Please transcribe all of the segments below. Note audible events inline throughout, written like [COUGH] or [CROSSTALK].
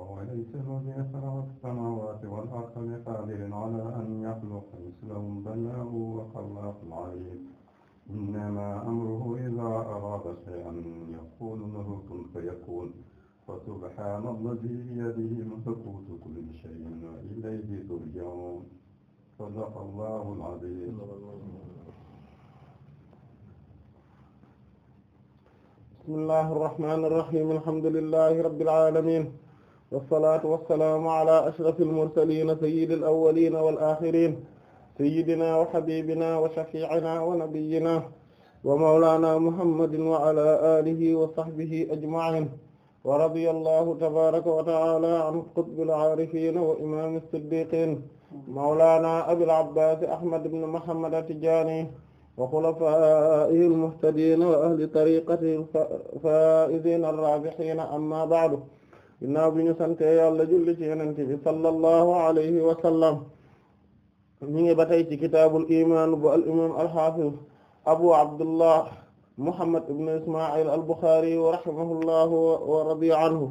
أوليس الذي خلق السماوات والأرض بقادر على أن يخلق مثلهم بل هو خلاق عليم إنما أمره إذا أراد شيئا يقول له كن فيكون فسبحان الذي بيده ملكوت كل شيء وإليه ترجعون صدق الله العظيم بسم الله الرحمن الرحيم الحمد لله رب العالمين wasalaatu wasalaamu ala ashrafil mursaliina sayyidil awwaliina wal aaxiriina sayyidinaa wa habiibinaa wa shafii'inaa wa nabiyyinaa wa mawlaanaa muhammadin wa alaa aalihi wa sahbihi ajma'iin wa radiyallaahu tabaaraka wa ta'aalaa an qutbil aarifiina wa imaamil siddiqiin mawlaanaa abil abbaas ahmad ibn muhammad at-tijaani wa xulafaa'ihil muhtadiina wa ahli tariiqatihil faa'iziina ar-raabihiina ammaa ba'du ginnaaw bi ñu sante yàlla julli ci yenente bi sallallahu alayhi wa sallam ñi ngi ba tey ci kitaabul iman bu al imam al hafiz abu abdullah muhammad ibn isma'il al bukhari wa rahimahullahu wa radiya anhu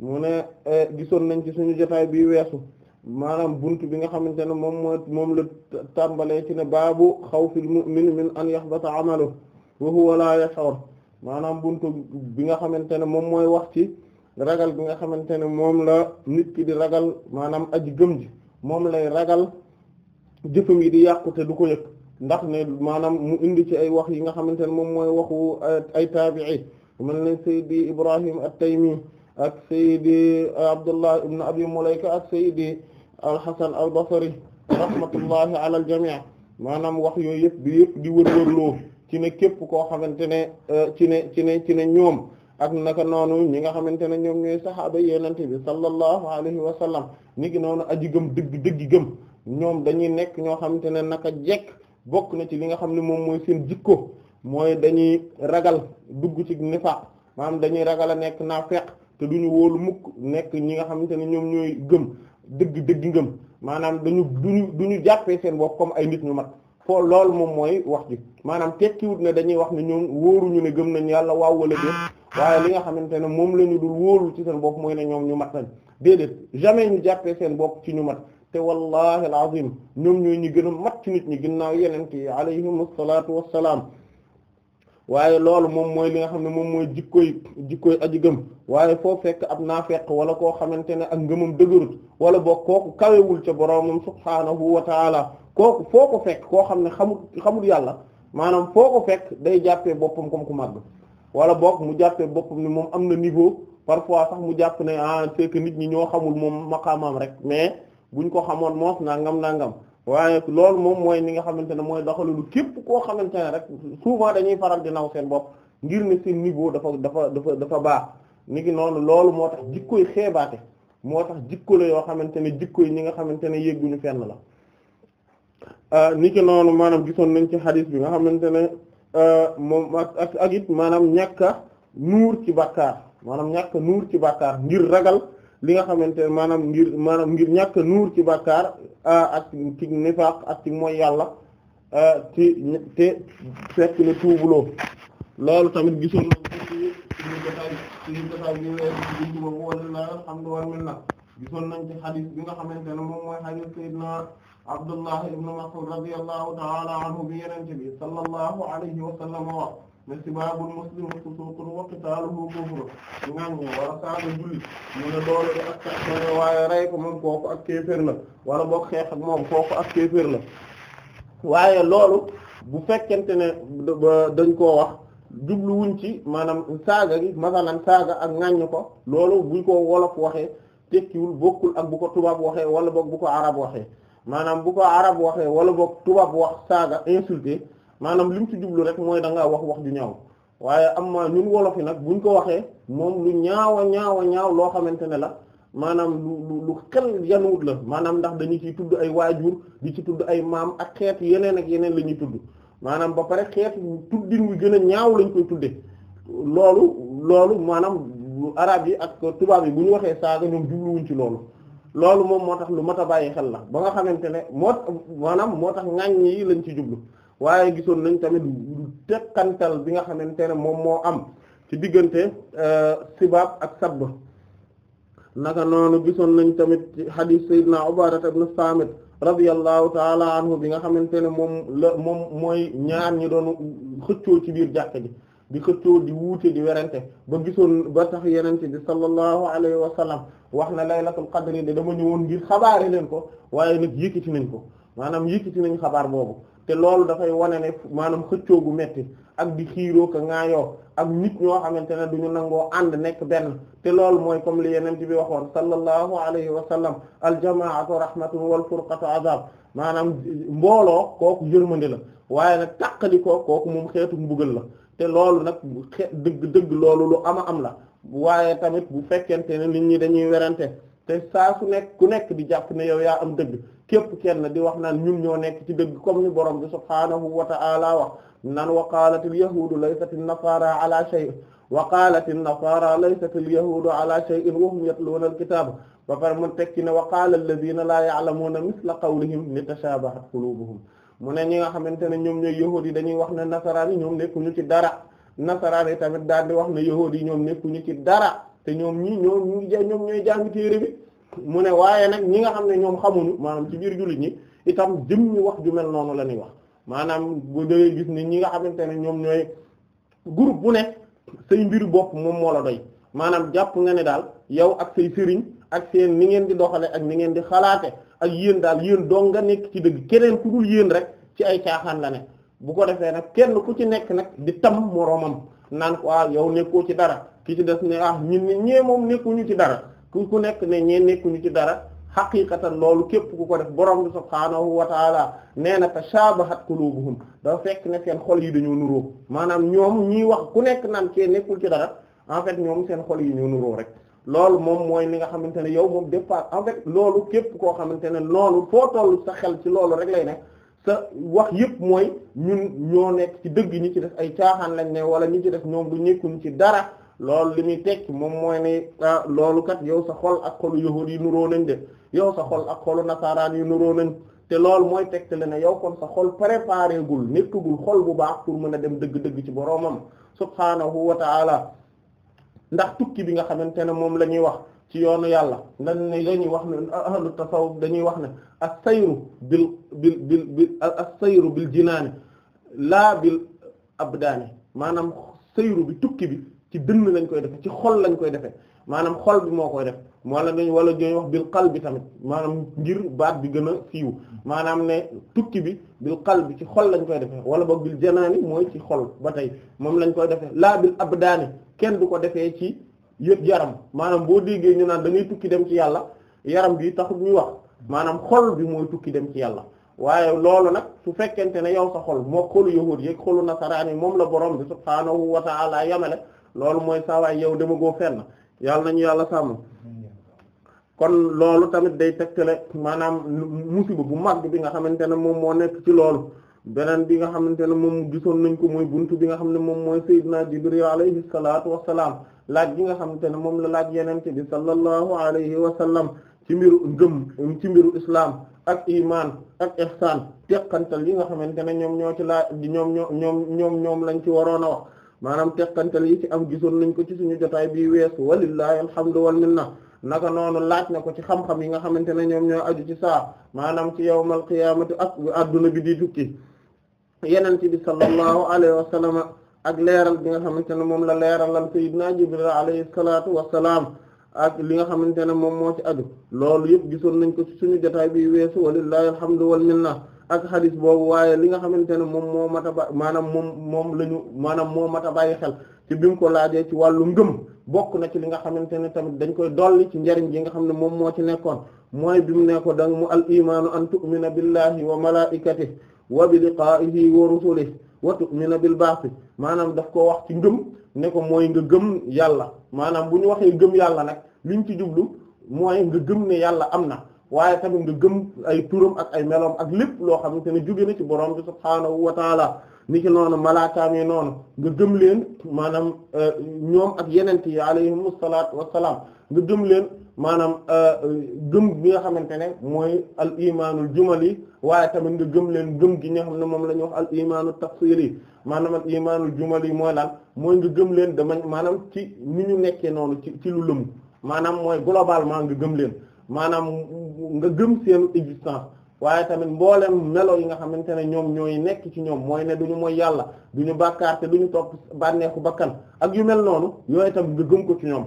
mu ne e, gisoon nañ ci suñu jotaay bi weesu maanaam bunt bi nga xamante ne moom moom la tàmbalee ci ne baabu xawfil mu'min min an yahbata amalu wa huwa la yash'ur maanaam bunt bi nga xamante ne moom mooy wax ci ragal bi nga xamante ne moom la nit ki di ragal maanaam aj gëm ji moom lay ragal jëfam yi di yàqu du ko yëg ndax ne maanaam mu indi ci ay wax yi nga xamante ne moom mooy waxu eh, ay taabi'i mel ne Seydi Ibrahim at-Taymi ak Seydi eh, Abdullah ibn Abi Mulayka ak Seydi al-Hasan al-Basri rahmatullahi ala al-jami' maanaam wax yooyu yëpp bi yëpp di wërwërloo ci ne képp koo xamante ne eh, ci ne ci ne ci ne ñoom ak naka noonu ñi nga xamante ne ñoom ñooy saxaaba yenente bi sallallahu alayhi wa sallam ni ki noonu aji gëm dëgg dëgg gëm ñoom dañuy nekk ñoo xamante ne naka jekk bokk na ci li nga xam ne moom mooy seen jikko mooy dañuy ragal dugg ci nifaq maanaam dañuy ragal a nekk naafeq te du ñu wóolu mukk nekk ñi nga xamante ne ñoom ñooy gëm dëgg dëgg ngëm maanaam dañu duñu duñu jàppee seen bopp comme ay nit ñu mat foo loolu moom mooy wax ji maanaam tekkiwut ne dañuy wax ne ñoom wóoruñu ne gëm nañ yàlla waaw wala déet waaye li nga xamante ne moom la ñu dul wóorul ci seen bopp mooy ne ñoom ñu mat nañ déedéet jamais ñu jàppee seen bopp ci ñu mat te wallahi alazim ñoom ñooy ñi gën a mat ci nit ñi ginnaaw yenente yi alayhim asalatu wassalaam waaye loolu moom mooy li nga xam ne moom mooy jikkoy jikkoy aji gëm waaye foo fekk ab naafeq wala koo xamante ne ak ngëmam dëgërut wala boo kooku kawewul ca boroomam subhaanahu wa taala kooku foo ko fekk koo xam ne xamul xamul yàlla maanaam foo ko fekk day jàppee boppam comme ku màgg wala boog mu jàppee boppam ni moom am na niveau parfois sax mu jàpp ne ah c'est nit ñi ñoo xamul moom maqaamam rek mais buñ ko xamoon moos nangam nangam waaye loolu moom mooy ni nga xamante ne mooy doxalulu képp koo xamante ne rek souvent dañuy faral di naw seen bopp ngir ne seen niveau dafa dafa dafa dafa baax ni ki noonu loolu moo tax jikkoy xeebaate moo tax jikko la yoo xamante ne jikko yi ñi nga xamante ne yegguñu fenn la Euh, ni ki noonu maanaam gisoon nañ ci xadis bi nga xamante ne euh, moom ak ak maanaam ñàkk nuur ci bàkkaar maanaam ñàkk nuur ci bàkkaar ngir ragal li nga xamante ne maanaam ngir maanaam ngir ñàkk nuur ci bàkkaar euh, ak ci nifaaq ak ci mooy yàlla ci te fekk ne tuubuloo loolu tamit gisoon nañ ci ñu bi nga xamante ne Abdullah ibn Mas'ud radiyallahu ta'ala anhu bi yenente bi sallallahu alayhi wa wax ne sibaabul muslimu fusuuqun wa qitaaluhu kufrun ngan wala saaga julli mu ne doole bi ak kàttan waaye rey ko moom kooku ak kéeféer wala boog xeex ak moom kooku ak kéeféer waaye loolu bu fekkente ne dañ koo wax jubluwuñ ci maanaam saaga gi masalan saaga ak ŋàññ ko loolu buñ ko wolof waxee tekkiwul bokkul ak bu ko tubaab waxee wala boog bu ko arab waxee maanaam bu ko arab waxee wala boog tubaab wax saaga insulté maanaam li ci jublu rek mooy da ngaa wax wax ju ñaaw waaye am ma ñun wolof yi nag buñ ko waxee moom lu ñaawa ñaawa ñaaw loo xamante ne la maanaam lu lu xel yanuwut la maanaam ndax dañu ciy tudd ay waajur di ci tudd ay maam ak xeet yeneen ak yeneen la ñuy tudd maanaam ba pare xeet tuddin wi gën a ñaaw lañ koy tuddee loolu loolu maanaam arab yi ak tubaab yi bu ñu waxee saaga ñoom jubluwuñ ci loolu loolu moom moo tax lu mat a bàyyi xel la ba nga xamante ne moo maanaam moo tax ŋàññ yi lañ ci jublu waaye gisoon nañ tamit tekkantal bi nga xamante ne moom moo am ci diggante euh, sibaab ak sabb naka noonu gisoon nañ tamit ci hadith sayyidina Ubaadata ibn Saamit radiyallahu taala bi nga xamante ne moom la mooy ñaar ñi doon xëccoo ci biir jàkka ji di xëccoo di wuute di werante ba gisoon ba tax yenente bi sallallahu alayhi wa sallam wax na laylatul qadri de dama ñëwoon ngir xabaare leen ko waaye nag yëkkati nañ ko maanaam yëkkati nañ xabaar boobu te loolu dafay wane ne maanaam xëccoo gu metti ak di xiiroo ka ŋaayoo ak nit ñoo xamante ne ñu nangoo ànd nekk benn te loolu mooy comme li yenente bi waxoon sallallahu alayhi wa sallam aljamaatu rahmatun wal furqatu azab maanaam mbooloo kooku yërmande la waaye nag tàqali ko moom xeetu mbugal la te loolu nag dëgg dëgg loolu lu ama am la waaye tamit bu fekkente ne nit ñi dañuy werante te saa su nekk ku nekk di jàpp na yow yaa am dëgg képp kenn di wax naan ñun ñoo nekk ci dëgg comme ni borom bi subhaanahu wa ta'ala wax naan wa qalat al yahudu laysat an nasara ala shay wa qalat an nasara laysat al yahudu ala shay'in wa hum yatluuna al ba pare mu tekki ne wa qaala alladhina laa ya'lamuuna misla qawlihim li tashabahat qulubuhum mu ne ñi nga xamante ne ñoom ñooy yahuud yi dañuy wax ne nasaraan yi ñoom nekkuñu ci dara nasaraan yi tamit daal di wax ne yahuud yi ñoom nekkuñu ci dara te ñoom ñi ñoom ñu ngi ñoom ñooy jàng téere bi mu ne waaye nag ñi nga xam ne ñoom xamuñu maanaam ci biir jullit ñi itam jëm ñu wax ju mel noonu la ñuy wax maanaam bu dee gis ñi nga xamante ne ñoom ñooy groupe bu ne say mbir bopp moom moo la doy maanaam jàpp nga ne daal yow ak say sëriñ ak seen ni ngeen di doxale ak ni ngeen di xalaate ak yéen daal yéen dong nga nekk ci dëgg keneen ku dul yéen rek ci ay caaxaan la ne bu ko defee nag kenn ku ci nekk nag di tam moroomam naan ko ah yow nekkoo ci dara ki ci des ne ah ñun ne ñee moom nekkuñu ci dara ku ku nekk ne ñee nekkuñu ci dara xaqiqatan loolu képp ku ko def borom bi subhaanahu wa taala nee na tashabahat qulubuhum dafa fekk ne seen xol yi dañoo nuroo maanaam ñoom ñiy wax ku nekk naan kee nekkul ci dara en fait ñoom seen xol yi ñoo nuróo rek loolu moom mooy li nga xamante ne yow moom départ en fait loolu képp koo xamante ne noonu foo tollu sa xel ci loolu rek lay nekk sa wax yëpp mooy ñun ñoo nekk ci dëgg ñi ci def ay caaxaan lañ ne wala ñi ci def ñoom du ñekkuñ ci dara lool li muy tekk moom mooy ne ah, loolu kat yow sa xol ak xolu yahuud yi nuroo nañ de yow sa xol ak xolu nasaaraan yi nuroo nañ te loolu mooy tegtale ne yow kon sa xol préparé gul nekkagul xol bu baax pour mën a dem dëgg-dëgg ci boroomam subhaanahu wa ta'ala ndax tukki bi nga xamante ne moom la ñuy wax ci yoonu yàlla lan lañuy wax ne ahlu tasawuf dañuy wax ne as-sayru bil bil bil bil as-sayru bil jinaani laa bil abdaani maanaam sayru bi tukki bi ci dënn lañ koy defe ci xol lañ koy defe maanaam xol bi moo koy def wala dañ wala dañ wax bil bi tamit maanaam ngir baat bi gën a siiw maanaam ne tukki bi xal bi ci xol lañ koy defee wala boog bil janaani mooy ci xol ba tey moom lañ koy defee laa bil abdaani kenn du ko defee ci yëpp yaram maanaam boo déggee ñu naan da tukki dem ci yàlla yaram bi taxul ñuy wax maanaam xol bi mooy tukki dem ci yàlla waaye loolu nag su fekkente ne yow sa xol moo xolu yahuud yeeg xolu nasaraani moom la borom bi subhaanahu wa ta'ala yamale loolu mooy saa waay yow dama goo fenn yàlla nañu yàlla sàmm kon loolu tamit day tegtale maanaam musiba bu mag bi nga xamante ne moom moo nekk ci loolu beneen bi nga xamante ne moom gisoon nañ ko mooy buntu bi nga xam ne moom mooy Seydina Jibril alayhi salaatu wa salaam laaj bi nga xamante ne moom la laaj yenente bi sallallahu alayhi wa sallam ci mbiru ngëm ci mbiru islam ak iman ak ihsan teqantal yi nga xamante ne ñoom ñoo ci laaj ñoom ñoo ñoom ñoom ñoom lañ ci waroon a wax maanaam teqantal yi ci am gisoon nañ ko ci suñu jotaay bii weesu walillahi alhamdu wal minna naka noonu laaj na ko ci xam-xam yi nga xamante ne ñoom ñoo aju ci saa maanaam ci yawmal qiyaamati ak adduna bi di tukki yeneen ci di sallallahu alayhi wa sallam ak leeral bi nga xamante ne moom la leeralal sayyidina Jibril alayhi salaatu wa salaam ak li nga xamante ne moom moo ci aju loolu yëpp gisoon nañ ko ci suñu jotaay bii weesu walillahi alhamdu wal minna ak xadis boobu waaye li nga xamante ne moom moo mat a ba maanaam moom moom la ñu maanaam moo mat a bàyyi xel ci bi mu ko laajee ci wàllu ngëm bokk na ci li nga xamante ne tamit dañ koy dolli ci njariñ gi nga xam ne moom moo ci nekkoon mooy bi mu ne ko dang mu al imaanu an tu'mina billahi wa malaa'ikatihi wa bi liqaa'ihi wa rusulihi wa tu'mina bil ba'thi maanaam daf ko wax ci ngëm ne ko mooy nga gëm yàlla maanaam bu ñu waxee gëm yàlla nag liñ ci jublu mooy nga gëm ne yàlla am na waaye tamit nga gëm ay turam ak ay meloom ak lépp loo xamante ne jóge na ci borom bi subhaanahu wa taala ni ki noonu malaakaam yi noonu nga gëm leen maanaam euh, ñoom ak yeneen yi alayhimu salaatu nga gëm leen maanaam euh, gëm bi nga xamante ne mooy al imaanul jumali waaye tamit nga gëm leen gëm gi nga xam ne moom la ñuy wax al imaanul tafsili maanaam al imaanul jumali mooy lan mooy nga gëm leen dama maanaam ci ni ñu nekkee noonu ci ci lu lëm maanaam mooy globalement nga gëm leen. maanaam nga gëm seen existence waaye tamit mboolem melo yi nga xamante ne ñoom ñooy nekk ci ñoom mooy ne ñu mooy yàlla ñu bàkkaar te ñu topp bànneexu bakkan ak yu mel noonu yooyu tamit nga gëm ko ci ñoom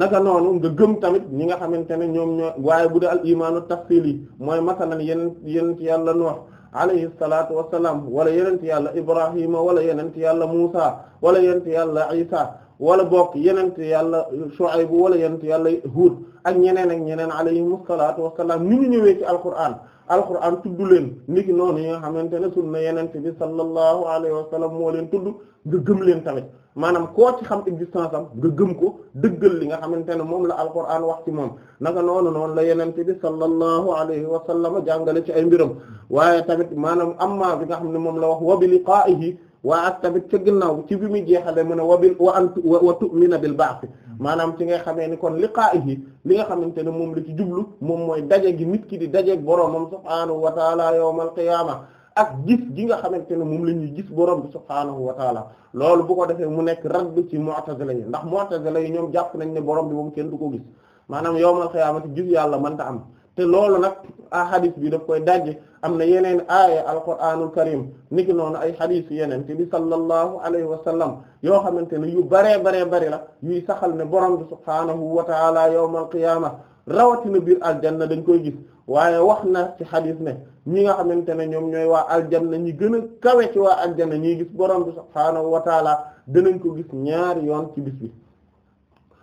naka noonu nga gëm tamit ñi nga xamante ne ñoom ñoo waaye bu dee al imaanu tafsili mooy masalan yeneen yeneen ci yàlla Nuh alayhi salaatu wassalaam wala yeneen ci yàlla Ibrahima wala yeneen ci yàlla Muusa wala yeneen ci yàlla Isa wala bokk yenent yàlla Shuayb wala yenent yàlla Hud ak ñeneen ak ñeneen alayhimu salaatu wassalaam ni ñu ñëwee ci alquran alquran tudd leen niki noonu yi nga xamante ne sunna yenent bi sallallahu alayhi wa sallam moo leen tudd nga gëm leen tamit maanaam ko ci xam existence am nga gëm ko dëggal li nga xamante ne moom la alquran wax ci moom naka noonu noonu la yenent bi sallallahu alayhi wa sallam jàngale ci ay mbiram waaye tamit maanaam amma bi nga xam ne moom la wax wa bi liqaa'ihi waa ak tamit ca ginnaaw ci bi muy jeexale mu ne wa bil wa antu wa tu'mina bil ba'th maanaam ci nga xamee ni kon liqaa'ihi li nga xamante ne moom la ci jublu moom mooy daje gi nit ki di dajeeg boroomam subhaanahu wa taala yawmal qiyaama ak gis gi nga xamante ne moom la ñuy gis borom bi subhaanahu wa taala loolu bu ko defee mu nekk radd ci mu'tazila yi ndax mu'tazila yi ñoom jàpp nañ ne borom bi moom kenn du ko gis maanaam yawmal qiyaamati gis yàlla mënta am te loolu nag ahadis ah, bi daf koy daje am na yeneen aaya alquraanul karim niki noonu ay xadiis yeneen te bi sallallahu alayhi wa sallam yoo xamante ne yu baree baree bari la yuy saxal ne borom bi subhaanahu wa taala yawmal qiyaama rawatina biir aljanna dañ koy gis waaye wax na ci xadiis ne ñi nga xamante ne ñoom ñooy waa aljanna ñi gën a kawe ci waa aljanna ñiy gis borom bi subhaanahu wa taala dinañ ko gis ñaari yoon ci bis bi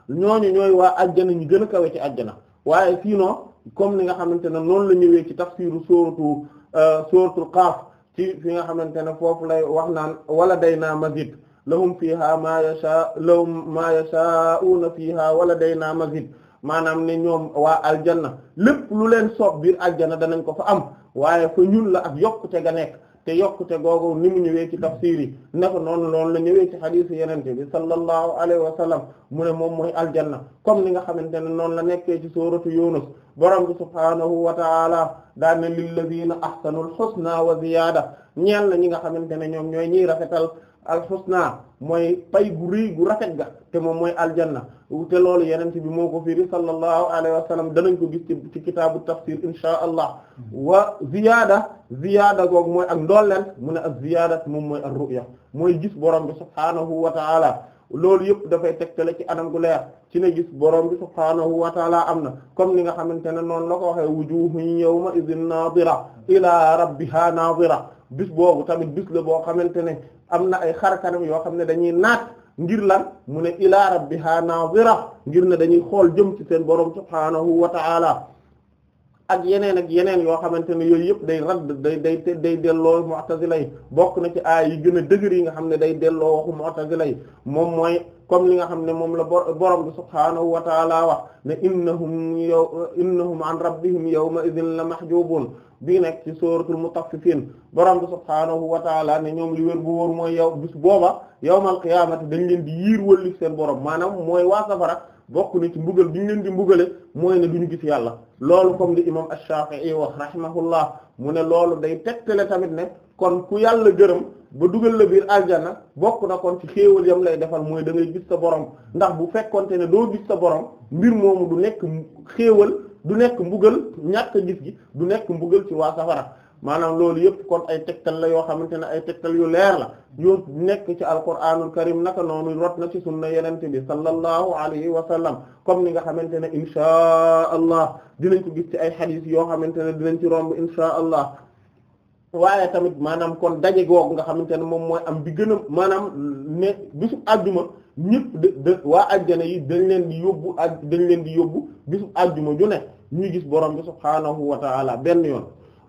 ñooñu ñooy waa aljanna ñi gën a kawe ci aljanna waaye sinon comme ni nga xamante ne noonu la ñëwee ci tafsiru sóoratu euh, sóoratul qaaf ci fi nga xamante ne foofu lay wax naan wala day naa mazid lahum fiha ma yasha lahum ma yasha'una fiha wala day naa mazid maanaam ne ñoom waa aljanna lépp lu leen soob biir aljanna danañ ko fa am waaye fa ñun la ak yokkute ga nekk te yokkute googu ni mu ñëwee ci mm. tafsiir yi naka noonu loolu la ñëwee ci xadiisu yenente bi sallallahu alayhi wa mu ne moom mooy aljanna comme ni nga xamante ne noonu la nekkee ci suuratu yunus borom bi subhaanahu wa taala daane lilladina ahsanul husna wa ziyaada ñeel na ñi nga xamante ne ñoom ñooy ñiy rafetal alxusna mooy pay gu rëy gu rafet ga te moom mooy aljanna te loolu yeneen bi moo ko firi sallallahu alayhi wa sallam danañ ko gis ci ci kitaabu tafsir inshaa allah wa ziyaada ziyaada goog mooy ak ndolleen mu ne ak ziyaada moom mooy ak ru'ya mooy gis borom bi subhaanahu wa taala loolu yëpp dafay tegtale ci anam gu leer ci ne gis borom bi subhaanahu wa taala am na comme ni nga xamante ne noonu la ko waxee wujuhun yawma idhin naadira ila rabbiha naadira bis boobu tamit bis la boo xamante ne am na ay xar kanam yoo xam ne dañuy naat ngir lan mu ne ilaa rabbiha nazira ngir ne dañuy xool jëm ci seen borom subhaanahu wa ta'ala ak yeneen ak yeneen yoo xamante ne yooyu yëpp day radd day day day delloo mu'tazila yi bokk na ci aay yi gën a dëgër yi nga xam ne day delloo waxu mu'tazila moom mooy comme li nga xam ne moom la borom bi subhaanahu wa taala wax ne innahum yow innahum an rabbihim yawma idhin la mahjubun bi nekk ci suratul mutaffifiin borom bi subhaanahu wa taala ne ñoom li wér bu wóor mooy yow bis booba yawmal qiyaamati dañ leen di yiir wëlli seen borom maanaam mooy waa safara bokk na ci mbugal bi ñu leen di mbugale mooy ne ñu gis yàlla loolu comme li imam ash-Shafi'i wax rahimahullah mu ne loolu day tegtale tamit ne kon ku yàlla gërëm ba dugal la biir aljana bokk na kon ci xéewal yam lay defal mooy da ngay gis sa borom ndax bu fekkonte ne doo gis sa borom mbir moomu du nekk xéewal du nekk mbugal ñàkk gis gi du nekk mbugal ci waa safara maanaam loolu yëpp kon ay tegtal la yoo xamante ne ay tegtal yu leer la yoo nekk ci alquraanul karim naka noonu rot na ci sunna yenente bi sallallahu alayhi wa sallam comme ni nga xamante ne inchaa allah dinañ ko gis ci ay xadiis yoo xamante ne dinañ ci romb inchaa allah waaye tamit maanaam kon daje googu nga xamante ne moom mooy am bi gën a maanaam ne bisub àjjuma ñëpp de de waa àjjana yi dañ leen di yóbbu ak dañ leen di yóbbu bisub àjjuma ju ne ñuy gis borom bi subhaanahu wa taala benn yoon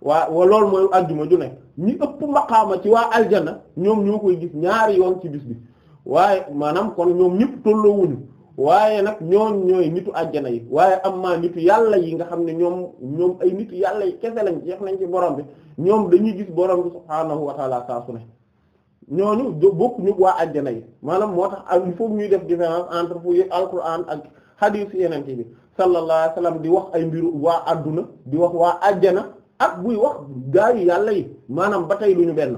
waa wa loolu mooy àjjuma ju ne ñu ëpp maqaama ci waa aljana ñoom ñoo koy gis ñaari yoon ci bis bi waaye maanaam kon ñoom ñëpp tolloowuñu waaye nag ñoom ñooy nitu àjjana yi waaye am maa nitu yàlla yi nga xam ne ñoom ñoom ay nitu yàlla yi kese lañ jeex nañ ci borom bi ñoom dañuy gis borom bi subhaanahu wa taala saa ne ñooñu bokk ñu waa àjjana yi maanaam moo tax ak il ñuy def différence entre fu alquran ak hadith yeneen bi sallallahu alayhi wa di wax ay mbiru waa àdduna di wax waa àjjana ak buy wax gaayu yàlla yi maanaam ba tey lu ñu benn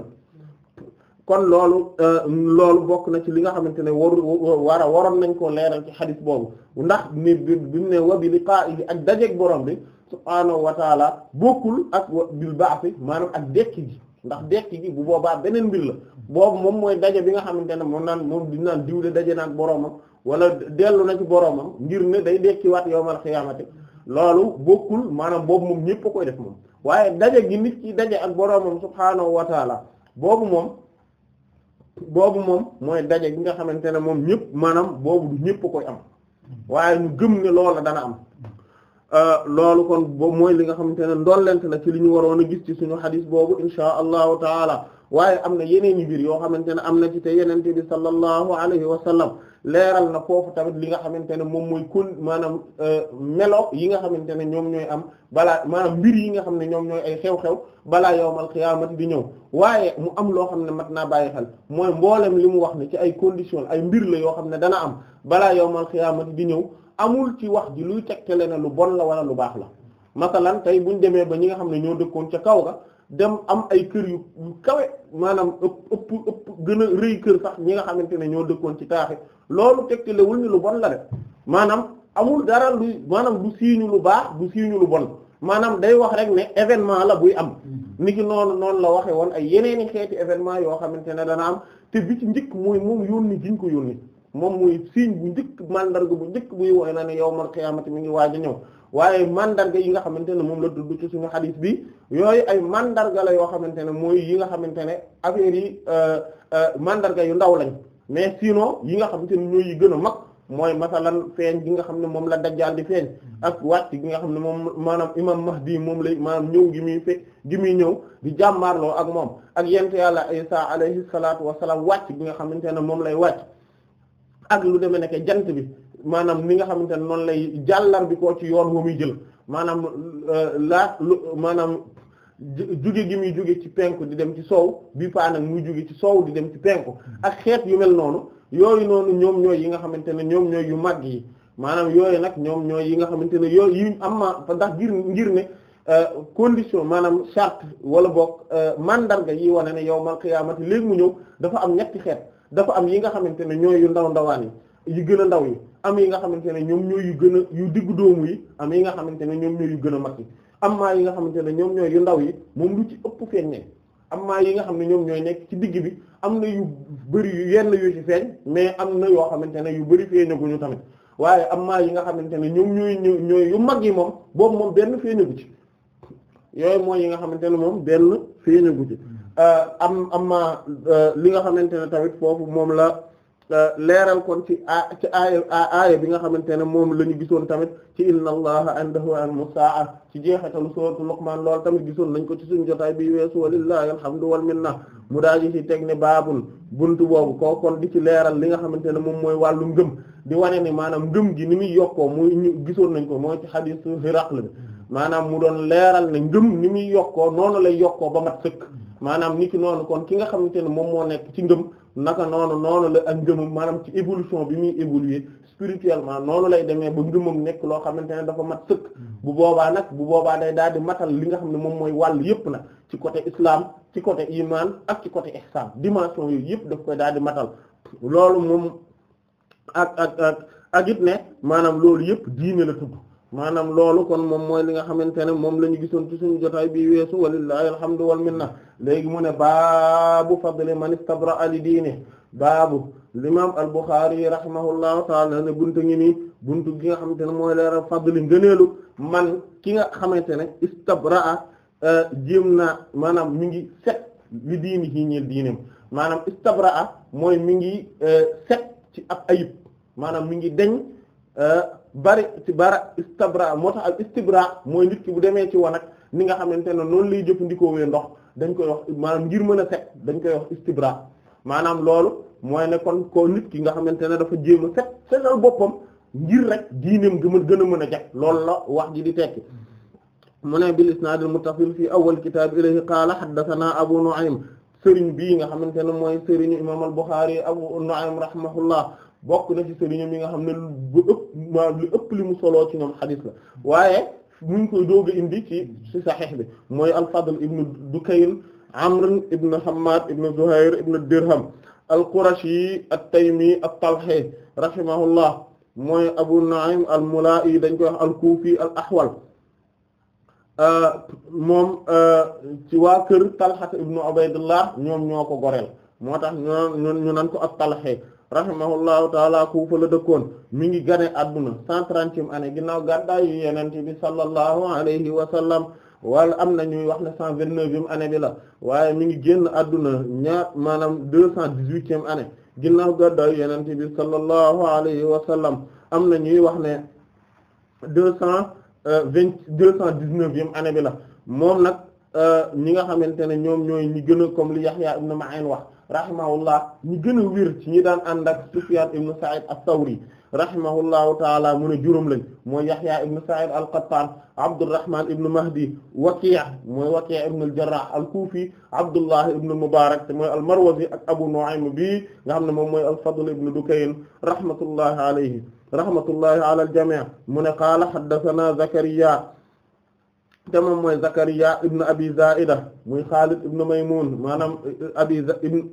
kon loolu euh, loolu bokk na ci li nga xamante ne waru war waroon nañ ko leeral ci xadis boobu ndax ni bi mu ne wa bi liqaa'ihi ak dajeeg borom bi subhaanahu wa taala bokkul ak bil ba'thi maanaam ak dekki gi ndax dekki gi bu boobaa beneen mbir la boobu moom mooy daje bi nga xamante ne moom naan moom di naan diwle daje naan boromam wala dellu na ci boromam ngir ne day dekkiwaat yawmal xiyaamati loolu bokkul maanaam boobu moom ñépp a koy def moom waaye daje gi nit ki daje ak boromam subhaanahu wa taala boobu moom. boobu moom mooy daje gi nga xamante ne moom ñëpp maanaam boobu du ñëpp koy am waaye ñu gëm ne loola dana am euh, loolu kon boobu mooy li nga xamante ne ndollent la ci li ñu waroon a gis ci suñu xadis boobu insha allahu taala waaye am na yeneen i mbir yoo xamante ne am na ci te yeneen yenente bi sallallahu alayhi wa sallam leeral na foofu tamit li nga xamante ne moom mooy kun maanaam euh, melo yi nga xamante ne ñoom ñooy am balaa maanaam mbir yi nga xam ne ñoom ñooy ay xew-xew balaa yowmal xiyaamati di ñëw waaye mu am loo xam ne mat naa bàyyi xel mooy mboolem li mu wax ni ci ay conditions ay mbir la yoo xam ne dana am balaa yowmal xiyaamati di ñëw amul ci wax ji luy tegtale na lu bon la wala lu baax la masalan tey buñ demee ba ñi nga xam ne ñoo dëkkoon ca kaw ga dem am ay kër yu yu kawe maanaam ëpp ëpp ëpp gën a rëy kër sax ñi nga xamante ne ñoo dëkkoon ci taaxi loolu teg tegtalewul ni lu bon la def maanaam amul dara lu maanaam du siiñu lu baax du siiñu lu bon maanaam day wax rek ne événement la buy am mm-hmm. niki noonu noonu la waxe woon ay yeneeni xeeti événement yoo xamante ne dana am te bi ci njëkk mooy moom yoon yónni giñ ko yónni moom muy signe bu njëkk màndarga bu njëkk buy woy na ne yawmal qiyaamati mu ngi waaj a ñëw waaye mandarga yi nga xamante ne moom la dudd ci suñu xadiis bi yooyu ay mandarga la yoo xamante ne mooy yi nga xamante ne affaire yi euh, euh, mandarga yu ndaw lañ mais sinon yi nga xamante ne ñooy gën a mag mooy masalan feeñ gi nga xam ne moom la dajjaal di feeñ ak wàcc gi nga xam ne moom maanaam imam mahdi moom lay maanaam ñëw gi muy fe gi muy ñëw di jàmmaarloo ak moom ak yent yàlla ay isa alayhi salaatu wasalaam wàcc gi nga xamante ne moom lay wàcc ak lu demee nekk jant bi maanaam ni nga xamante ne noonu lay jàllar bi koo ci yoon wu muy jël maanaam euh, laa lu maanaam juge gi muy juge ci penku di dem ci soow bi paa nag muy juge ci soow di dem ci penku ak xeet yu mel noonu yooyu noonu ñoom ñooy yi nga xamante ne ñoom ñooy yu mag yi maanaam yooyu nag ñoom ñooy yi nga xamante ne yooyu yi am ma ndax ngir ngir ne euh, condition maanaam charte wala boog euh, màndarga yi wane ne yow mal xiyaamati léegi mu ñëw dafa am ñetti xeet dafa am yi nga xamante ne ñooy yu ndaw ndawaan yi yu gën a ndaw yi am yi nga xamante ne ñoom ñooy yu gën a yu diggu dóomu yi yi nga xamante ne ñoom ñooy yu gën a mag yi yi nga xamante ne ñoom ñooy yu ndaw yi moom lu ci ëpp feeñ ne yi nga xam ne ñoom ñooy nekk ci digg bi am na yu bëri yu yenn yu mais am na yoo xamante ne yu bëri feeñaguñu tamit waaye ammaa yi nga xamante ne ñoom ñooy ñooy yu mag yi moom boobu moom benn feeñagu ci yooyu mooy yi nga xamante ne moom benn feeñagu ci Euh, am amma euh, li nga xamante ne tamit foofu moom la euh, leeral kon ci a ci aaya aaya bi nga xamante ne moom la ñu gisoon tamit ci inna allaha indahu ilmu saa ci jeexitalu sooratu luqman lool tamit gisoon nañ ko ci suñu jotaay bi weesu walillahi alhamdu wal minna mu daa ji ci teg ne baabul buntu boobu ko kon di ci leeral li nga xamante ne moom mooy wàllu ngëm di wane ni maanaam ngëm gi ni muy yokkoo mu gisoon nañ ko mooy ci xadiisu Hiraql bi maanaam mu doon leeral ne ngëm ni muy yokkoo noonu lay yokkoo ba mat sëkk maanaam ki noonu kon ki nga xamante ne moom moo nekk ci ngëm naka noonu noonu la ak ngëmam maanaam ci évolution bi muy évoluer spirituellement noonu lay demee ba ngëmam nekk loo xamante ne dafa mat sëkk mm. bu boobaa nag bu boobaa day daal di matal li nga xam ne moom mooy wàll yépp na ci côté islam ci côté imaan ak ci côté ihsan dimension yooyu yépp daf koy daal di matal loolu moom ak ak ak ak it ne maanaam loolu yépp diine la tudd maanaam loolu kon moom mooy li nga xamante ne moom la ñu gisoon ci suñu jotaay bi weesu walillahi alhamdu wal minna léegi mu ne baabu fadli man istabra'a li diine baabu l'imam al-Bukhari rahimahullahu taala ne buntu ngi nii buntu gi nga xamante ne mooy leeral fadli ngëneelu man ki nga xamante ne istabra'a euh, jéem naa maanaam mi ngi set li diini yi ñeel diineem maanaam istabra'a mooy mi ngi euh, set ci ab ayib maanaam mi ngi deñ euh, bari ci bara istabra moo tax ak istibra mooy nit ki bu demee ci wanag ni nga xamante ne noonu lay jëfandikoowee ndox dañ koy wax maanaam ngir mën a set dañ koy wax istibra maanaam loolu mooy ne kon ko nit ki nga xamante ne dafa jéem a set setal boppam ngir rek diineem gëmën gën a mën a jag loolu la wax ji di tekki mu ne bil isnaadil muttasil fii awwal kitaab ilayhi qaala haddasanaa abu nu'aym sëriñ bii nga xamante ne mooy sëriñu imaam al-Bukhari abu nu'aym rahimahullah bokk na ci sëriñam yi nga xam ne lu ëpp maanaam lu ëpp li mu soloo ci ñoom xadis la waaye mu ngi koy doog a indi ci saxiix bi mooy al-Fadl ibn Dukayn Amr ibn Hammad ibn Zuhair ibn Dirham al-Qurashi at-Taymi mooy Abu Nu'aym al-Mula'i dañ koy wax al-Kufi al-Ahwal euh, moom euh, ci waa kër Talha ibn Ubaydullah ñoom ñoo ko goreel moo tax ñu ñu nan ko at-Talhi rahimahullahu taala Kufa la dëkkoon mi ngi gane adduna cent trentième année ginnaaw gàddaayu Yonent bi sallallahu alayhi wa sallam wala am na ñuy wax ne cent vingt-neuvième année bi la waaye mi ngi génn adduna ñaar maanaam deux cent dix-huitième année ginnaaw gàddaayu Yonent bi sallallahu alayhi wa sallam am na ñuy wax ne deux cent vingt deux cent dix-neuvième année bi la moom nag euh, ñi nga xamante ne ñoom ñooy ñi gën comme li Yahya ibn Ma'in wax rahimahullah ñu gën a wér ci ñi daan ànd ak Sufyan ibn Sa'id as-Sawri rahimahullahu taala mu ne juróom lañ mooy Yahya ibn Sa'id al-Qattan Abdurrahman ibn Mahdi Waki' mooy Waki' ibn al-Jarrah al-Kufi Abdullah ibn al-Mubarak te mooy al-Marwazi ak Abu Nu'aym bi nga xam ne moom mooy al-Fadl ibn Dukayn rahmatullahi alayhi rahmatullahi ala al-jami' mu ne qaala haddathana Zakariya te moom mooy Zakariya ibn Abi Zaida maanaam eh, Abi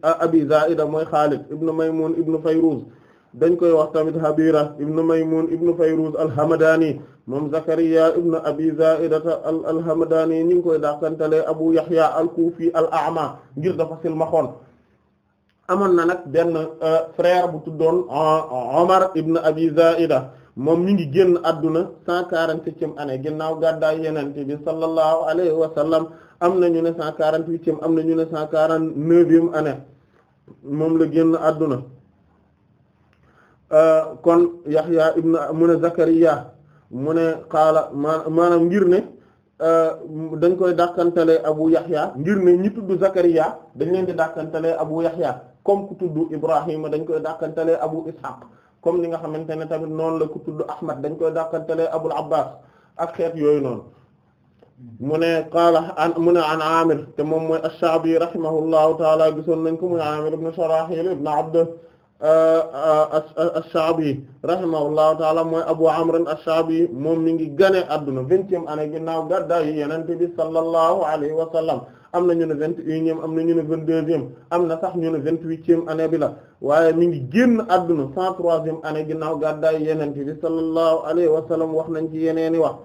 ah, mooy Xaalid ibn Maymun ibn Fayruz dañ koy wax tamit Habira ibn Maymun ibn Fayruz al-Hamadani moom Zakariya ibn Abi Zaida al-Hamadani ñu ngi koy dàqantale Abu Yahya al-Kufi al-A'ma ngir dafa silmaxoon amoon na nag benn eh, frère bu tuddoon ah, Omar ibn Abi Zaida moom mi ngi génn àdduna cent quarante-septième année ginnaaw gàddaay yenente bi sallallahu alayhi wa sallam am na ñu ne cent quarante-huitième am na ñu ne cent quarante-neuvième année moom la génn àdduna euh, kon Yahya ibn mu ne Zakariya mu ne qaala maanaam ngir ne euh, dañ koy dàkkantale Abu Yahya ngir ne ñi tudd Zakariya dañ leen di dàkkantale Abu Yahya comme ku tudd Ibrahima dañ koy dàkkantale Abu Ishaq comme ni nga xamante ne tamit noonu la ku tudd Ahmad dañ koy dàqantele Abul Abbas ak xeet yooyu noonu mu ne qaala an mu ne an Amir te moom mooy ash-Sha'bi rahimahullahu taala gisoon nañ ko muy Amir ibn Sharahil ibn Abd euh, euh, ash-Sha'bi rahimahullahu taala mooy Abu Amr ash-Sha'bi moom mi ngi gane adduna vingtième année ginnaaw gàddaay Yonent bi sallallahu alayhi wa sallam am na ñu ne vingt et unième am na ñu ne vingt deuxième am na sax ñu ne vingt huitième année bi la waaye mi ngi génn adduna cent troisième année ginnaaw gàddaay yenente bi sallallahu alayhi wa sallam wax nañ ci yeneeni wax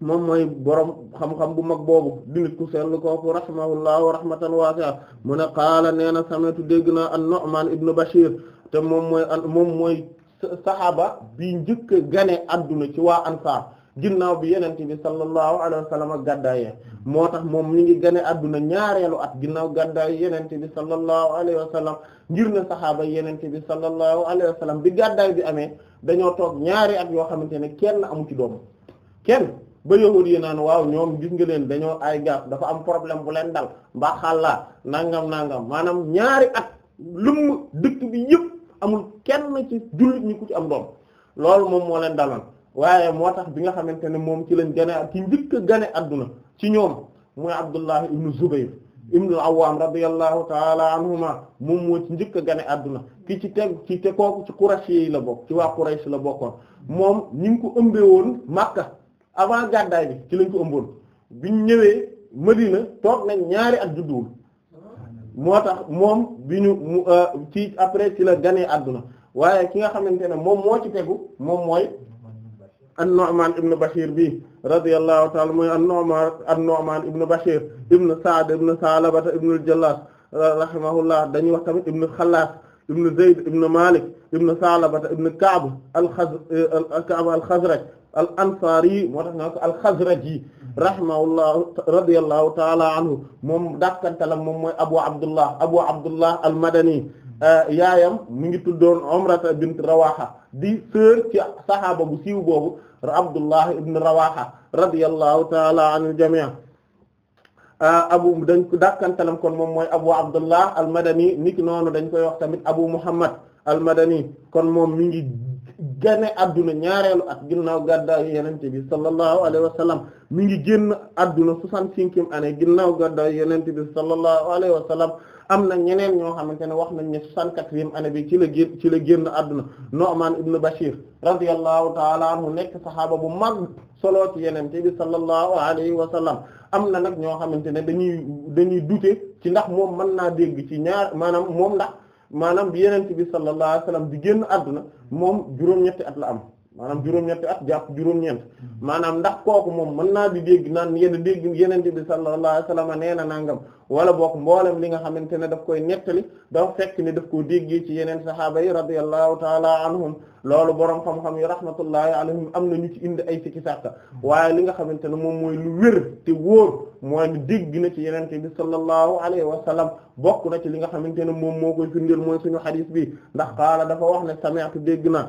moom mooy borom xam-xam bu mag boobu di nit ku sell kooku rahimahullahu rahmatan wasi'a mu ne qaala nee na sami'tu dégg naa an-Nu'man ibn Bashir te moom mooy an moom mooy saxaaba bi njëkk gane adduna ci waa ansaar ginnaaw bi yenente bi sallallahu alayhi wa sallam gàddaayee moo tax moom mi ngi gane adduna ñaareelu at ginnaaw gàddaay yenente bi sallallahu alayhi wa sallam ngir na saxaaba yenente bi sallallahu alayhi wa sallam bi gàddaay bi amee dañoo toog ñaari at yoo xamante ne kenn amu ci doom kenn ba yahuud yi naan waaw ñoom gis nga leen dañoo ay gaaf dafa am problème bu leen dal mbaa xàllaa nangam nangam maanaam ñaari at lum dëkk bi yëpp amul kenn ci jullit ku ci am doom loolu moom moo leen daloon waaye moo tax bi nga xamante ne moom ci lañ gane ak ci njëkk a gane adduna ci ñoom mooy Abdullah ibn Zubayr ibn al-Awwam radiyallahu ta'ala anhuma moom moo ci njëkk a gane àdduna ki ci teg ci te kooku ci Quraysh yi la bokk ci waa Quraysh la bokkoon moom ñu ngi ko ëmbee woon Makka avant gàddaay bi ci lañ ko ëmboon biñ ñëwee Madina toog nañ ñaari at judduwul moo tax moom bi ñu euh, ci après ci la ganee àdduna waaye ki nga xamante ne moom moo ci tegu moom mooy an-Nu'man ibn Bashir bi radiyallahu ta'ala mooy an-Nu'man an-Nu'man ibn Bashir ibn Sa'd ibn Salaba ibn al-Jallas rahimahullah dañuy wax tamit ibn Khallas ibn Zayd ibn Malik ibn Salaba ibn Ka'b al-Khaz Ka'b al-Khazraj al-Ansari moo tax nga ko al-Khazraji rahimahullah radiyallahu ta'ala anhu moom dàkkantalam moom mooy Abu Abdullah Abu Abdullah al-Madani Euh, yaayam mi ngi tuddoon Umrata bint Rawaha di sœur ci saxaaba bu siiw boobu Abdullah ibn Rawaha radiyallahu ta'ala anil jami' euh, abu dañ ko dàkkantalam kon moom mooy abu abdullah al madani niki noonu dañ koy wax tamit abu muhammad al madani kon moom mi ngi gane adduna ñaareelu at ginnaaw gàddaayu yenente bi sallallahu alayhi wa sallam mi ngi génn adduna soixante-cinquième année ginnaaw gàddaayu yenente bi sallallahu alayhi wa sallam am na ñeneen ñoo xamante ne wax nañ ne soixante-quatrième année bi ci la génn ci la génn adduna Nu'man ibn Bashir radiyallahu ta'ala anhu nekk saxaaba bu mag solo ci yenente bi sallallahu alayhi wa sallam am na nag ñoo xamante ne dañuy dañuy douter ci ndax moom mën naa dégg ci ñaar maanaam moom ndax maanaam bi yeneen bi sallallahu alayhi wasallam di génn moom juróom-ñetti at la am maanaam juróom-ñetti at jàpp juróom-ñeent maanaam ndax kooku moom mën naa di dégg naan yéen a dégg yenente bi sallallahu alayhi wasallam nee na nangam wala boog mboolem li nga xamante ne daf koy nettali dafa fekk ne def koo déggee ci yeneen sahaaba yi radiyallahu taala anhum loolu borom xam-xam yi rahmatullahi alayhim am na ñu ci indi ay sikki sàkka waaye li nga xamante ne moom mooy lu wér te wóor mooy ni dégg na ci yenente bi sallallahu alayhi wasallam bokk na ci li nga xamante ne moom moo koy firndeel mooy suñu xadiis bi ndax qaala dafa wax ne sami'tu dégg na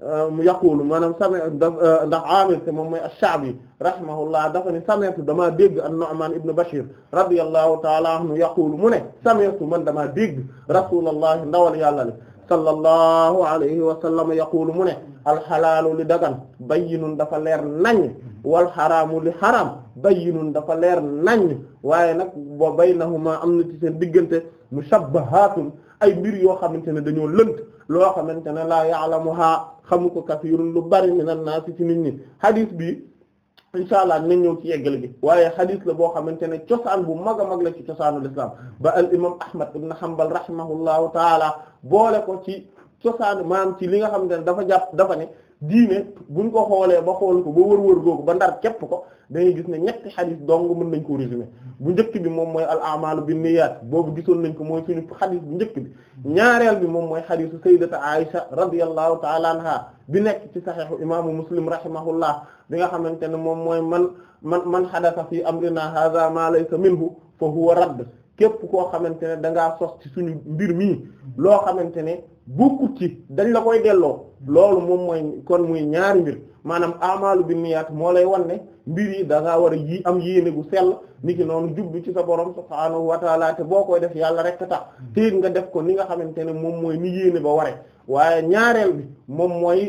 Euh, mu yaqulu maanaam sami'tu euh, ndax Aamir te moom mooy ash-Sha'bi rahimahullah dafa ne sami'tu damaa dégg an-Nu'man ibn Bashir radiyallahu ta'ala anhu yaqulu mu ne sami'tu man damaa dégg rasulullah ndawal yàlla ne sallallahu alayhi wa sallam yaqulu mu ne alxalaalu li dagan bayyinun dafa leer nañ wal xaraamu li xaraam bayyinun dafa leer nañ waaye nag wa baynahuma am na ci seen diggante mushabbahatun ay mbir yoo xamante ne dañoo lënt loo xamante ne laa ya'lamuha xamu ko kasiirun lu bari minan naas ci nit ñi hadith bi insha allah nañ ñëw ci yeggale bi waaye hadith la boo xamante ne cosaan bu mag a mag la ci cosaanul islam ba al imam Ahmad ibn Hanbal rahimahullahu taala boole ko ci cosaan maam ci li nga xamante ne dafa jàpp dafa ne diine buñ ko xoolee ba xool ko ba wër-wër googu ba ndar képp ko. dañuy gis ne ñetti xadis dong mën nañ ko résumer bu njëkk bi moom mooy al amalu bin niyyat boobu gisoon nañ ko mooy suñu xadis bu njëkk bi ñaareel bi moom mooy xadisu sayyidata Aisha radiyallahu ta'ala anha bi nekk ci saxiixu imaamu muslim rahimahullah bi nga xamante ne moom mooy man man man xadasa fi amrina hadha ma laysa minhu fa huwa radd képp koo xamante ne da ngaa sos ci suñu mbir mi loo xamante ne bu ci dañ la koy delloo loolu moom mooy kon muy ñaari mbir maanaam amaalu bi niyaat moo lay wan ne mbir yi da war a yi am yéene gu sell ni ki noonu jublu ci sa borom subhaanahu wa taala te boo koy def yàlla rek tax te it nga def ko ni nga xamante ne moom mooy ni yéene ba ware waaye ñaareel bi moom mooy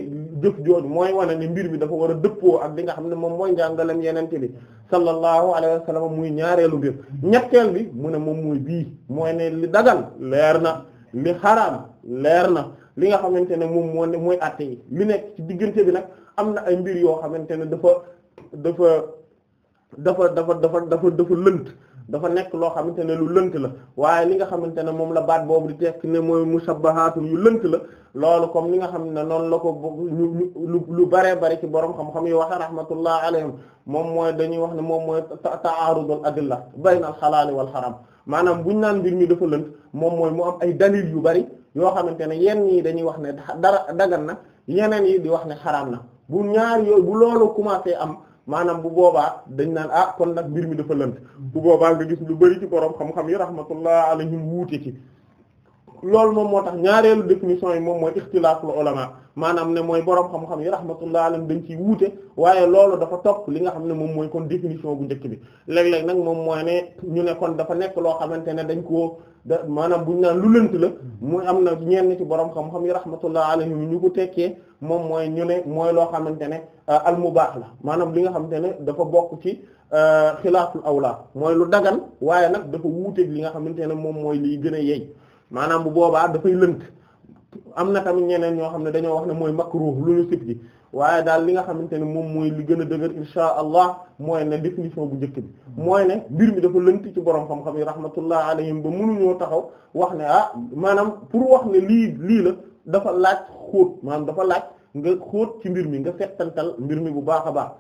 jëf jooju mooy wana ni mbir bi dafa war a dëppoo ak li nga xam ne moom mooy njàngalem yenente bi sallallahu alayhi wa muy ñaareelu mbir ñetteel bi mu ne moom mooy bii mooy ne li dagal leer na li xaraam leer na li nga xamante ne moom moo ne mooy àtte li nekk ci diggante bi nag am na ay mbir yoo xamante ne dafa dafa dafa dafa dafa dafa dafa lënt dafa nekk loo xamante ne lu lënt la waaye li nga xamante ne moom la baat boobu di tekk ne mooy mushabbahaatun yu lënt la loolu comme li nga xamante ne noonu la ko ñu lu lu bare bari ci borom xam-xam yi waxe rahmatullah alayhim moom mooy dañuy wax ne moom mooy ta'aarudul adilla bayna al xalaali wal xaram maanaam bu ñu naan mbir ñu dafa lënt moom mooy mu am ay dalil yu bari yoo xamante ne yenn yi dañuy wax ne dara dagan na yeneen yi di wax ne xaraam na bu ñaar yooyu bu loolu commencé am maanaam bu boobaa dañ naan ah kon nag mbir mi dafa lënt bu boobaa nga gis lu bari ci borom xam-xam yi rahmatullah alayhim wuute ci loolu moom moo tax ñaareelu définition yi moom mooy ixtilaaful ulama maanaam ne mooy borom xam-xam yi rahmatullah alayhim dañ ciy wuute waaye loolu dafa topp li nga xam ne moom mooy kon définition bu njëkk bi léeg nag moom mooy ne ñu ne kon loo xamante ne dañ koo da maanaam buñ naan lu lënt la muy am na ñenn ci borom xam-xam yi rahmatullah alayhim ñu ko tekkee moom mooy ñu ne mooy loo xamante ne euh, al mubaax la maanaam li nga xamante ne dafa bokk ci euh, xilaaful awla mooy lu dagan waaye nag dafa wuuteeg li nga xamante ne moom mooy liy gën a yey maanaam bu boobaa dafay lënt am na tamit ñeneen ñoo xam ne dañoo wax ne mooy makruh lu ñu sib ji waaye daal li nga xamante ne moom mooy li gën a dëgër insha allah mooy ne définition bu njëkk bi mooy ne mbir mi dafa lënt ci borom xam-xam yi rahmatullah alayhim ba mënuñoo taxaw wax ne ah maanaam pour wax ne lii lii la dafa laaj xóot maanaam dafa laaj nga xóot ci mbir mi nga fettantal mbir mi bu baax a baax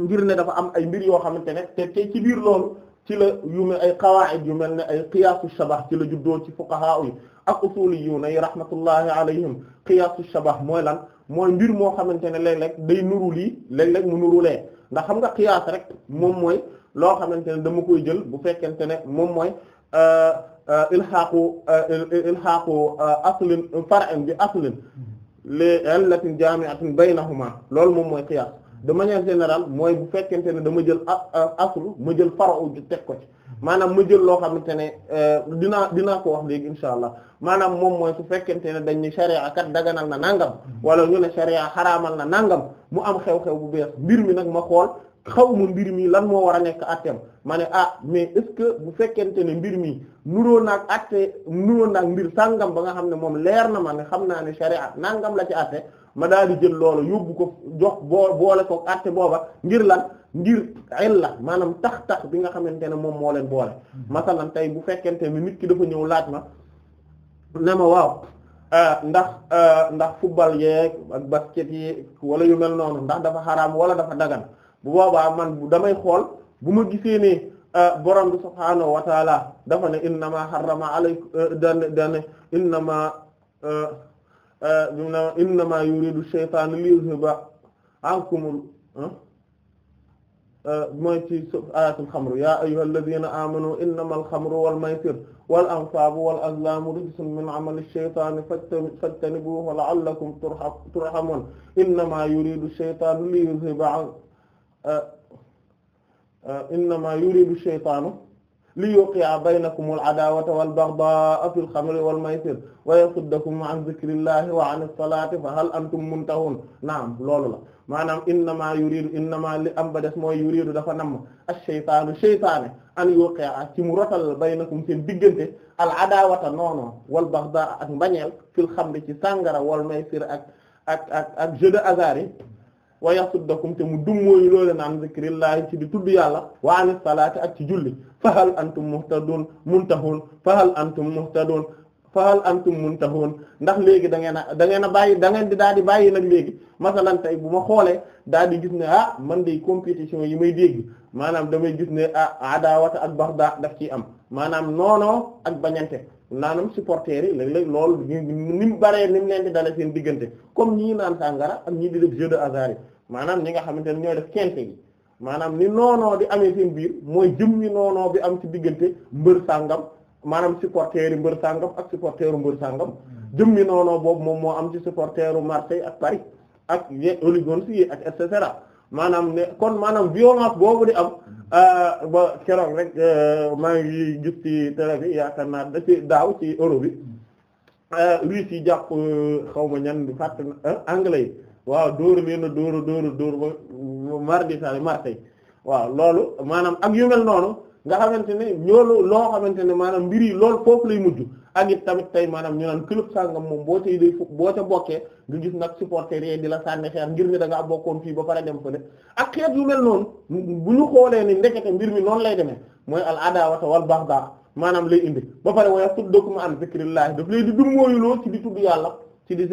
ngir ne dafa am ay mbir yoo xamante ne te ci biir loolu ci la yu me ay qawaid yu mel ne ay qiyaasu shabah ci la juddoo ci fuqaha yi ak usuliyyu nay rahmatullahi alayhim qiyaasu shabah mooy lan mooy mbir moo xamante ne léeg-léeg day nuru lii léeg-léeg mu nurulee ndax xam nga qiyaas rek moom mooy loo xamante ne dama koy jël bu fekkente ne moom mooy euh, euh, ilxaaqu euh, ilxaaqu aslin far'in bi aslin li illatin jaami'atin baynahuma loolu moom mooy qiyaas de manière générale mooy bu fekkente ne dama jël aslu ma jël faraw ju teg ko ci maanaam ma jël loo xamante ne euh, dina dinaa ko wax léegi insha allah maanaam moom mooy su fekkente ne dañ ne sharia kat daganal na nangam hmm. wala ñu ne sharia xaraamal na nangam mu am xew-xew bu beex mbir mi nag ma xool xaw ma mbir mii lan moo war a nekk atteem ma ne ah mais est bu fekkente ne mbir mi nuroo naag atte nuroo naag mbir sàngam ba nga xam ne moom leer na ma ne xam naa ne sharia nangam la ci atte ma daal di jël loolu yóbbu ko jox boo boole ko atte booba ngir lan ngir illa maanaam tax tax bi nga xamante ne moom moo leen boole mm-hmm. masalan tey bu fekkente ne nit ki dafa ñëw laaj ma ne ma waaw euh, ndax euh, ndax football yeeg ak basket yi wala yu mel noonu ndax dafa xaraam wala dafa dagan bu boobaa man damay xool bu ma gisee ne euh, borom bi subhaanahu wa taala dafa ne innama harrama alaykum euh, dane dane innama euh, innama yuridu shaytaanu liyuzhiba ankumul mooy ci ayatul xamru yaa ayyuhal ladina amanu innamal xamru wal maysir wal ansaabu wal azlaamu rijsun min amali shaytaani fajtanibuhu la'allakum turhamun innamaa yuridu shaytaanu liyuzhiba innama yuridu shaytaanu li yuqi'a baynakum al-'adaawata wal-baghdaa'a fil khamri wal-maysir wa yasuddakum 'an dhikrillahi wa 'ani s-salaati fa hal antum muntahun naam loolu la maanaam innama yuridu innama li am ba des mooy yuridu dafa namm ash-shaytaanu shaytaane an yuqi'a ci mu rotal baynakum seen diggante al-'adaawata noonoo wal-baghdaa'a ak mbañeel fil khamri ci sàngara wal-maysir ak ak ak ak jeu de hasard yi wa yasuddakum te mu dummóoyu loole naan zikrillahi ci di tudd yàlla wa anis salaati ak ci julli fa hal antum muhtadun muntahun fa hal antum muhtadun fa hal antum muntahun ndax léegi da ngeen a da ngeen a bàyyi da ngeen di daal di bàyyi nag léegi masalan bu ma xoolee daal di gis ne ah man de compétition yi may dégg maanaam damay gis ne ah adawata ak baxda daf ciy am maanaam noonoo ak bañante naanam supporters yi léeg lool loolu ni mu baree ni leen di dale seen diggante comme ñii naan sàngara ak ñii di def jeu de hasard maanaam ñi nga xamante ne ñooy def kente gi maanaam ni noonoo di amee seen biir mooy jëmmi ni noonoo bi am ci diggante mbër sàngam maanaam supporters yi mbër sàngam ak supporteru mbër sàngam jëm ni noonoo boobu moom moo am ci supporteru Marseille ak Paris ak les oligonsi ak et cetera maanaam ne kon maanaam violence boobu di am euh, ba keroog rek euh, maa ngi gis ci télé bi yaakaar naa da ci daaw ci Europe bi euh, Russie yi jàpp xaw ma ñan fàtt anglais yi waaw dóor leen a dóor a dóor a dóor ba mardi waaw loolu maanaam ak yu noonu nga xamante ne ñoolu loo xamante ne maanaam mbir yi lool foofu lay mujj ak it tamit tey maanaam ñu naan club sàngam moom boo tey day boo ca bokkee nga gis nag supporter yi di la sànni xeex ngir ne da ngaa bokkoon fii ba pare dem fële ak xeet yu mel noonu bu ñu xoolee ni ndekete mbir mi noonu lay demee mooy al adawata wal baxda maanaam lay indi ba pare waaye suddakum an zikrillah daf lay di dummóoyuloo ci di tudd yàlla ci di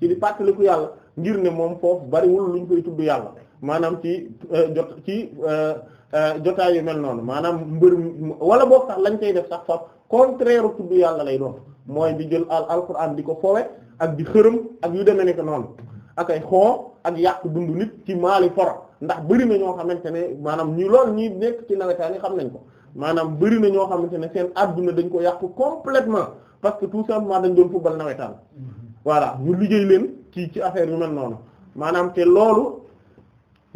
ci di fàttaliku yàlla ngir ne moom foofu bariwul luñ koy tudd yàlla maanaam ci euh, ci euh, Euh, jotaay yu mel noonu maanaam mbër wala boog sax lañ koy def sax foofu contraire tudd yàlla lay doon mooy di jël al alquran di ko foowe ak di xërëm ak yu demee nekk noonu ak ay xoo ak yàq dund nit ci maali foro ndax bëri na ñoo xamante ne maanaam ñu lool ñi nekk ci nawetaan yi xam nañ ko maanaam bëri na ñoo xamante ne seen adduna dañ ko yàqu completement parce que tout simplement dañ doon football nawetaan mm-hmm. voilà ñu liggéey leen ci ci affaire yu mel noonu maanaam te loolu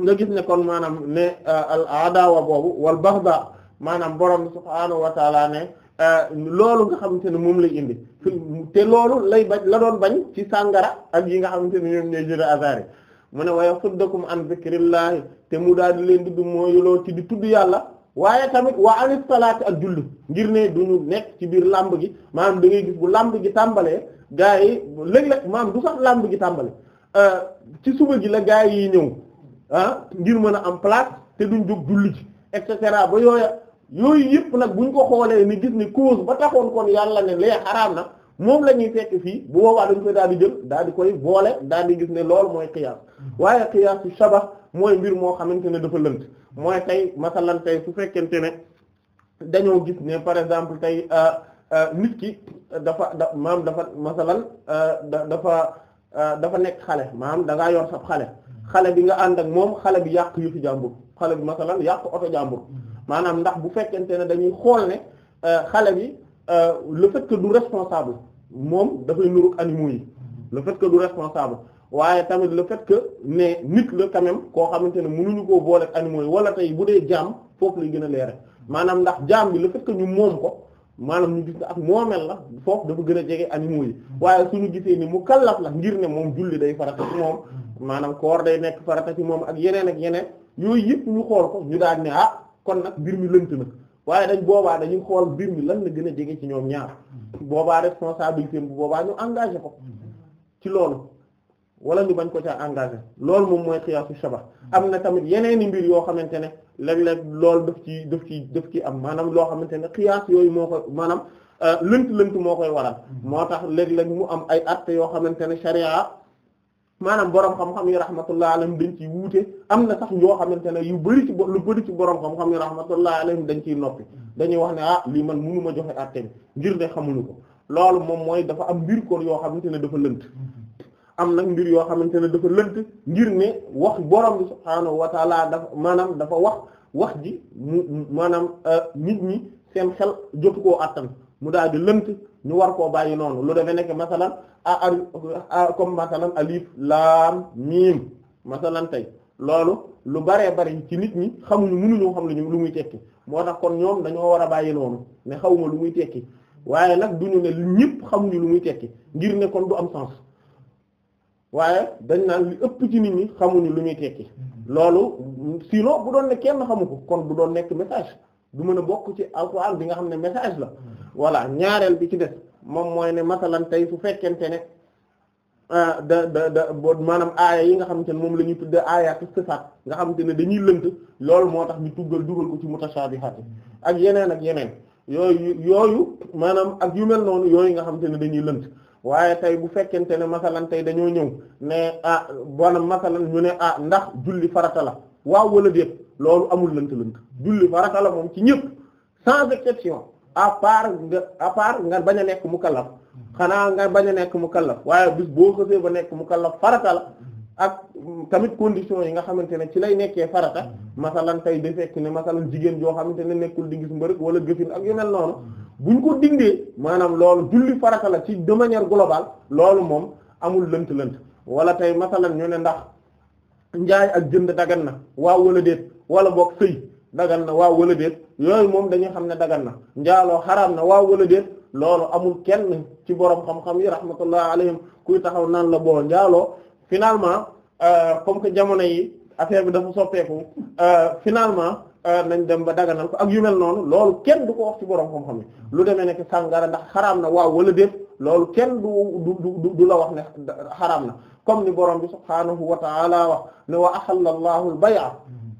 nga gis ne kon maanaam ne euh, al boobu wal baxda maanaam borom subhaanahu wa taala ne euh, loolu nga xamante ne moom lay indi te loolu lay bañ la doon bañ ci sàngara ak yi nga xamante ne ñoom ñooy jëre azari ne waaye suddakum an zikrillahi te mu daal di leen di du mooyuloo ci di tudd yàlla waaye tamit waa anis salaati ak julli ngir ne du ñu nekk ci biir làmb gi maanaam da ngay gis bu làmb gi tàmbalee gaa yi léeg-léeg du sax làmb gi tàmbale euh, ci suba gi la gaa yi ñëw ah ngir mën a am place te duñ jóg julli ji et cetera ba yooya yooyu yëpp nag bu ñu ko xoolee ni gis ni cause ba taxoon kon yàlla ne lee xaraam na moom la ñuy fekk fii bu boobaa dañ koy daal di jël daal di koy boole daal di gis ne loolu mooy xiyaas waaye xiyaas yu sabax mooy mbir moo xamante ne dafa lënt mooy tey masalan tey su fekkente ne dañoo gis ne par exemple tey ah, ah, nit ki dafa da maam dafa masalan ah, dafa Euh, dafa nekk xale maam dangaa ngaa yor sab xale xale bi nga ànd ak moom xale bi yàq yëfu jàmbur xale bi masalan yàq oto jàmbur maanaam ndax bu fekkente ne dañuy xool ne euh, xale bi euh, le fait que du responsable moom dafay nuruk animaux yi le fait que du responsable waaye tamit le fait que ne nit la quand koo xamante ne mënuñu koo boole ak animaux yi wala tey bu dee jàmm foofu lay gën a leere maanaam ndax jaam bi la fait ñu moom ko maanaam ñu gis ne ak moomel la foofu dafa gën a jege animaux yi waaye suñu gisee ni mu kallaf la ngir ne moom julli day farata ci moom maanaam koor day nekk farata ci moom ak yeneen ak yeneen yooyu yëpp ñu xool ko ñu daal ne ah kon nag mbir mi lënt na waaye dañ boobaa dañuy xool mbir mi lan la gën a jege ci ñoom ñaar boobaa responsabilité bu boobaa ñu engagé ko ci loolu wala ñu bañ ko caa engage loolu moom mooy xiyaasu shaba am na tamit yeneen i mbir yoo xamante ne léeg-léeg loolu ci def ci daf ci am maanaam loo xamante ne xiyaas yooyu moo koy maanaam euh, lënt lënt moo koy waral mm-hmm. moo tax léeg-léeg mu am ay atte yoo xamante ne sharia maanaam borom xam-xam yi rahmatullah alayhim dañ ciy wuute am na sax yoo xamante ne yu bëri ci ci borom xam-xam yi rahmatullah alayhim dañ ciy noppi mm-hmm. dañuy wax ne ah lii man mënu joxe atte bi ngir ne xamuñu ko loolu moom mooy dafa am mbir ko yoo xamante ne dafa lënt mm-hmm. am nag mbir yoo xamante ne dafa lënt ngir ne wax borom bi subhaanahu wa taala dafa maanaam dafa wax wax ji mu maanaam euh, nit ñi seen xel jotu koo attan mu daal di lënt ñu war koo bàyyi noonu lu defe nekk masalan a a comme masalan alif laam miim masalan tey loolu lu baree bari ci nit ñi xamuñu mënuñu xam lu muy tekki moo tax kon ñoom dañoo war a bàyyi noonu ne xawuma lu muy tekki waaye nag duñu ne ñëpp xamuñu lu muy tekki ngir ne kon du am sens waaye dañ naan li ëpp ci nit ñi xamuñu lu ñuy tekki mhm. loolu sinon bu doon ne kenn xamu ko kon bu doon nekk message du mën a bokk ci alxuraan bi nga xam ne message la mhm. voilà ñaareel bi ci def moom mooy ne masalan tey su fekkente ne ah, da da da maanaam aaya yi nga xamante ne moom la ñuy tudde aaya nga xamante ne dañuy lënt loolu moo tax ñu tuggal dugal ko ci mutashaabihaat ak yeneen ak yeneen yooyu yooyu maanaam ak yumeel noonu yooyu nga xamante ne dañuy lënt waaye tey bu fekkente ne masalan tey dañoo ñëw ne ah maanaam masalan ñu ne ah ndax julli farata la waaw wala déet loolu amul lënt-lënt julli farata la moom ci ñëpp sans exception à part nga à nga bañ a nekk mu mukallaf xanaa nga bañ a nekk mukallaf waaye bis boo xësee ba nekk mukallaf farata la ak tamit condition yi nga xamante ne ci lay nekkee farata masalan tey de fekk ne masalan jigéen joo xamante ne nekkul di gis mbërëk wala gëfin ak yu mel noonu buñ ko dindee maanaam loolu julli farata la ci de manière loolu moom amul lënt-lënt wala tey masalan ñu ne ndax njaay ak jënd daggan na waa wala déet wala mbokk sëy daggan na waa wala déet yooyu moom dañuy xam ne daggan na njaaloo xaraam na waa wala déet loolu amul kenn ci borom xam-xam yi rahmatullah alayhim kuy taxaw naan la boo njaaloo finalement euh, comme que jamono yi affaire bi dafa soppeeku euh, finalement Euh, nañ dem ba daganal ko ak yu noonu loolu kenn du ko wax ci borom xam-xam yi lu demee nekk sàngara ndax xaraam na waaw wala déet loolu kenn du du du la wax ne xaraam na comme ni borom bi subhaanahu wa ta'ala wax ne wa ahalla allahu al bay'a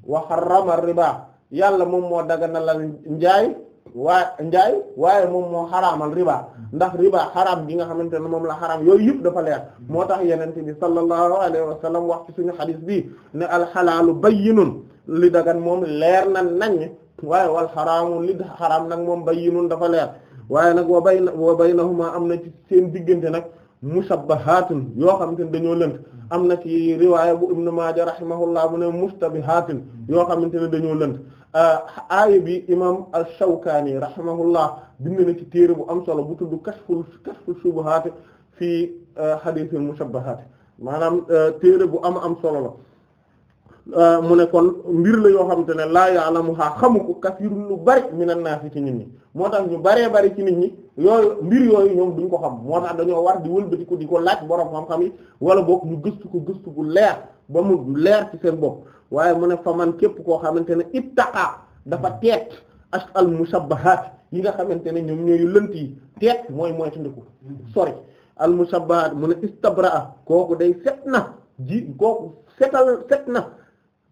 wa harrama ar-riba yàlla moom moo daganalal njaay waa njaay waaye moom moo xaraamal riba ndax riba xaraam gi nga xamante ne moom la xaraam yooyu yëpp dafa leer moo tax yenente bi sallallahu alayhi wa sallam wax ci suñu xadis bi ne alxalaalu bayyinun li dagan moom leer na nañ waaye wal xaraamu li xaraam nag moom bayyinun dafa leer waaye nag wa bayna wa baynahuma am na ci seen diggante nag mushabbahaatun yoo xam te ne dañoo lënt am na ci riwaaya bu Ibn Maaja rahimahullah mu ne mustabihaatun yoo xamante ne dañoo lënt ah, aaya bi imam al-Shawkaani rahimahullah bind na ci téere bu am solo bu tudd kashful kashful shubuhaat fii ah, hadiisil mushabbahaat maanaam ah, téere bu am am solo la Euh, mu ne kon mbir la yoo xamante ne laa la ya'lamuha xamu ko kasirul lu bari naa naasi ci ñun ñi moo tax ñu baree bari ci nit ñi yooyu mbir yooyu ñoom duñ ko xam moo tax dañoo war di wëlbati ko di ko laaj borom xam-xam yi wala boog ñu ko gëstu bu leer ba mu leer ci seen bopp waaye mu ne fa man képp koo xamante ne ittaqa dafa teet ak al mushabbahat yi nga xamante ne ñoom ñooyu lënt yi teet mooy mooy tandiku sori al mushabbahat mu ne istabraa kooku day set na ji kooku setal set na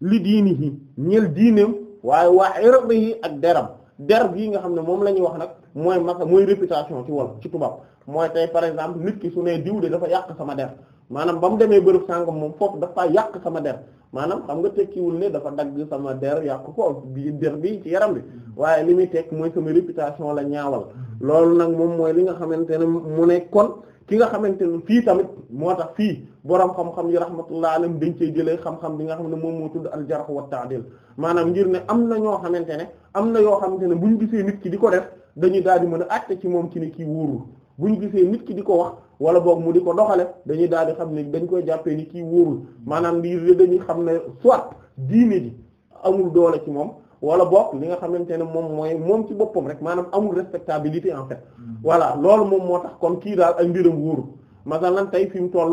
li diinihi ñeel diineem waaye waa yi ak deram der bii nga xam ne moom la ñuy wax nag mooy masa mooy réputation ci wol ci tubaab mooy tey par exemple nit ki su nee diw de dafa yàq sama der maanaam ba mu demee bërëb sàngam moom foofu dafa yàq sama der maanaam xam nga tekkiwul ne dafa dagg sama der yàq ko bi der bi ci yaram bi waaye li muy tekk mooy sama réputation la ñaawal mm-hmm. loolu nag moom mooy li nga xamante ne mu ne kon ki nga xamante ne fii tamit moo tax fii borom xam-xam yi rahmatullah alayhim dañ cee jëlee xam-xam bi nga xam ne moom moo tudd al jarh wa ta'dil maanaam ngir ne am na ñoo xamante ne am na yoo xamante ne bu ñu gisee nit ki di ko def dañuy daal di mën a àtte ci moom ci ne kii wóorul bu ñu gisee nit ki di ko wax wala boog mu di ko doxale dañuy daal di xam ne dañ koy jàppee ni kii wóorul maanaam lii dañuy xam ne soit diine ji amul doole ci moom wala bokk li nga xamante ne moom mooy moom ci boppam rek maanaam amul respectabilité en fait mm. voilà loolu moom moo tax kon kii daal ak mbiram wóoru masalan tey fi mu toll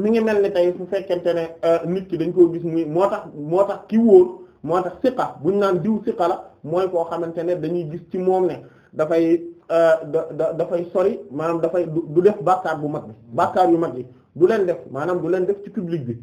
mi ngi mel ni tey su fekkente ne euh, nit ki dañ koo gis muy moo tax moo tax ki wóor moo tax siqa buñ naan diw siqa la mooy koo xamante ne dañuy gis ci moom ne dafay euh, da dafay sori maanaam dafay du def bàkkaar bu mag bi bàkkaar yu mag yi du leen def maanaam du leen def ci public bi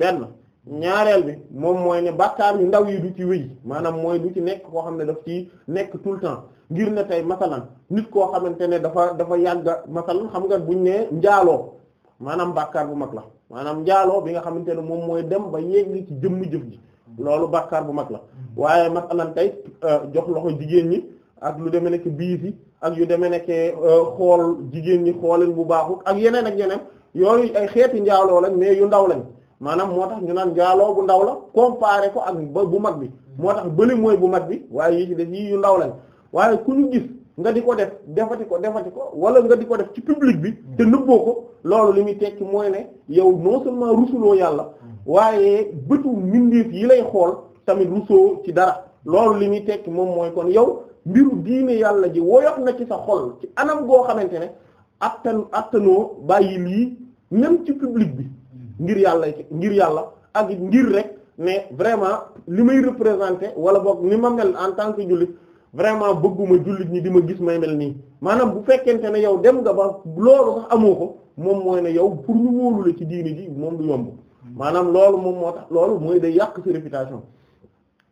benn ñaareel bi moom mooy ne bàkkaar yu ndaw yi du ci wéy maanaam mooy du ci nekk koo xam ne daf ci nekk tout le temps ngir ne tey masalan nit koo xamante ne dafa dafa yàgga masalan xam nga buñ ne njaaloo maanaam bàkkaar bu mag la maanaam njaaloo bi nga xamante ne moom mooy dem ba yegg ci jëmm jëf ji loolu bàkkaar bu mag la waaye masalan tey euh, jox loxo jigéen ñi ak lu deme nekk biisi ak yu deme nekk euh, xool jigéen ñi xoolin bu baaxut ak yeneen ak yeneen yooyu ay xeeti njaaloo lañ yu ndaw lañ maanaam moo tax ñu naan njaaloo bu ndaw la comparé ko ak bu mag bi moo tax bële mooy bu mag bi waaye yi ci def yii yu ndaw lañ waaye ku ñu gis nga di ko def defati ko defati ko wala nga di ko def ci public bi te nëbboo ko loolu li muy tekki mooy ne yow non seulement rusuloo yàlla waaye bëtu mbindeef yi lay xool tamit rusoo ci dara loolu li muy tekki moom mooy kon yow mbiru diine yàlla ji woyof na ci sa xol ci anam goo xamante ne attan attanoo bàyyi lii même ci public bi ngir yàlla ngir yàlla ak ngir rek ne vraiment li may représenter wala boog ni ma mel en tant que jullit vraiment bëgguma jullit ñi di ma gis may mel nii maanaam bu fekkente ne yow dem nga ba loolu sax amoo ko moom mooy ne yow pour ñu wóolu la ci diini ji moom du yomb maanaam loolu moom moo tax loolu mooy day yàq sa réputation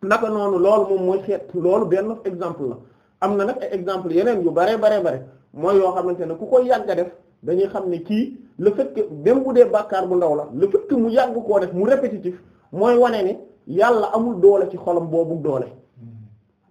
naka noonu loolu moom mooy xeet loolu benn exemple la am na nag ay exemple yeneen yu bare bare bare mooy yoo xamante ne ku koy yàgg a def le fait que même bu dee bàkkaar bu ndaw la le fait mu yàgg koo def mu répétitif mooy wane ne yàlla amul doole ci xolam boobu doole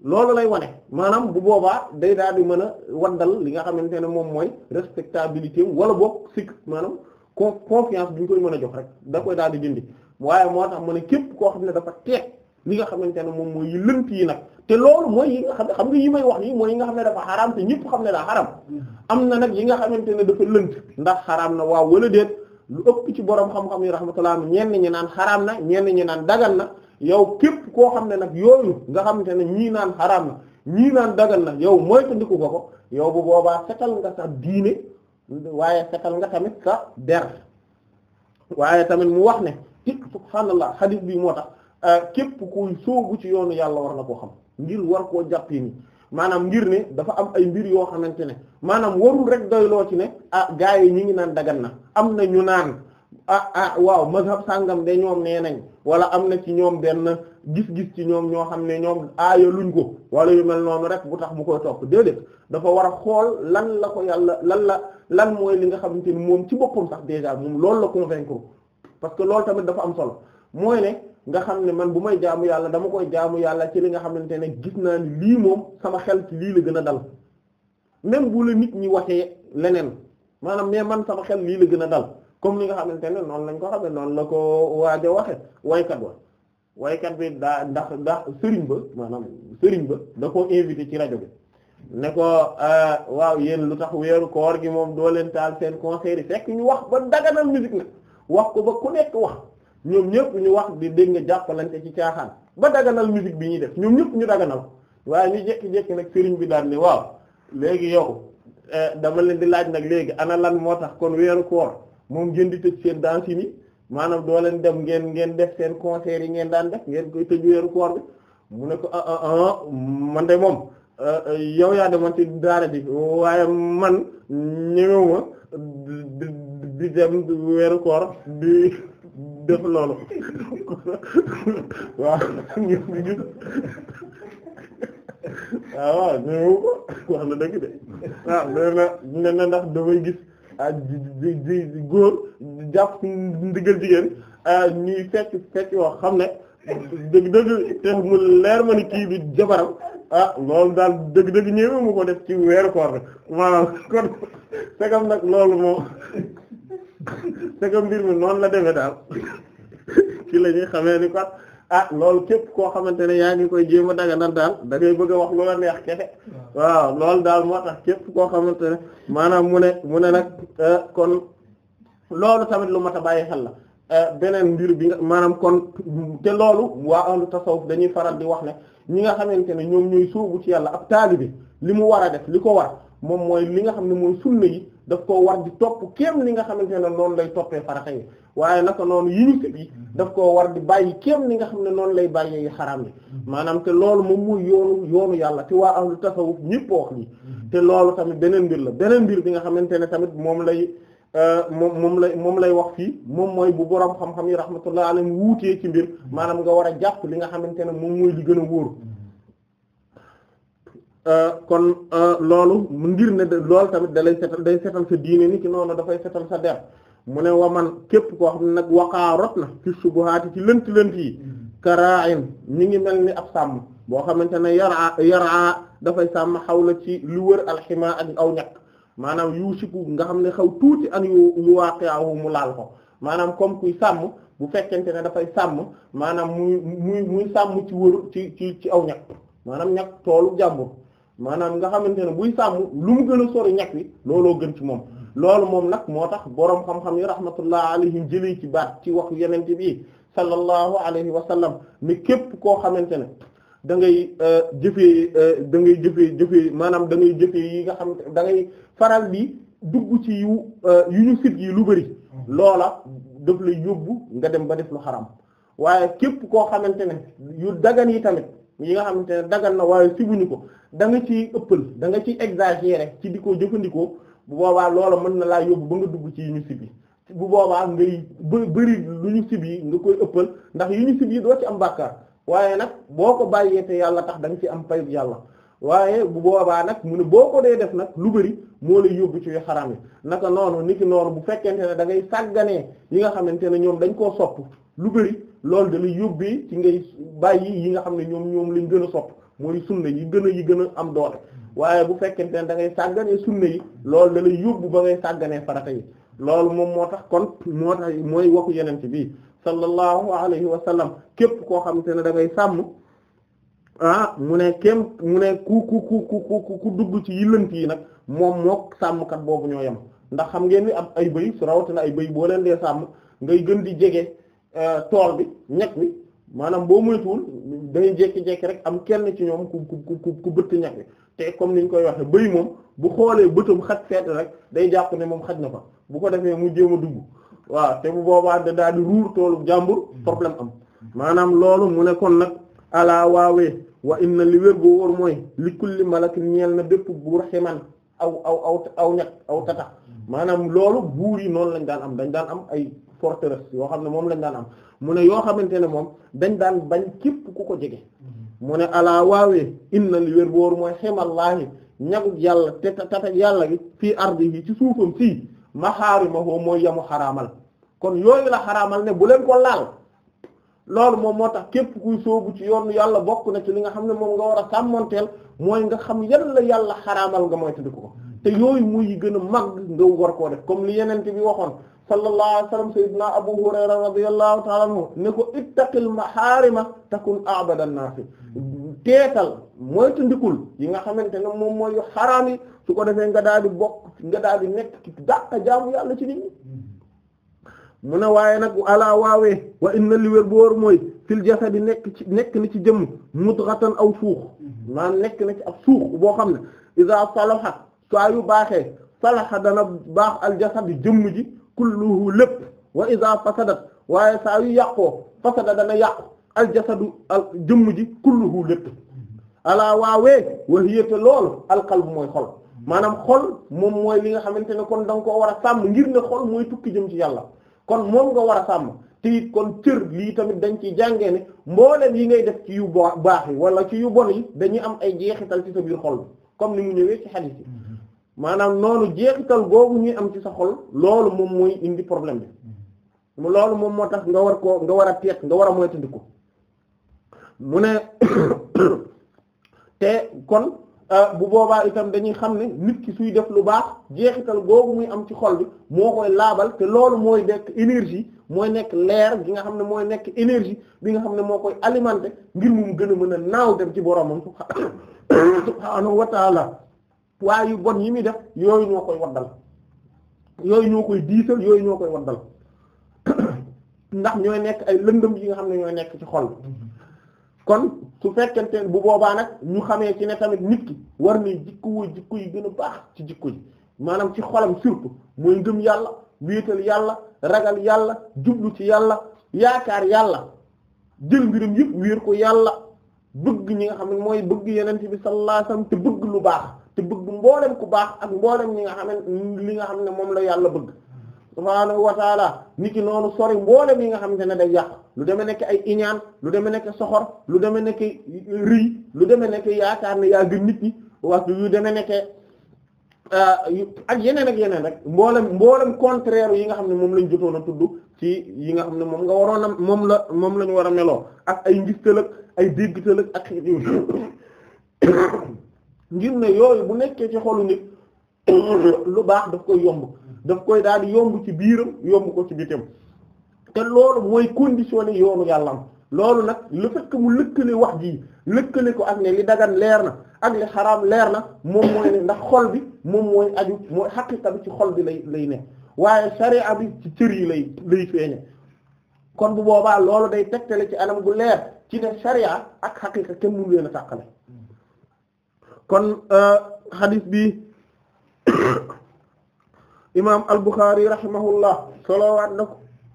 loolu lay wane maanaam bu boobaa day daal di mën a waddal li nga xamante ne moom mooy respectabilité wala boog sikk maanaam confiance bi ñu koy mën a jox rek da koy daal di dindi waaye moo tax ma ne képp koo xam ne dafa teeg li nga xamante ne moom mooy yi lënt yi nag te loolu mooy yi nga xam ne yi may wax yi mooy yi nga xam ne dafa xaraam te ñëpp xam ne daa xaraam mm-hmm. am na nag yi nga xamante ne dafa lënt ndax xaraam na waaw wala déet lu ëpp ci borom xam-xam yi rahmatullah ñenn ñi naan xaraam na ñenn ñi naan dagan na yow képp koo xam ne nag yooyu nga xamante ne ñii naan xaraam na ñii naan dagan na yow moytandiku ko ko yow bu boobaa setal nga sax diine waaye setal nga tamit ka der waaye tamit mu wax ne subhaanallah hadith bi moo tax Euh, képp ku soogu ci yoonu yàlla war na koo xam ngir war koo jàppee ni maanaam ngir ne dafa am ay mbir yoo xamante ne maanaam warul rek doyloo ci ne ah gaa yi ñu ngi naan dagan na am na ñu naan ah ah waaw mazhab sàngam de ñoom nee nañ wala am na ci ñoom benn gis-gis ci ñoom ñoo xam ne ñoom aaya luñ ko wala yu mel noonu rek bu tax mu koy topp déedéet dafa war a xool lan la ko yàlla lan la lan mooy li nga xamante ni moom ci boppam sax déjà moom loolu la convaincre parce que loolu tamit dafa am solo nga xam ne man bu may jaamu yàlla dama koy jaamu yàlla ci li nga xamante ne gis naa ni lii moom sama xel ci lii la gën a dal même bu la nit ñi waxee leneen maanaam mais man sama xel lii la gën a dal comme li nga xamante ne noonu lañ ko xamee noonu la ko waaj a waxe waykat wa waykat bi daa ndax ndax sëriñ ba maanaam sëriñ ba da koo invité ci rajo bi ne ko ah, waaw yéen lu tax weeru koor gi moom doo leen taal seen concert yi fekk ñu wax ba daganal musique nag wax ko ba ku nekk wax ñoom ñëpp ñu wax di dégg nga jàppalante ci caaxaan ba daganal musique bi ñuy def ñoom ñëpp ñu daganal waaye ñu jekki-jekki nag sëriñ bi daan ni waaw léegi yow eh, dama leen di laaj nag léegi ana lan moo tax kon weeru koor moom ngeen di tëj seen danse yi maanaam doo leen dem ngeen ngeen def seen concert yi ngeen daan def ngeen koy tëj weeru koor bi mu ne ko ah, ah, ah man de moom eh, eh, yow yaa demoon ci daara ji waaye man ñëwuma di dem weeru koor def loolu waaw ñëw ñu gis ah, waaw waaw ñëw ko wax na dëgg de waaw ah, nee na ne ndax damay gis ah góor jàpp ndigal jigéen ah, ñuy fecc fecc yoo xam ne dëgg dëgg te mu leer ma ni kii bi jabaram ah loolu daal dëgg dëgg ñëwee mu ko def ci weeru koor maanaam kon segam nag loolu moom sega mbir mi noonu la demee daal ci la ñuy xamee ni quoi ah loolu képp koo xamante ne yaa ngi koy jéem a daganal daal dangay bëgg a wax lu la neex kese waaw loolu daal moo tax képp koo xamante ne maanaam mu ne mu ne nag euh, kon loolu tamit lu mat a bàyyi xel la euh, beneen mbir bi nga maanaam kon te loolu waa ahlu tasawuf dañuy faral di wax ne ñi nga xamante ne ñoom ñuy sóobu ci yàlla ab bi li mu war a def li ko war moom mooy li nga xam ne mooy sunna yi daf koo war di topp kéem li nga xamante ne noonu lay toppee farata yi waaye naka noonu yi ñu bi daf koo war di bàyyi kéem li nga xam ne noonu lay bàyyi yi xaraam yi maanaam te loolu moom mooy yoonu yàlla te waa ahlu tasawuf ñëpp wax lii te loolu tamit beneen mbir la beneen mbir bi nga xamante ne tamit moom lay euh, moom moom lay moom lay wax fii moom mooy bu borom xam-xam yi rahmatullah alayhi wuutee ci mbir maanaam nga war a jàpp li nga xamante ne moom mooy li gën a wóor Euh, kon euh, loolu ngir ne loolu tamit dalay setal day setal sa diine ni ci noonu dafay setal sa der mu ne waman képp koo xam ne nag waqaa rot na ci subuhaati ci lënt lënt yi mm-hmm. kara'in ñi ngi mel ni ab sàmm boo xamante ne yara yara dafay sàmm xaw la ci lu wër alxima ak aw ñakk maanaam yuusiku nga xam ne xaw tuuti ak yu mu laal ko maanaam comme kuy sàmm bu fekkente ne dafay sàmm maanaam muy muy sàmm ci wër ci ci ci aw ñakk maanaam ñakk toolu jàmbur maanaam nga xamante ne buy sàmm lu mu gën a sori ñàkk wi looloo gën ci moom loolu moom nag moo tax boroom xam-xam yi rahmatullah alayhim jëlee ci baat ci wax yeneen bi sallallahu alayhi wa sallam ne képp koo xamante ne da ngay euh, jëfee euh, da ngay jëfee jëfee maanaam da ngay nga xam da faral bi dugg ci yu euh, yu ñu sit yi lu bari loola daf lay yóbbu nga dem ba def lu xaram waaye képp koo xamante ne yu dagan yi tamit yi nga xamante ne dagan na waaye sibuñu ko da nga ciy ëppal da nga ciy exagérer ci di ko jëfandikoo bu boobaa loola mën na laa yóbbu ba nga dugg ci yi ñu sib yi bu boobaa ngay bëri lu ñu sib yi nga koy ëppal ndax yu ñu sib doo ci am bàkkaar waaye nag boo ko bàyyee te yàlla tax da nga ci am payub yàlla waaye bu boobaa nag mu ne boo ko dee def nag lu bëri moo lay yóbbu ci yu xaram yi naka noonu niki noonu bu fekkente ne da ngay sàgganee yi nga xamante ne ñoom dañ koo sopp lu bëri loolu dana yóbbee ci ngay bàyyi yi nga xam ne ñoom ñoom lañ gën a sopp mooy sunna yi gën a yi gën a am doole waaye bu fekkente ne da ngay sàgganee sunna yi loolu da lay yóbbu ba ngay sàgganee farata yi loolu moom moo tax kon moo tax mooy waxu yenente bi sallallahu alayhi wa sallam képp koo xamante ne da ngay sàmm ah mu ne kéem mu ne ku ku ku ku ku dugg ci yillant yi nag moom mook sàmmkat boobu ñoo yam ndax xam ngeen ni ab ay bëy su rawatina ay bëy boo leen dee sàmm ngay gën di jege Euh, tool bi ñag bi maanaam boo moytuwul day jekki-jekki rek am kenn ci ñoom ku ku ku ku bëtt ñag bi te comme niñ koy waxe bëy moom bu xoolee bëtam xaj feet rek day jàpp ne moom xaj na fa bu ko defee mu jéem a dugg waaw te bu boobaa da daal di ruur toolu jàmbur problème am maanaam loolu mu nekkoon nag ala waawee wa inna li wér boo mooy li kulli malakin ñeel na bépp buur ximan aw aw aw aw ñag aw tata maanaam loolu buur yi noonu lañ daan am dañ daan am ay forteresse yoo xam ne moom lañ daan am mu ne yoo xamante ne moom dañ daan bañ képp ku ko jege mm-hmm. mu ne alaa waawee inna li wér booru mooy xemallaahi ñagug yàlla te tatak yàlla gi fii ardi yi ci suufam sii maxaarimahoo mooy yamu xaraamal kon yooyu la xaraamal ne bu leen ko laal loolu moom moo tax képp kuy sóobu ci yoon yàlla bokk na ci li nga xam ne moom nga war a sàmmanteel mooy nga xam yan la yàlla xaraamal nga moytandiku ko mm-hmm. te yooyu muy gën a mag nga war koo waxoon sallallahu alayhi wa sallam sayyidina Abu Hurayra radiyallahu ta'ala anhu ne ko ittaqil maharima takun a'bada an-nas teetal mooy tundikul yi nga xamante ne moom mooy yu xaraam yi su ko defee nga daal di bokk nga daal di nekk ci dàq jaamu yàlla ci nit ñi mu ne waaye nag ala waawee wa inna li wér boor mooy fil jasadi nekk ci nekk na ci jëmm mudghatan aw suux maan nekk na ci ab suux boo xam ne iza salaha saa yu baaxee salaha dana baax al jasadi jëmm ji kulluhu lépp wa iza fasadat waaye saa yu yàqoo fasada dana yàqu aljasadu al jëmm ji kulluhu lépp alaa waawee wa hiya te loolu alqalb mooy xol maanaam xol moom mooy li nga xamante ne kon danga nga koo war a sàmm ngir ne xol mooy tukki jëm ci yàlla kon moom nga war a sàmm te it kon cër lii tamit dañ ciy jàngee ne mbooleem yi ngay def ci yu baax yi wala ci yu bon yi dañuy am ay jeexital ci sa biir li comme ni mu ñëwee ci hadith yi maanaam noonu jeexital googu ñuy am ci sa xol loolu moom mooy indi problème bi mm-hmm. loolu moom moo tax nga war ko nga war a teet nga war a moytandiku mu ne [COUGHS] te kon euh, bu boobaa itam dañuy xam ne nit ki suy def lu baax jeexital googu muy am ci xol bi moo koy laabal te loolu mooy nekk énergie mooy nekk leer gi nga xam ne mooy nekk énergie bi nga xam ne moo koy alimente ngir mu gën a mën a naaw dem ci boromam [COUGHS] [COUGHS] subhaanahu wa ta'ala poids yu bon yi muy def yooyu ñoo koy waddal yooyu ñoo koy diisal yooyu ñoo koy waddal [CLEARS THROAT] ndax ñooy nekk ay lëndëm yi nga xam ne ñooy nekk ci xol kon su fekkente bu boobaa nag ñu xamee ci ne tamit nit ki war ni jikko jikko yi gën a baax ci jikko yi maanaam ci xolam surtout mooy ngëm yàlla wéetal yàlla ragal yàlla jublu ci yàlla yaakaar yàlla jël mbirum yëpp wéer ko yàlla bëgg ñi nga xam ne mooy bëgg yeneen bi sallallahu alayhi wasallam te bëgg lu baax te bëgg mboolem ku baax ak mboolem ñi nga xam ne li nga xam ne moom la yàlla bëgg subhaanahu wa taala nit ki noonu sori mboolem yi nga xamante ne day yàq lu demee nekk ay iñaan lu demee nekk soxor lu deme nekk rëy lu deme nekk yaakaar ne yaa gën nit ñi wax yu deme nekk ah, ak yeneen ak yeneen rek mboolem mboolem contraire yi nga xam ne moom lañ jotoon a tudd ci yi nga xam ne moom nga waroon a moom la moom lañ war a meloo ak ay ngistal ak ay déggtal ak ak [COUGHS] [COUGHS] ngir ne yooyu bu nekkee ci xolu nit [COUGHS] lu baax daf koy yomb daf koy daal di yomb ci biiram yomb ko ci bitam te loolu mooy condition yoonu yàlla am loolu nag lu fait que mu wax ji lëkkale ko am ne li dagan leer na ak li xaraam leer na moom mooy ne ndax xol bi moom mooy aju mooy xaqiqa bi ci xol bi lay lay ne waaye sharia bi ci cër yi lay feeñe kon bu boobaa loolu day tegtale ci anam gu leer ci ne sharia ak xaqiqa kenn mënu leen a tàqale kon euh, hadith bi [COUGHS] imam al-Bukhari rahimahullah solowaat na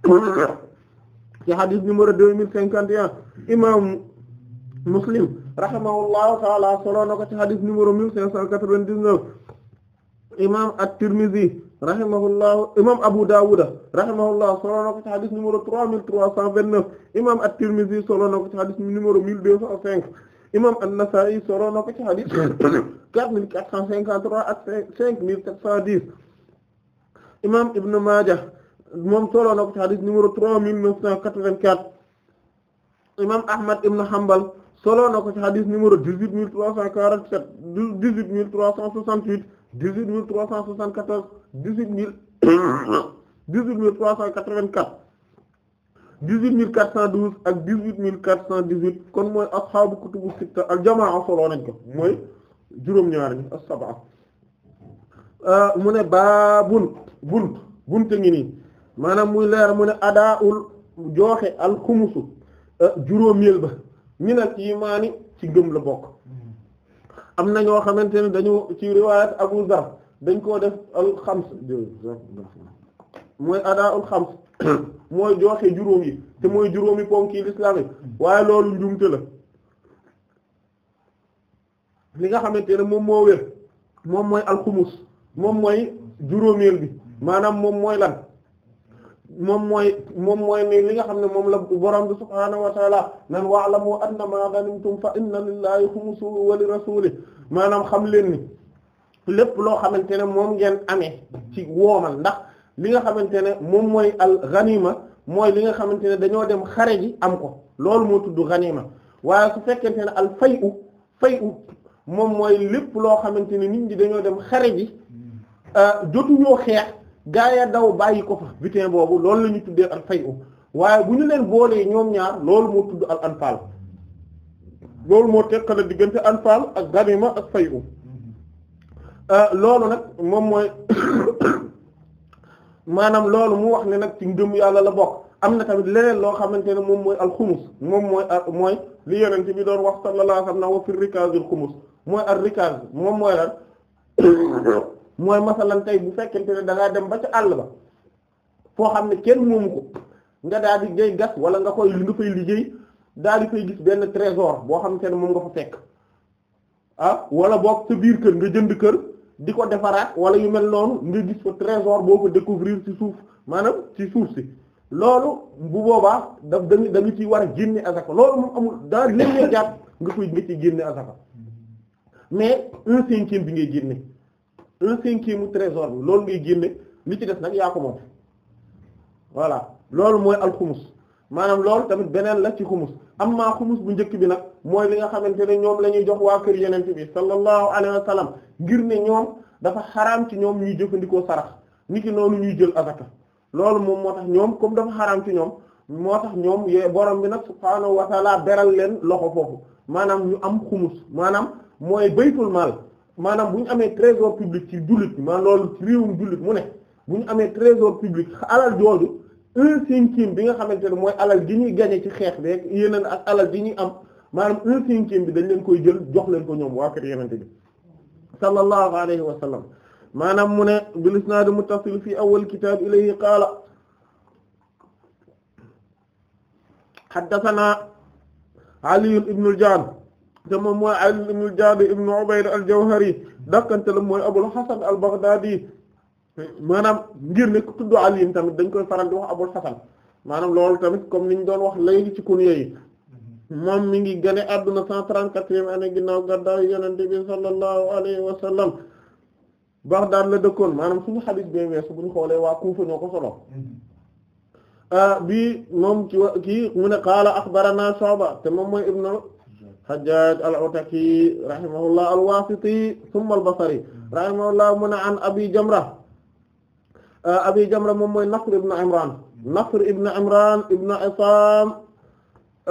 ko ci hadith numéro deux mille cinquante et un imam Muslim rahimahullahu taala solo na ko ci hadith numéro mille cinq cent quatre-vingt-dix-neuf imam at-Tirmidhi rahimahullahu imam Abu Dawuda rahimahullah solo na ko ci hadith numéro trois mille trois cent vingt-neuf imam at-Tirmidhi solo na ko ci hadith mille deux cent cinq imam an-Nasa'i solo na ko hmm, quatre mille quatre cent cinquante-trois ak cinq mille sept cent dix imam Ibn Majah moom solo na ko ci hadith numéro trois mille neuf cent quatre-vingt-quatre imam Ahmad ibn Hanbal solo na ko ci hadith numéro dix-huit mille trois cent quarante cent dix-huit mille trois cent soixante huit [COUGHS] dix-huit mille trois cent quatre-vingt-quatre dix-huit mille quatre cent douze ak dix-huit mille quatre cent dix-huit kon mooy ashaabu kutubu sitta al jamaa soloo nañ ko mooy juróom-ñaar ñi as-sab'a euh, mu ne baa bunt bunt bunt ngi nii maanaam muy leer mu ne adaa'ul jooxe al xumusu euh, juróomeel ba minal imaani ci ngëm la bokk am na ñoo xamante ne dañu ci riwaayat Abu Zar dañ koo def al xams mooy adaa'ul xams [COUGHS] mooy joxe juróom te mooy juróomi ponk yi lislaam waaye loolu njuumte la li nga xamante ne moom moo wér moom mooy alxumus moom mooy juróomeel bi maanaam moom mooy lan moom mooy moom mooy ni li nga xam ne moom la borom bi subhaanahu wa taala nan wa'lamu anna ma ghanimtum fa inna lillahi xumusuhu wa li rasulih maanaam xam leen ni lépp loo xamante ne moom ngeen amee ci woomal ndax li nga xamante ne moom mooy al ghanima mooy li nga xamante ne dañoo dem xare ji am ko loolu moo tudd ghanima waaye su fekkente ne al fayu fayu moom mooy lépp loo xamante ne nit ñi dañoo dem xare ji mm. euh, jotuñoo xeex gaa ya daw bàyyi ko fa butin boobu loolu la ñu tuddee al fayu waaye bu ñu leen boolee ñoom ñaar loolu moo tudd al anfal loolu moo teqale diggante anfal ak ghanima ak fayu mm-hmm. euh, loolu nag moom mooy maanaam loolu mu wax ne nag ci ngëm yàlla la bokk am na tamit leneen loo xamante ne moom mooy alxumus moom mooy mooy li yonent bi doon wax sallallahu alayhi wa sallam wa fi rikaazil xumus mooy ar moom mooy lan [COUGHS] mooy masalan bu fekkente ne da dem ba ca àll ba foo xam ne kenn moom ko nga daal di ngay gas wala nga koy li nga fay liggéey daal di fay gis benn trésor boo xamante ne moom nga fa fekk ah wala boog sa biir kër nga jënd kër di ko defaraat wala yu mel noonu nga gis ko trésor boo ko découvrir ci suuf maanaam ci suuf si loolu bu boobaa da da da nga ciy war a génne asaka loolu moom amul dans léeg-léeg jàpp nga koy nga ci génne asaka mais un cinquième bi ngay génne un cinquième mu trésor bi loolu ngay génne li ci des nag yaa ko moom voilà loolu mooy alxumus maanaam loolu tamit beneen la ci xumus amma xumus bu njëkk bi nag mooy li nga xamante ne ñoom la ñuy jox waa kër yenente bi sallallahu alayhi wa sallam ngir ne ñoom dafa xaraam ci ñoom ñuy jëfandikoo sarax niki noonu ñuy jël azaka loolu moom moo tax ñoom comme dafa xaraam ci ñoom moo tax ñoom yee borom bi nag subhaanahu wa taala beral leen loxo foofu maanaam ñu am xumus maanaam mooy baytul maal maanaam bu ñu amee trésor public ci jullit ma loolu ci mu ne bu ñu amee trésor public alal jooju un bi nga xamante ne mooy alal ji ñuy gagné ci xeex beeg yeneen ak alal ji ñuy am maanaam un cinquième bi dañ leen koy jël jox leen ko ñoom waa kër yenente bi sallallahu alayhi wa sallam maanaam mu ne bil isnaad muttasil fi awwal kitaab ilayhi qaala haddasanaa Ali ibn al-Jaan te moom mooy Ali ibn al-Jaan ibn Ubayd al maanaam ngir ne ku tudd alim tamit dañ koy faral di wax abul xasan maanaam loolu tamit comme ni ñu doon wax léegi ci kunya yi mm-hmm. moom mi ngi gane adduna cent trente-quatrième année ginnaaw gàddaay yonent bi sallallahu alayhi wa sallam Baghdad la dëkkoon maanaam suñu xadiis bee weesu buñ xoolee waa Kuufa ñoo ko solo mm-hmm. ah, bi moom ci wa kii mu ne qaala axbarana Shu'ba te moom mooy ibnu Hajjaaj al-Ataki rahimahullah al-Wasiti thumma al-Basri mm-hmm. rahimahullah mu ne an Abi Jamra Euh, abi jamra moom mooy nasr ibn imran nasr ibn imran ibn isam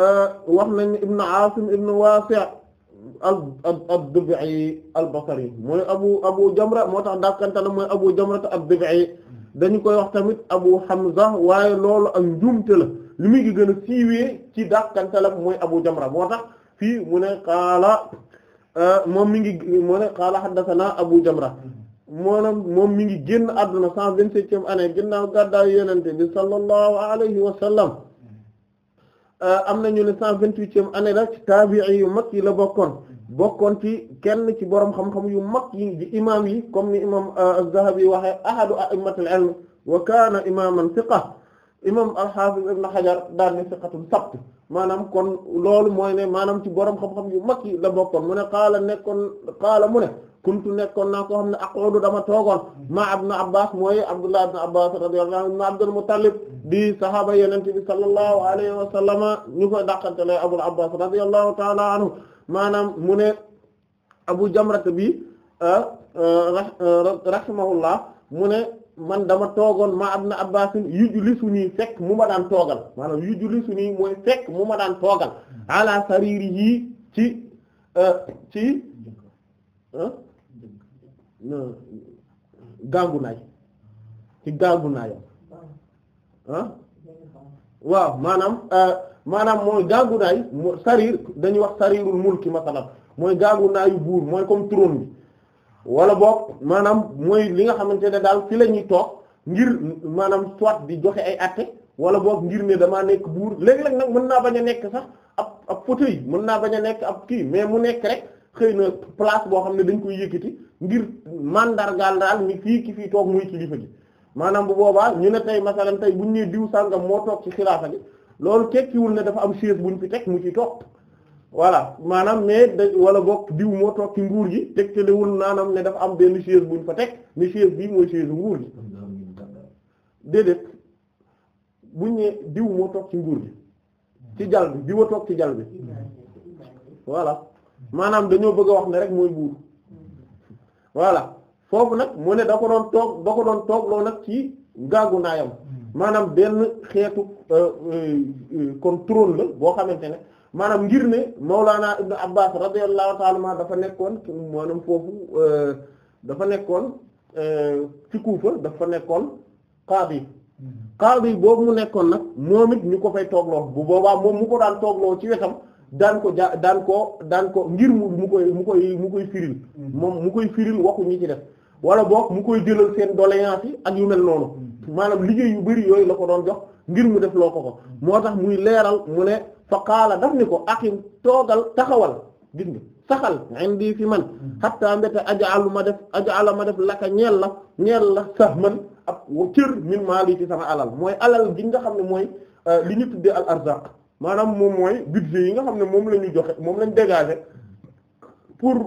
euh, wax nañ ibn asim ibn wasi' al ad-dubai al-basri mooy abu abu jamra moo tax dàkkantana mooy abu jamra te ad-dubai dañu koy wax tamit abu hamza waaye loolu ak njuumte la li muy gën a siiwee ci dàkkantalam mooy abu jamra moo tax fii mu ne qaala euh, moom mi ngi mu ne qaala haddathana abu jamra maanaam moom mi ngi génn àdduna cent vingt-septième année ginnaaw gàddaay yonente bi sallallahu alayhi wa sallam euh, am nañu ne vingt-huitième année la ci taabi'i yu mag yi la bokkoon bokkoon ci kenn ci borom xam-xam yu mag yi di yi comme ni imaam euh, az-Zahabi waxee ahadu a'immatil ilm wa kaana imaaman thiqa imaam al-Hafiz ibn Hajar daal ne thiqatun sabt maanaam kon lool mooy ne maanaam ci borom xam-xam yu mag yi la bokkoon mu ne qaala nekkoon qaala mu ne kuntu nekkoon naa koo xam ne aqudu dama toogoon ma ibn abbas mooy abdullah ibn abbas radiyallahu anhu ibn abdul muttalib di sahaaba yenente bi sallallahu alayhi wa sallama ñu koy dàqante lay abul abbas radiyallahu ta'ala maanaam mu ne abu bi ah, ah, rahimahullah ne man dama toogoon ma ibn abbas yujlisu nii fekk mu ma daan toogal maanaam yujlisu nii mooy fekk mu ma daan toogal ala sariri yi ci ah, ci gàngu naay ci gàngu naayam ah? waaw maanaam euh, maanaam mooy gàngu naay mo sariir dañuy wax sariirul mulki masalan mooy gàngu naayu buur mooy comme trône bi wala boog maanaam mooy li nga xamante ne daal fi la ñuy toog ngir maanaam soit di joxe ay atte wala boog ngir ne damaa nekk buur léeg-léeg nag mën naa bañ a nekk sax ab ab fauteuil mën naa bañ a nekk ab kii mais mu nekk rek xëy na place boo xam ne dañ koy yëkkati ngir mandargaal daal ni fii ki fii toog muy kilifa gi maanaam bu boobaa ñu ne tey masalan tey buñ nee diw sàngam moo toog ci xilaafa gi loolu tekkiwul ne dafa am chaise buñ fi teg mu ci toog voilà maanaam mais da wala boog diw moo toog ci nguur gi tegtalewul naanam ne dafa am benn chaise buñ fa teg ni chaise bii mooy chaise nguur gi déedéet buñ nee diw moo toog ci nguur gi ci jal bi diwa toog ci jal bi voilà maanaam dañoo bëgg a wax ne rek mooy buur voilà foofu nag mu ne da ko doon toog da ko doon toog loolu nag ci ngaagu maanaam benn xeetu euh, euh, kon trône la boo xamante ne maanaam ngir ne Mawlana Ibn Abbas radiyallahu ta'ala ma dafa nekkoon maanaam foofu euh, dafa nekkoon ci Kufa dafa nekkoon qaadi yi mm-hmm. boobu mu nekkoon nag moom it ñu ko fay toogloo bu boobaa moom mu ko daan toogloo ci wetam daan ko ja daan ko daan ko ngir mu mu koy mu koy mu koy firil mhm. moom mu koy firil waxu ñi ci def wala boog mu koy jëlal seen doléance yi ak yu mel noonu mhm. maanaam liggéey yu bari yooyu la ko doon jox ngir mu def loo ko ko mhm. moo tax muy leeral mu ne fa qaala daf ni ko axin toogal taxawal gis nga saxal indi fi man xatta mbéta ajaalu ma def ajaalu ma def laka ñeel la ñeel la man ak cër min maali ci sama alal mooy alal gi nga xam ne mooy euh, li ñu tuddee al arzaq maanaam moom mooy budget yi nga xam ne moom la ñu joxe moom lañ dégager pour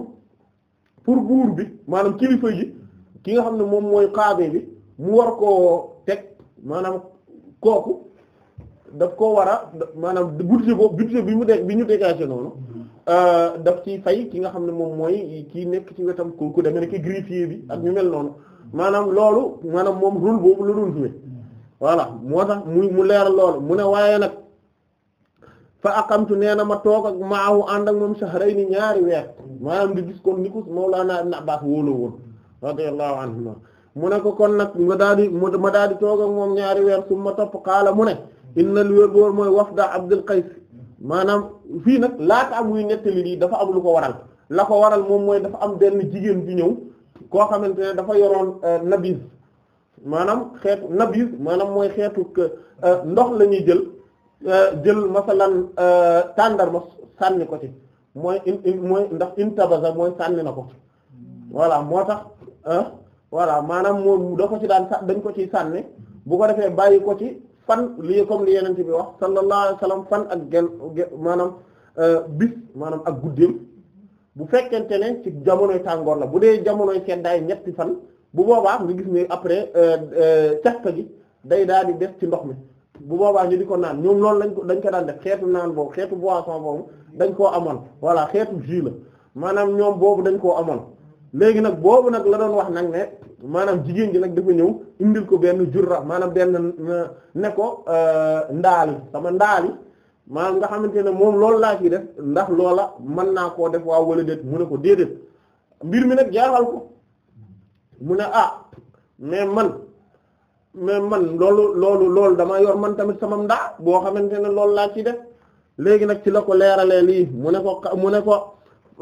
pour buur bi maanaam kilifa ji ki nga xam ne moom mooy xaabe bi mu war koo teg maanaam kooku daf koo war a maanaam budget boobu budget bi mu de bi ñu dégager noonu euh, daf ci fay ki nga xam ne moom mooy kii nekk ci wetam ku ku demee nekk greffier bi ak ñu mel noonu maanaam loolu maanaam moom rôle boobu la doon jouer voilà moo tax mu mu leer loolu mu ne waaye nag. fa aqamtu nee na ma toog ak maahu ànd ak moom ni ñaari weer maanaam di gis kon ni ko laa naa Abbas wóoloo woon radiyallahu anhuma mu ne ko kon nag nga daal di ma daal di toog ak moom ñaari weer su ma topp mu ne inna lu wér boor mooy wafda Abdul Qays maanaam fii nag laata am muy nettali lii dafa am lu ko waral la ko waral moom mooy dafa am benn jigéen bu ñëw koo xamante ne dafa yoroon euh, nabis maanaam xeetu nabis maanaam mooy xeetu euh, ndox lañuy jël Euh, jël masalan euh, tàndarma sànni ko ci mooy in mooy ndax intabaza mooy sànni na ko voilà moo tax voilà maanaam moom da ko ci daan dañ ko ciy sànni bu ko defee bàyyi ko ci fan lii comme li yeneen ci bi wax sallallahu alayhi wasallam fan ak gen maanaam euh, bis maanaam ak guddeem bu fekkente ne ci jamonoy tàngoor la bu dee jamonoy daay ñetti fan bu boobaa nga gis ne après càq gi day daal di def ci ndox mi bu boobaa ñu di ko naan ñoom loolu lañ ko dañ ko daan def xeetu naan boobu xeetu boisson boobu dañ koo amoon voilà xeetu jus la maanaam ñoom boobu dañ koo amoon léegi nag boobu nag la doon wax nag ne maanaam jigéen ji nag dafa ñëw indil ko benn jurra maanaam benn euh, ne ko euh, ndaali sama ndaali maanaam nga xamante ne moom loolu laa ciy def ndax loola mën naa koo def waaw wala déet mu ne ko déedéet mbir mi nag jaaxal ko mu ne ah mais man mais man loolu loolu loolu dama yor man tamit sama ndaa boo xamante ne loolu laa ci def léegi nag ci la ko leeralee lii mu ne ko mu ne ko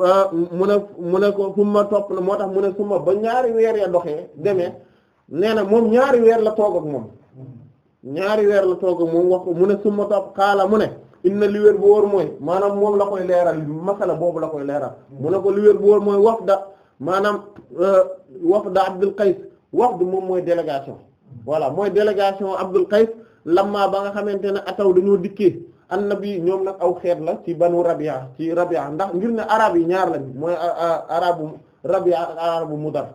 euh, mu ne mu ne ko topp na moo tax mu ne suma ba ñaari weer ya doxee demee nee na moom ñaari weer la toog ak moom ñaari weer la toog ak moom wax ko mu ne suma topp xaala mu ne na li wér bu wóor mooy maanaam moom la koy leeral masala boobu la koy leeral mu ne ko li wér bu wóor mooy da maanaam wax euh, wafda Abdul wax wafd moom mooy délégation voilà mooy délégation Abdul Qays lamma ba nga xamante ne ataw dañoo dikkee annabi ñoom nag aw xeet la ci banu Rabia ci Rabia ndax ngir ne arab yi ñaar lañ mooy arabu Rabia ak arabu Mudar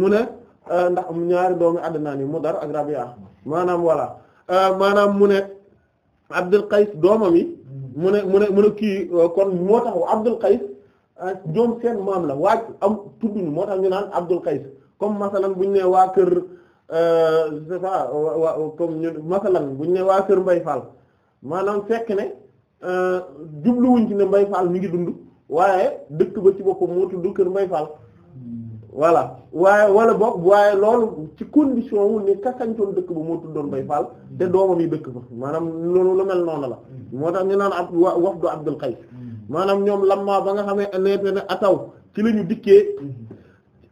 mu ne ndax ñaari doomi àddinaa ni Mudar ak Rabia maanaam voilà maanaam mu ne Abdul Qays doomam yi mu ne mu ne mu ne kii kon moo tax Abdul Qays ñoom seen maam la waaj am tudduñu moo tax ñu naan Abdul Qays comme masalan buñ ne waa kër c'est euh, ça wa buñ ne waa kër Mbay Fall maanaam fekk ne euh, jubluwuñ ci ne Mbay Fall mi ngi dund waaye dëkk ba ci boppam moo tudd kër Mbay Fall voilà waaye wala boog waaye loolu ci condition wu ni kasañtoon dëkk ba moo doon Mbay Fall te doomam yi dëkk fa maanaam loolu lu mel noonu la moo tax ñu naan ab wafdu Abdul Qays mm. maanaam ñoom lamma ba nga xamee neete ne ataw ci la ñu dikkee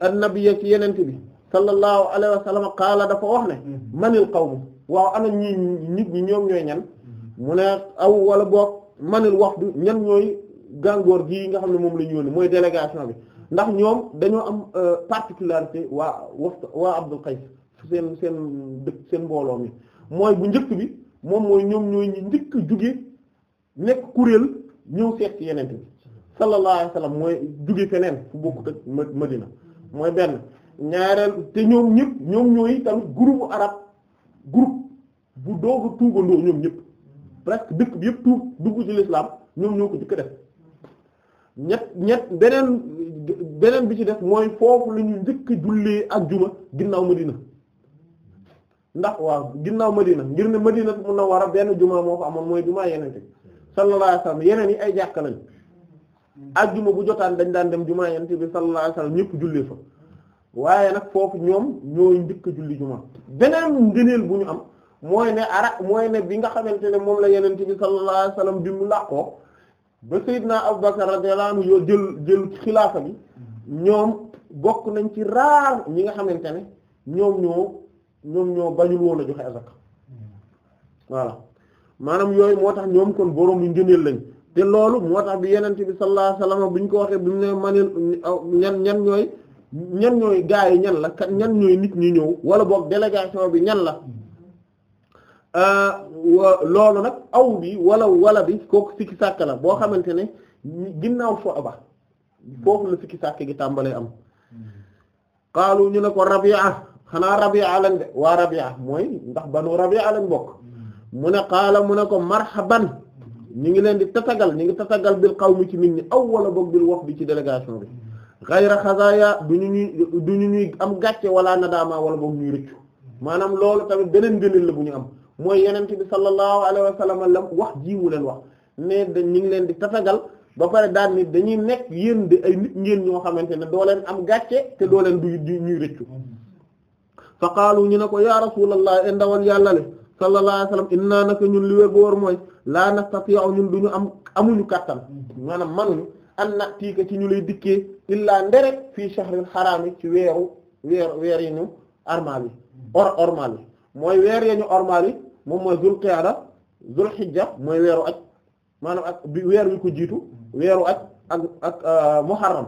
annabiyya ci yenent bi sallallahu alayhi wa sallam qaala dafa wax ne mm-hmm. manil qawmu waaw ana ñi nit ñi ñoom ñooy ñan mm-hmm. mu ne aw wala boog manil wafdu ñan ñooy gàngoor gi nga xam ne moom la ñu mooy délégation bi ndax ñoom dañoo am euh, particularité waa waftu waa Abdul Qays seen seen dëkk seen mbooloo mi mooy bu njëkk bi moom mooy ñoom ñooy njëkk jóge nekk kuréel ñëw seet ci yenent bi sallallahu alayhi wa mooy jóge feneen fu bokkut ak Madina mooy benn ñaareel te ñoom ñëpp ñoom ñooy tamit groupe arab groupe bu doog a tuubandoo ñoom ñëpp presque dëkk bi yëpp tuub dugg ci l'islam ñoom ñoo ko jëkk def ñett ñett beneen beneen bi ci def mooy foofu la ñu njëkk jullee ajjuma ginnaaw Madina ndax waaw ginnaaw Madina ngir ne Madina Munawwara benn juma moo fa amoon mooy juma yeneen bi sallallahu alayhi wasallam yeneen yi ay jàkka lañ ajjuma bu jotaan dañ daan dem jumaa yonent bi sallallahu alayhi wasallam ñëpp jullee fa waaye nag foofu ñoom ñooy njëkk a julli jumaa beneen ngëneel bu ñu am mooy ne ara mooy ne bi nga xamante ne moom la yeneen bi sallallahu alayhi wasallam bi mu làqoo ba Seydina Abubakar radiyallahu anhu yoo jël jël xilaafa bi ñoom bokk nañ ci raar ñi nga xamante ne ñoom ñoo ñoom ñoo bañul woon a joxe azaka hmm. voilà maanaam yooyu moo tax ñoom kon borom yu ngëneel lañ te loolu moo tax bi yenente bi sallallahu alayhi ñu ko waxee bu ñu ne manil ñan ñan ñooy ñan ñooy gaay ñan la kat ñan ñooy nit ñu ñëw wala boog délégation bi ñan la euh, loolu nag aw bi wala wala bi kooku sikki sàkk la boo xamante ne ginnaaw fo aba foofu la sikki sàkk gi tàmbalee am xaalu ñu ne ko Rabi'a xanaa Rabi'a lañ de waa Rabi'a mooy ndax banu Rabi'a lañ bokk mm. mu ne xaala mu ne ko marhaban ñu ngi leen di tatagal ñi ngi tatagal bil mi ci nit ñi aw wala boog bil wax bi ci délégation bi xayra xazaaya du ñu ñuy du ñu ñuy am gàcce wala nadaama wala boog ñuy rëccu maanaam loolu tamit beneen ngëneel la bu ñu am mooy yenent bi sallallahu alayhi wa sallam lam wax ji mu leen wax mais da ñi ngi leen di tatagal ba pare daan ni dañuy nekk yéen di ay nit ngeen ñoo xamante ne doo leen am gàcce te doo leen du ñuy rëccu fa qaalu ñu ne ko ya rasulallah e ndawal yàlla le sallallahu alayhi wa sallam inna naka ñun li wér bu mooy laa nastati'u ñun du ñu am amuñu kàttan mm-hmm. maanaam manuñu an na tiika ci ñu lay dikkee illaa nderet fii shahril xaraam yi ci weeru weer weer yi ñu armal mm-hmm. or ormal mooy weer yi ormal moom mooy zul qiyada zul xijja mooy weeru aj maanaam ak bi weer wi ko jiitu mm-hmm. weeru aj ak ak euh, muharram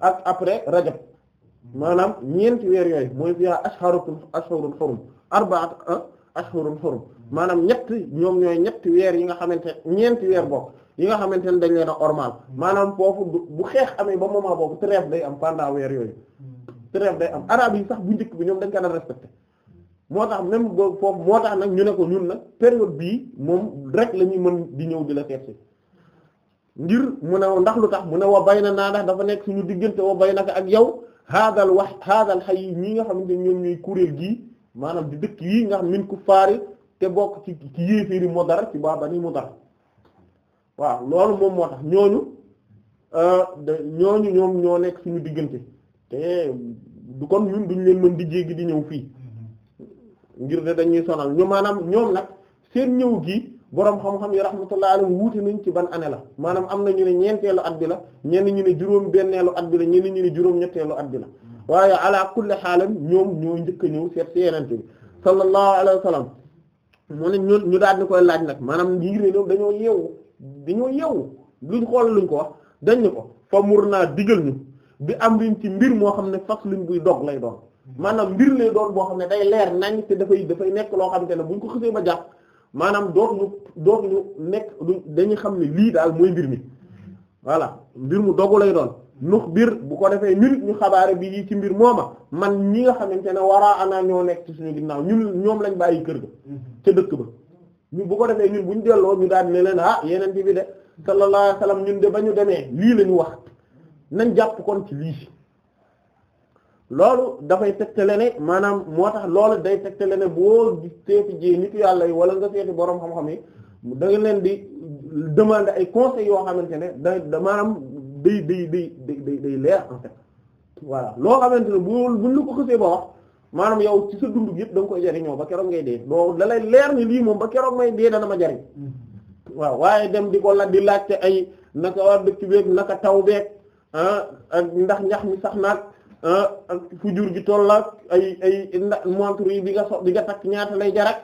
ak après rajab maanaam ñeenti weer yooyu mooy fiha ashharukum ashhurul arbaat ah, ashhurul hurum maanaam ñett ñoom ñooy ñetti weer yi nga xamante ñeenti weer bokk yi nga xamante ne dañ leen a ormal maanaam foofu bu xeex amee ba moment boobu trêve day am pendant weer yooyu trêve day am araab yi sax bu njëkk bi ñoom dañ ko daan moo tax même boobu foofu moo tax nag ñu ne ko ñun nag période bii moom rek la ñuy mën di ñëw di la seet si ngir mu ne ndax lu tax mu ne wa bay na naa ndax dafa nekk suñu diggante wa bay naka ak yow haadal wax haadal xay yi ñi nga xamante ñoom ñuy kuréel gii maanaam di dëkk yii nga min ku faari te bokk ci ci yéeféeri dara ci waa Bani Mudar waaw loolu moom moo tax ñooñu euh, ñooñu ñoom ñoo nekk suñu diggante te du kon ñun duñ leen mën di jéggi di ñëw fii ngir de dañuy sonal ñu maanaam ñoom nag seen ñëw gi boroom xam-xam yi rahmatullahi alayhi wuute nañ ci ban année la maanaam am na ñu ne ñeenteelu at bi la ñenn ñu ne juróom benneelu at bi la ñenn ñu ne juróom ñetteelu at bi la waaye ala kulli xaalam ñoom ñoo njëkk a ñëw seet ci yeneen bi sallallahu alayhi mu ne ñu ñu daal di koy laaj nag maanaam ngir ñoom dañoo yeewu dañoo yeewu luñ xool luñ ko wax dañ ñu ko fa mur naa digal ñu bi am riñ ci mbir moo xam ne fas luñ buy dog lay doon maanaam mbir lay doon boo xam ne day leer nañ te dafay dafay nekk loo xam te ne buñ ko xësee ba jàpp maanaam doog ñu doog ñu nekk dañuy xam ne lii daal mooy mbir mi voilà mbir mu dogu lay doon nux biir bu ko defee ñun ñu xabaare bi yi ci mbir mooma man ñi nga xamante ne waraa ana ñoo nekk suñu ginnaaw ñun ñoom lañ bàyyi kër ga ca dëkk ba ñu bu ko defee ñun bu ñu delloo ñu daal ne leen ah yeneen bi de sallallahu alayhi wasallam ñun de ba ñu demee lii lañu wax nañ jàpp kon ci lii loolu dafay tegtale ne maanaam moo tax loolu day tegtale ne boo seeti jee nitu yàlla yi wala nga seeti boroom xam-xam yi da leen di demander ay conseils yoo xamante ne da maanaam day day day day day leer en fait voilà loo xamante ne bu buñ la ko xësee ba wax maanaam yow ci sa dund yëpp da nga koy jariñoo ba keroog ngay dee doo da leer ni lii moom ba keroog may dee dana ma jariñ mm-hmm. waaw waaye dem di ko la di laajte ay naka war dëkk beeg naka taw beeg ah, ak ndax ñax mi sax naag ah, ak fu jur gi toll ak ay ay montre yi bi nga so bi nga takk ñaata lay jarak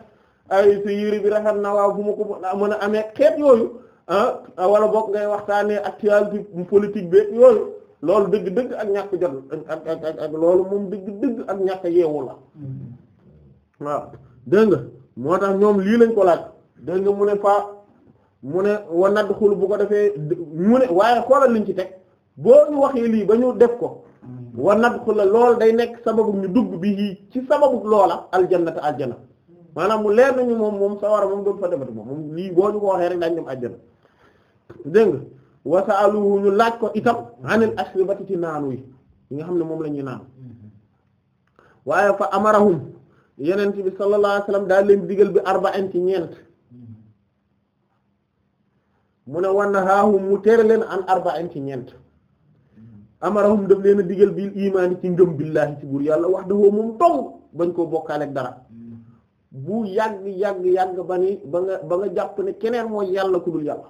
ay sa yére bi rafet na waaw fu ma ko mën a amee xeet yooyu. Ah, ah, wala boog ngay waxtaanee actualité politique beeg yooyu loolu dëgg-dëgg ak ñàkk jot ak ak ak loolu moom dëgg-dëgg ak ñàkk yeewu la hmm. waaw dégg nga moo tax ñoom lii lañ ko laaj dégg nga mu ne fa mu ne wa nadd xul bu ko defee mu ne waaye xoolal liñ ci teg boo ñu waxee lii ba ñu def ko hmm. wa nag xul la lool day nekk sababu ñu dugg bi yii ci sababu loola aljanna te aljana hmm. maanaam mu leer nañu moom moom sawara moom doon fa defati moom moom lii boo ñu ko waxee rek daañu dem aljana dégg nga wasaaluhu ñu laaj ko itam anil ashribati ci naanu yi yi nga xam ne moom lañuy ñuy naan waaye fa amarahum yeneen bi sallallahu alayhi wasallam daal leen digal bi arba'in ci ñeent mu ne wan mu tere leen an arba'in ci ñeent amarahum daf leen a digal bil ci ngëm billaahi ci buur yàlla wax dafoo mu dong bañ koo bokkaaleeg dara bu yàgg yàgg yàgg ba ni ba nga ba nga jàpp ne keneen moo yàlla ku dul yàlla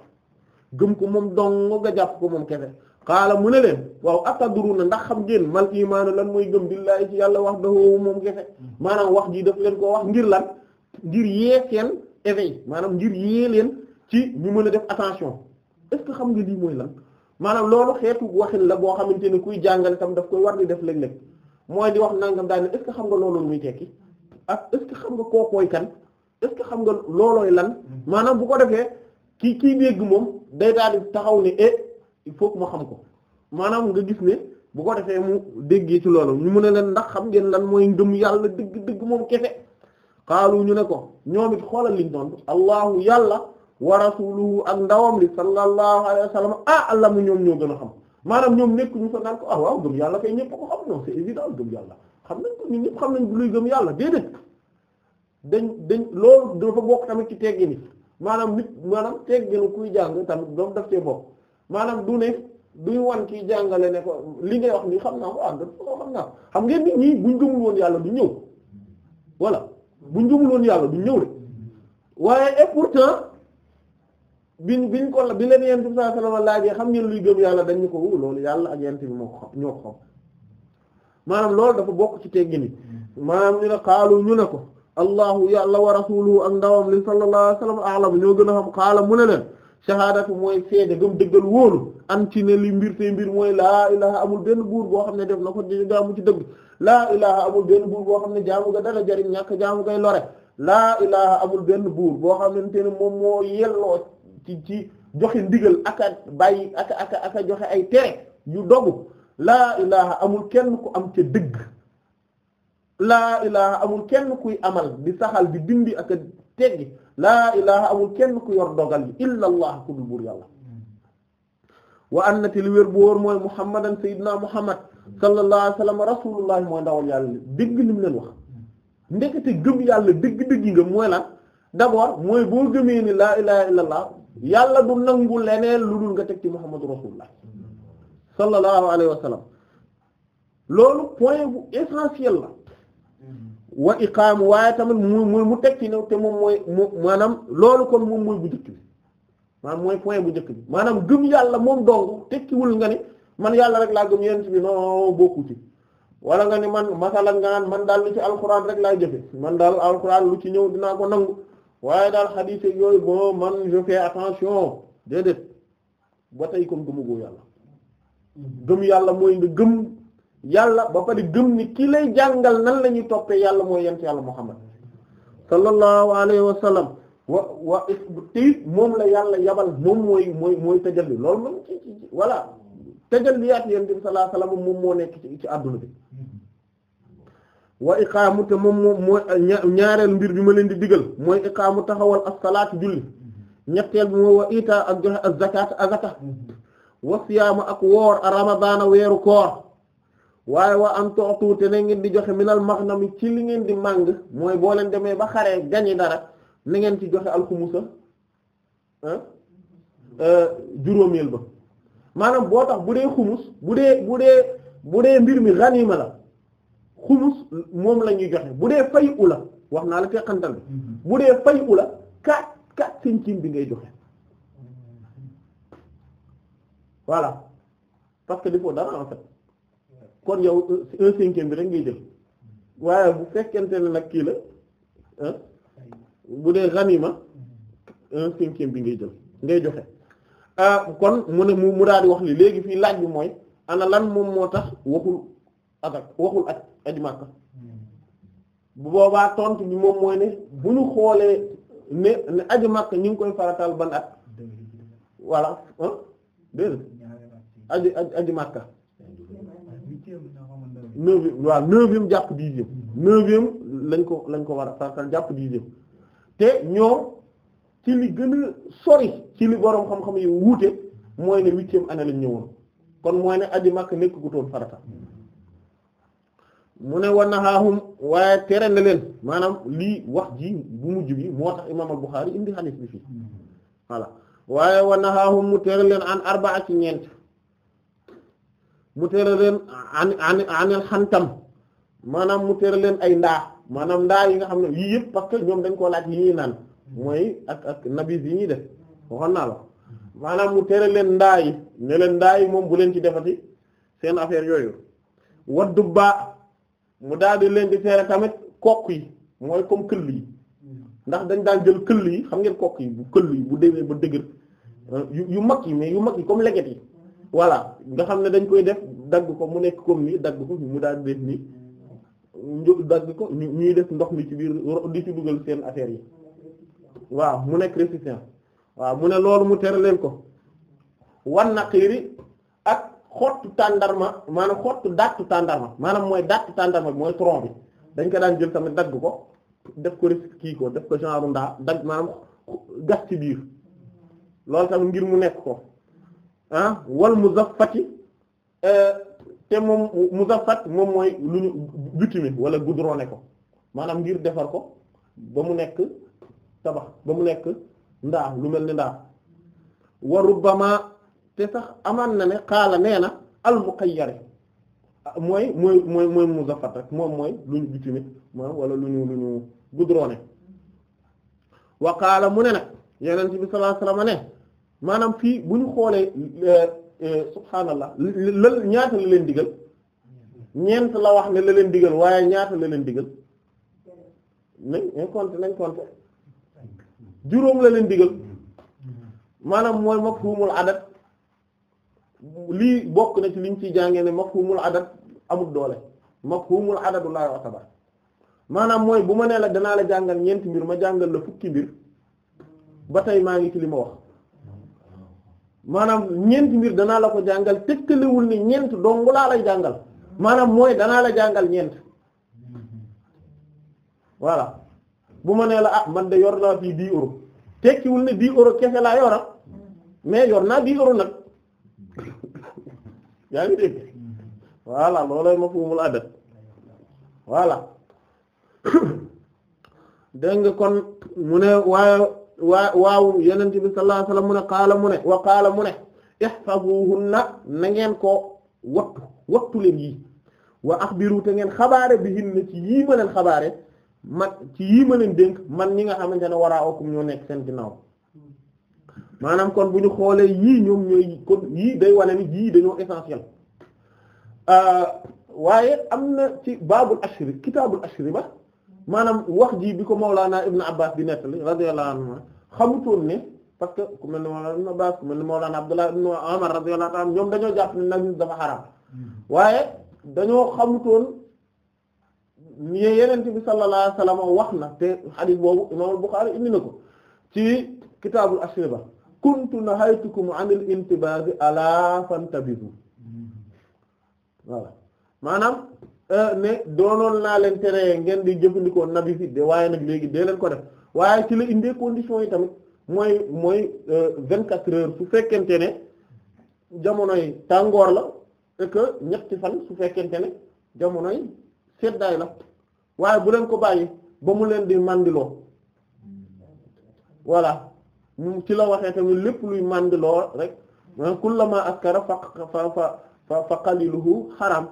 gëm ko moom dong nga jàpp ko moom kese xaala mu ne leen waaw atadruna ndax xam ngeen mal imaanu lan mooy gëm billaahi ci yàlla wax daxoowu moom kese maanaam wax ji daf leen koo wax ngir lan ngir yee seen éveil maanaam ngir yee leen ci ñu mën a def attention est-ce que xam nga lii mooy lan maanaam loolu xeetu waxin la boo xamante ne kuy jàngale tam daf koy war di def léeg-léeg mooy di wax nangam daal ne est-ce que xam nga loolu muy tekki ak est-ce que xam nga kan est-ce xam nga loolooy lan hmm. maanaam bu ko defee kii kii dégg moom day daal di taxaw ne eh il faut ma xam ko maanaam nga gis ne bu ko defee mu déggee ci loolu ñu mu ne leen ndax xam ngeen lan mooy ngëm yàlla dëgg dëgg moom kese xaalu ñu ne ko ñoom it xoolal liñ doon allahu yàlla wa rasuluhu ak ndawam li sallallahu alayhi wa sallam ah allah mu ñoom ñoo gën a xam maanaam ñoom nekk ñu fa naan ko ah waaw gëm yàlla kay ñëpp ko xam non c'est évident gëm yàlla xam nañ ko ñun ñëpp xam nañ luy gëm yàlla déedéet dañ dañ loolu dafa bokk tamit ci teggin maanaam nit maanaam tegginu kuy jàng tamit doom daf cee bopp maanaam du ne duy wan kiy jàngale ne ko li ngay wax ni xam naa ko ah dafa xam naa xam ngeen nit ñi buñ gëmul woon yàlla du ñëw voilà buñ gëmul woon yàlla du ñëw de waaye et pourtant biñ biñ ko bi leen yent bi sallallahu alayhi wasallam xam ngeen luy gën yàlla dañ ñu ko wu yàlla ak yent bi moo ko xam ñoo xam maanaam loolu dafa bokk ci teggini maanaam ñu ne xaalu ñu ne ko allahu yàlla wa rasuluhu ak ndawam li sallallahu alayhi wasallam a'lam ñoo gën a xam xaala mu ne leen shahaadatu mooy seede gëm dëggal wóolu ci li mbir tey mbir mooy laa amul benn buur boo xam ne def na ko jaamu ci dëgg la ilaha amul benn buur boo xam ne jaamu ga dara jariñ ñàkk jaamu ngay lore laa ilaha amul benn buur boo xamante ne moom moo yelloo ci ci joxe ndigal aka bàyyi aka aka joxe ay tere yu dogu laa ilaha amul kenn ku am ca dëgg laa ilaha amul kenn kuy amal di saxal di dindi ak a teggi laa ilaha amul kenn ku yor dogal yi illa ku dul buur yàlla wa anna te li wér bu wóor mooy muhammadan sayyidina muhammad sallallahu alayhi wa sallam rasulullah mooy ndawal yàlla li dégg leen wax ndekete gëm yàlla dëgg mooy boo gëmee ni laa ilaha illa yàlla du nangu leneen lu dul nga teg ci muhammadu rasulullah sallallahu alayhi wa sallam loolu point bu essentiel la wa iqaam waaye tamit mu mu mu teg ci ne te moom mooy mu maanaam loolu kon moom mooy bu njëkk bi maanaam mooy point bu njëkk bi maanaam gëm yàlla moom dong tekkiwul nga ne man yàlla rek laa gëm yent bi non bokku ci wala nga ne man masala nga naan man daal lu ci alxuraan rek laay jëfe man daal alxuraan lu ci ñëw dinaa ko nangu waaye daal xadiis yooyu bon man je fais attention déedéet ba tey kon gëmugoo yàlla mm-hmm. gëm yàlla mooy nga gëm yàlla ba pare gëm ni ki lay jàngal nan la ñuy toppee yàlla mooy yent yàlla Muhammad sallallahu alayhi wa sallam wa wa it moom la yàlla yabal moom mooy mooy mooy tajalli loolu moom ci ci voilà tajalliyaat bi sallallahu alayhi wa sallam moom moo nekk ci ci àdduna bi wa iqaamu te moom mooy ñaareel mbir bi ma leen di digal mooy iqaamu taxawal as-salaat julli ñetteel mooy wa itaa ak joxe az-zakaat wa siyaamu ak woor a ramadaana weeru koor waaye waa am tootuute na ngeen di joxe minal maghnami ci li ngeen di màng mooy boo leen demee ba xaree gañi dara na ngeen ci joxe alxumusa euh, juróomeel ba maanaam boo tax bu dee xumus bu dee bu dee bu dee mbir mi ganima la xumus moom la ñuy joxe bu dee fay la wax naa la teqantal bi mm-hmm. bu dee fay u la quatre quatre cinquième bi ngay joxe voilà parce que il faut dara kon yow un cinquième bi rek ngay jël waaye bu fekkente ne nag kii la bu dee ganima un cinquième bi ngay jël ngay joxe ah, kon mu ne mu mu di wax li léegi fii laaj bi mooy ana lan moom moo tax waxul ak waxul ak aji Makka bu boobaa tontu bi moom mooy ñu xoolee ne ne aji Makka ñu ngi koy faratal ban at voilà ah déedéet aji Makka neuvième waaw neuvième jàpp dixième neuvième lañ ko lañ ko war a sartal jàpp dixième te ñoom ci li gën sori ci li boroom xam-xam yi wuute mooy ne huitième année lañ ñëwoon kon mooy ne aji màkk nekk gu toon farata mu ne wan naxaahum waaye tere na leen maanaam lii wax ji bu mujj bi moo tax imaam al indi xadiis bi fii voilà waaye wan naxaahum mu tere leen an arbaa ci ñeent mu tere leen an an anel xantam maanaam mu tere leen ay ndaa maanaam ndaa yi nga xam ne yii yëpp parce que ñoom dañ koo laaj yi ñuy naan mooy ak ak nabis yi ñuy def waxoon naa la maanaam mu tere leen ndaa yi ne leen ndaa yi moom bu leen ci defati seen affaire yooyu waddu baa mu daal di leen di tere tamit kokk yi mooy comme këll yi ndax dañ daal jël këll yi xam ngeen kokk yi bu këll yi bu déwee ba dëgër yu mag yi mais yu mag yi comme leget yi voilà nga xam ne dañ koy def dagg ko mu nekk comme nii dagg ko mu daal def nii ñu dagg ko ñu def ndox mi ci biir di ci dugal seen affaire yi waaw mu nekk résistance waaw mu ne loolu mu tere leen ko wan naqiiri ak xottu tàndarma maanaam xottu dattu tàndarma maanaam mooy dattu tàndarma bi mooy tronc bi dañ ko daan jël tamit dagg ko def ko risque kii ko def ko genre ndaa dagg maanaam gas ci biir loolu tamit ngir mu nekk ko ah wal muzaffati te moom muzaffat moom mooy lu ñu bitumer wala goudronné ko maanaam ngir defar ko ba mu nekk tabax ba mu nekk ndaa lu mel ni ndaa wa rubbama te sax amaan na ne xaala nee na al muqayyar mooy mooy mooy mooy muzaffat rek moom mooy lu ñu bitumer wala lu ñu lu ñu goudronné wa xaala mu ne nag yeneen ci bi sallallahu alayhi ne maanaam fii bu ñu xoolee euh, Eh, subhaanallah lal ñaata la leen digal ñeent la wax ne la leen digal waaye ñaata la leen digal nañ nañ compter nañ compter juróom la leen digal maanaam mooy mafhumul adat lii bokk na ci liñ ciy jàngee ne mafhumul adat amul doole mafhumul adadu laa yu'tabar maanaam mooy bu ma nee la danaa la jàngal ñeenti mbir ma jàngal la fukki mbir ba tey maa ngi ci wax maanaam ñeenti mbir danaa la ko jàngal tëkkaliwul ni ñeent dongu laa lay jàngal maanaam mooy dana la jàngal ñeent voilà bu ma nee la ah man de yor naa fii 10 euros tekkiwul ne 10 euros kese laa yora ah. mais yor naa di euros nag [LAUGHS] yaa ngi dégg voilà loolooy ma fuumul addat voilà [COUGHS] dégg kon mu ne waaye waa waaw yeneen bi sallallahu alayhi la mu ne qaala mu ne wa qaala mu ne ihfazuhunna na ngeen ko wattu wattu leen yii wa axbiru te ngeen xabaare bi hinna ci yii ma leen xabaare man ci yii ma leen dénk man ñi nga xamante ne waraa okum ñoo nekk seen ginnaaw maanaam kon bu ñu xoolee yii ñoom ñooy kon yii day wane ni yii dañoo essentiel euh, waaye am na ci baabul ashri kitaabul ashri ba maanaam wax ji bi ko Mawlana Ibn Abbas di nettali radiyallahu anhu xamutoon ne parce que ku mel ne Mawlana Ibn Abbas ku mel ne Mawlana Abdullah ibn Umar radiyallahu anhu dañoo jàpp ne nag dafa xaraam hmm. waaye dañoo xamutoon ni yeneen bi sallallahu wax na te xadiis boobu imaam al indi na ko ci kitaabul ashriba kuntu nahaytukum anil intibazi ala hmm. maanaam Euh, ne doonoon naa leen tere ngeen di jëfandikoo nabi fi de waaye nag léegi dee leen ko def waaye ci la indee conditions yi tamit mooy mooy euh, vingt quatre heures su fekkente ne jamonoy tàngoor la et que fan su fekkente ne jamonoy seddaay la waaye bu leen ko bàyyi ba mu leen di mandiloo voilà ci la waxee tamit lépp luy màndiloo rek kullama askara fa fa fa fa qaliluhu xaram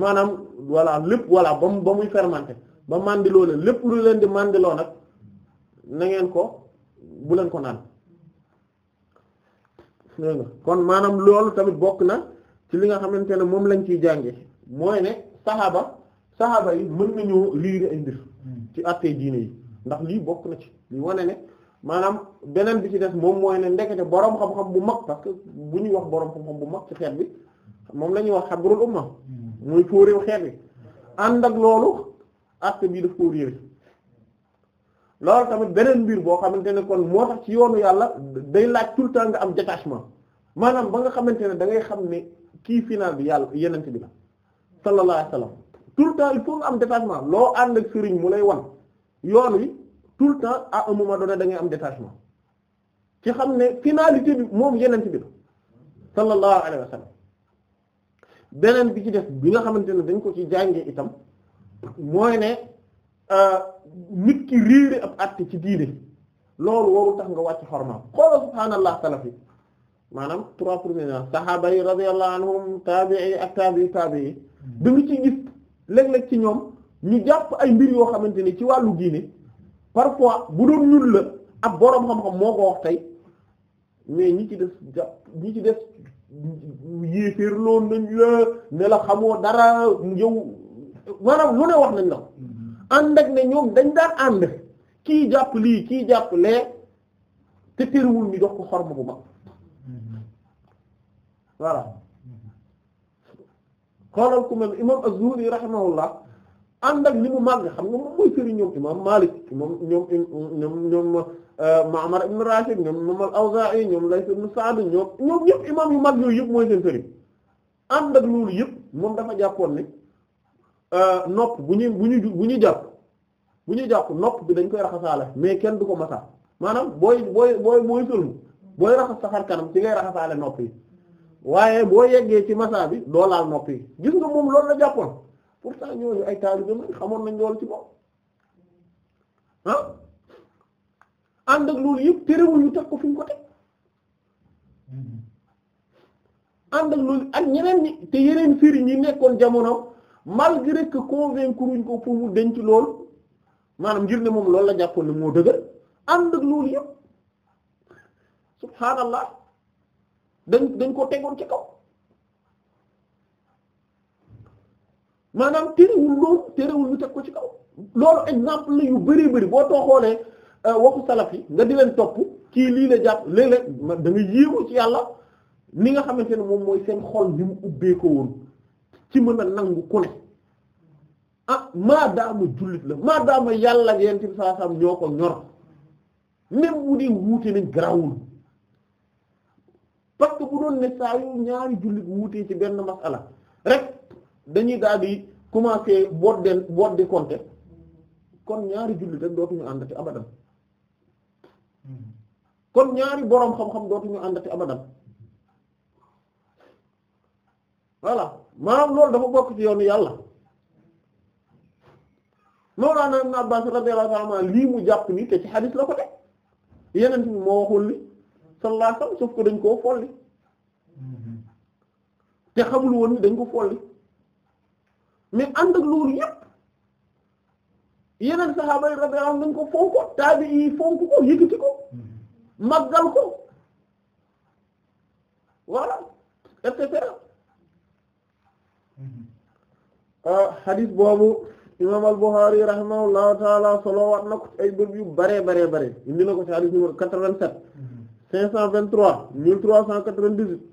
maanaam voilà lépp voilà ba ba muy fermenté ba mandiloo leen lépp lu leen di mandiloo nag nangeen ko bu leen ko naan kon maanaam loolu tamit bokk na ci li nga xamante ne moom lañ ciy jànge mooy saxaaba saxaaba yi mën nañoo liiri ay ci àttee diine ndax lii bokk na ci li wane ne maanaam beneen bi ci des moom mooy ne ndekete boroom xam-xam bu mag parce bu ñuy wax boroom xam-xam bu mag ci xeet bi moom la ñuy wax xabrul umma mooy fóoréew xeet wi ànd ak loolu acte bii daf koo réere loolu tamit beneen mbir boo xamante ne kon moo tax ci yoonu yàlla day laaj tout le temps nga am détachement maanaam ba nga xamante ne da ngay xam ne kii final bi yàlla yenent bi la sallallahu alayhi wasallam tout le temps il faut nga am détachement loo ànd ak sëriñ mu lay wan yoon wi tout le temps ah un moment dangay am détachement ci xam ne finalité bi moom yenent bi la sallallahu alayhi wasallam beneen bi ci def bi nga xamante ne dañ ko ci jàngee itam mooy ne euh, nit ki réere ab àtte ci diine loolu waru tax nga wàcc xormaam xoola subhaanallah salaf yi maanaam trois premiers sahaaba yi radiyallahu anhum taabii ak taabii taabii da hmm. nga ci gis léeg-léeg ci ñoom ñu jàpp ay mbir yoo xamante ne ci wàllu diine parfois bu doon ñun la ab boroom xam-xam moo ko wax tey mais ñi ci def jàpp ñi ci def yéeféer loon nañ la ne la dara yow maanaam lu ne wax nañ la ko mm-hmm. ñoom dañ daan ànd kii jàpp lii kii jàpp lee te téréwul ñu jox ko xorma bu mag mm-hmm. voilà ko mm-hmm. ku mel imam Az-Zuhri rahimahullah ànd ak li mu màgg xam nga moom mooy sëriñ ñoom imam Malik moom ñoom Euh, Ma'mar ibn Rashid ñoom ñoom al-Awzaa'i ñoom Layth ibn Sa'd ñoom ñoom yëpp imam yu mag yooyu yëpp mooy seen sëriñ ànd ak loolu yëpp moom dafa jàppoon ne euh, nopp bu ñuy bu ñuy bu ñuy jàpp bu ñuy jàpp nopp bi dañ koy raxasaale mais kenn du ko masa maanaam booy booy booy booy sëlmu booy raxas sa xar kanam ci ngay raxasaale nopp yi waaye boo yeggee ci masa bi doo laal nopp gis nga moom loolu la jàppoon pour pourtant ñooñu ay taalibe lañ xamoon nañ loolu ci bopp ànd ak loolu yëpp terewul ñu teg ko fi ñu ko teg ànd ak loolu ak ñeneen ñi te yeneen sëriñ yi nekkoon jamono mal gi que convaincre wuñ ko pour mu denc loolu maanaam ngir ne moom loolu la jàppoon ne moo dëgër ànd ak loolu yëpp subhaanallah dañ dañ ko tegoon ci kaw maanaam terewul loolu terewul ñu teg ko ci kaw loolu exemple la yu bari bari boo too xoolee Euh, waxu salaf yi nga di leen topp kii lii la jàpp léeg-léeg da nga ci yàlla ni nga xamante ne moom mooy seen xol bi mu ubbee ko woon ci mën na nangu ku ne ah maadaama jullit la maadaama yàlla yent bi saa ñoo ko ñor même bu dee wuute nañ garawul parce que bu doon ne saa yu ñaari jullit wuutee ci benn masala rek dañuy daal di commencer boot de compter kon ñaari jullit rek dootuñu ànd ci abadan kon ñaari boroom xam-xam dootuñu àndati abadan voilà maanaam loolu dafa bokk ci yoonu yàlla Mawlana Ibn Abbas radiyallahu anhuma lii mu jàpp ni te ci xadis la ko teg yeneen bi moo waxul li sallallahu ko dañ koo folli mm-hmm. te xamul woon ni dañ ko folli mais ànd ak loolu yépp yeneen saxaaba yi radiyallahu anhum ko fonk ko taabi yi fonk ko yëkkati ko hmm. màggal ko voilà et cetera hmm. ah, hadith boobu imam al-Bukhari rahimahullahu taala solo waat na ko ci ay bërëb yu bare bare bare indi na ko ci hadith numéro 87 523 1398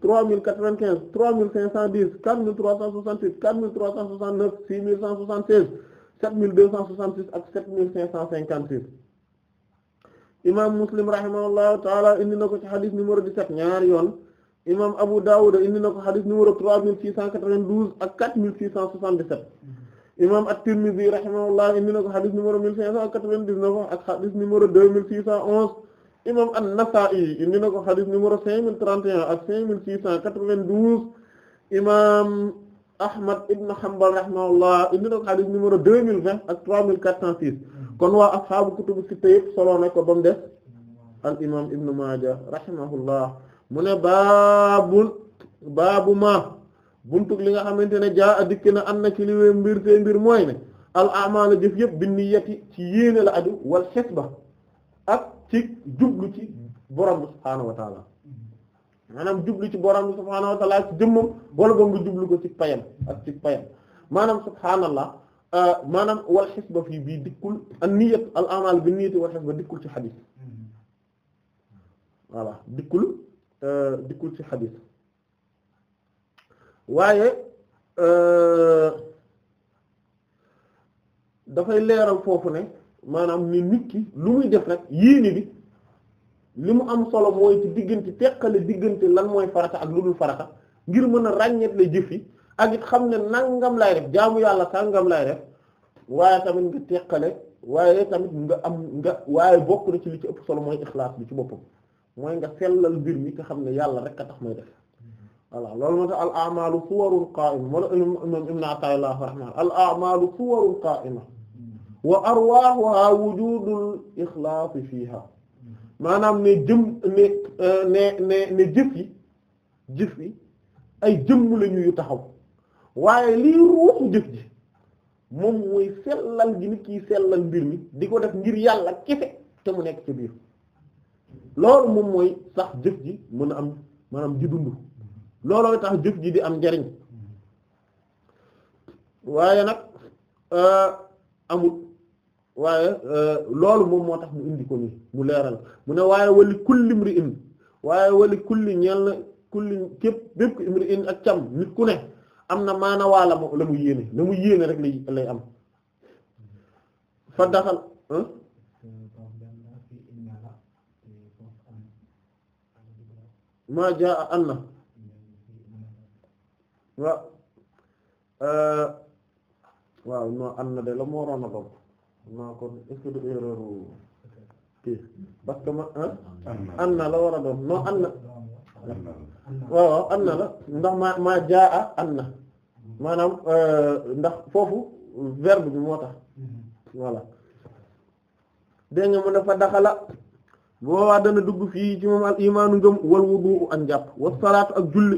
3095 3510 4368 4369 6176 7266 ak 7556 imam muslim rahimahullahu taala indi na ko ci xadis numéro 17 ñaari yoon imam abu dawud indi na ko xadis numéro 3692 ak 4677 imam at-tirmidhi rahimahullah indi na ko xadis numéro 1599 ak xadis numéro 2611 imam an-Nasa'i indi na ko xadis numéro 5031 ak 5692 imam Ahmad ibn Hanbal rahimahullah indi na ko xadis numéro deux mille vingt ak trois mille quatre six kon waa ashaabu kutubu sitta yëpp solo na ko ba mu def al imaam ibn Maaja rahimahullah mu ne baabu ma buntuk li nga xamante ne jaa a dikk na am na ci li mbir te mbir mooy ne al amaala jëf yëpp bi niyyati ci yéene la aju wal xesba ak ci jublu ci borom bi subhaanahu wa taala maanaam jublu ci borom bi subhaanahu ci jëmmam wala boog nga jublu ko ci payam ak ci maanaam subhaanallah euh, maanaam wal xisba fii bii dikkul an niyat al amal bi niyati wal xisba dikkul ci xadis voilà dikkul euh, dikkul ci xadis waaye euh, dafay leeral foofu ne maanaam ni nit ki lu muy def rek bi li mu am solo mooy ci diggante teqale diggante lan mooy farata ak lu dul farata ngir mën a ràññetle jëf yi ak it xam ne nangam lay def jaamu yàlla sangam lay def waaye tamit nga waaye tamit nga am nga waaye bokk na ci li ci ëpp solo mooy ixlaas bi ci boppam mooy nga sellal mbir mi nga xam ne yàlla rek a tax may def voilà loolu moo tax al a'malu suwarun qa'ima wala imam ibn Ata'illah rahman al a'malu suwarun qa'ima wa arwahuha wujudul ixlaas fiha maanaam ne jëm euh, ne ne ne jëf yi jëf yi ay jëmm lañu taxaw waaye lii ruuxu jëf ji moom mooy sellal gi nit kiy sellal mbir mi di ko def ngir yàlla kese te mu nekk ci biir loolu moom mooy sax jëf ji mën a am maanaam ji dundu looloo tax jëf ji di am njariñ waaye nag euh, amul waaye euh, loolu moom moo tax mu indi ko mu leeral mu ne waaye wali kulli imri in waaye wali kulli ñeel na kulli képp bépp imri in ak cam ne am na maana waa la mu la mu yéene la mu yéene rek lay lay am fa daxal maa jaa an na euh, waaw waaw non de la moo roon maa kon est-ce parce que ma an ah? na la war a doon non an na waaw la ndax maa maa jaa a an na mm-hmm. euh, ndax foofu verbe bi moo tax mm-hmm. voilà dégg nga mu dafa daxala boobaa dana dugg fii ci moom al imaanu ngëm wal wudu ak njàpp wa salaatu ak julli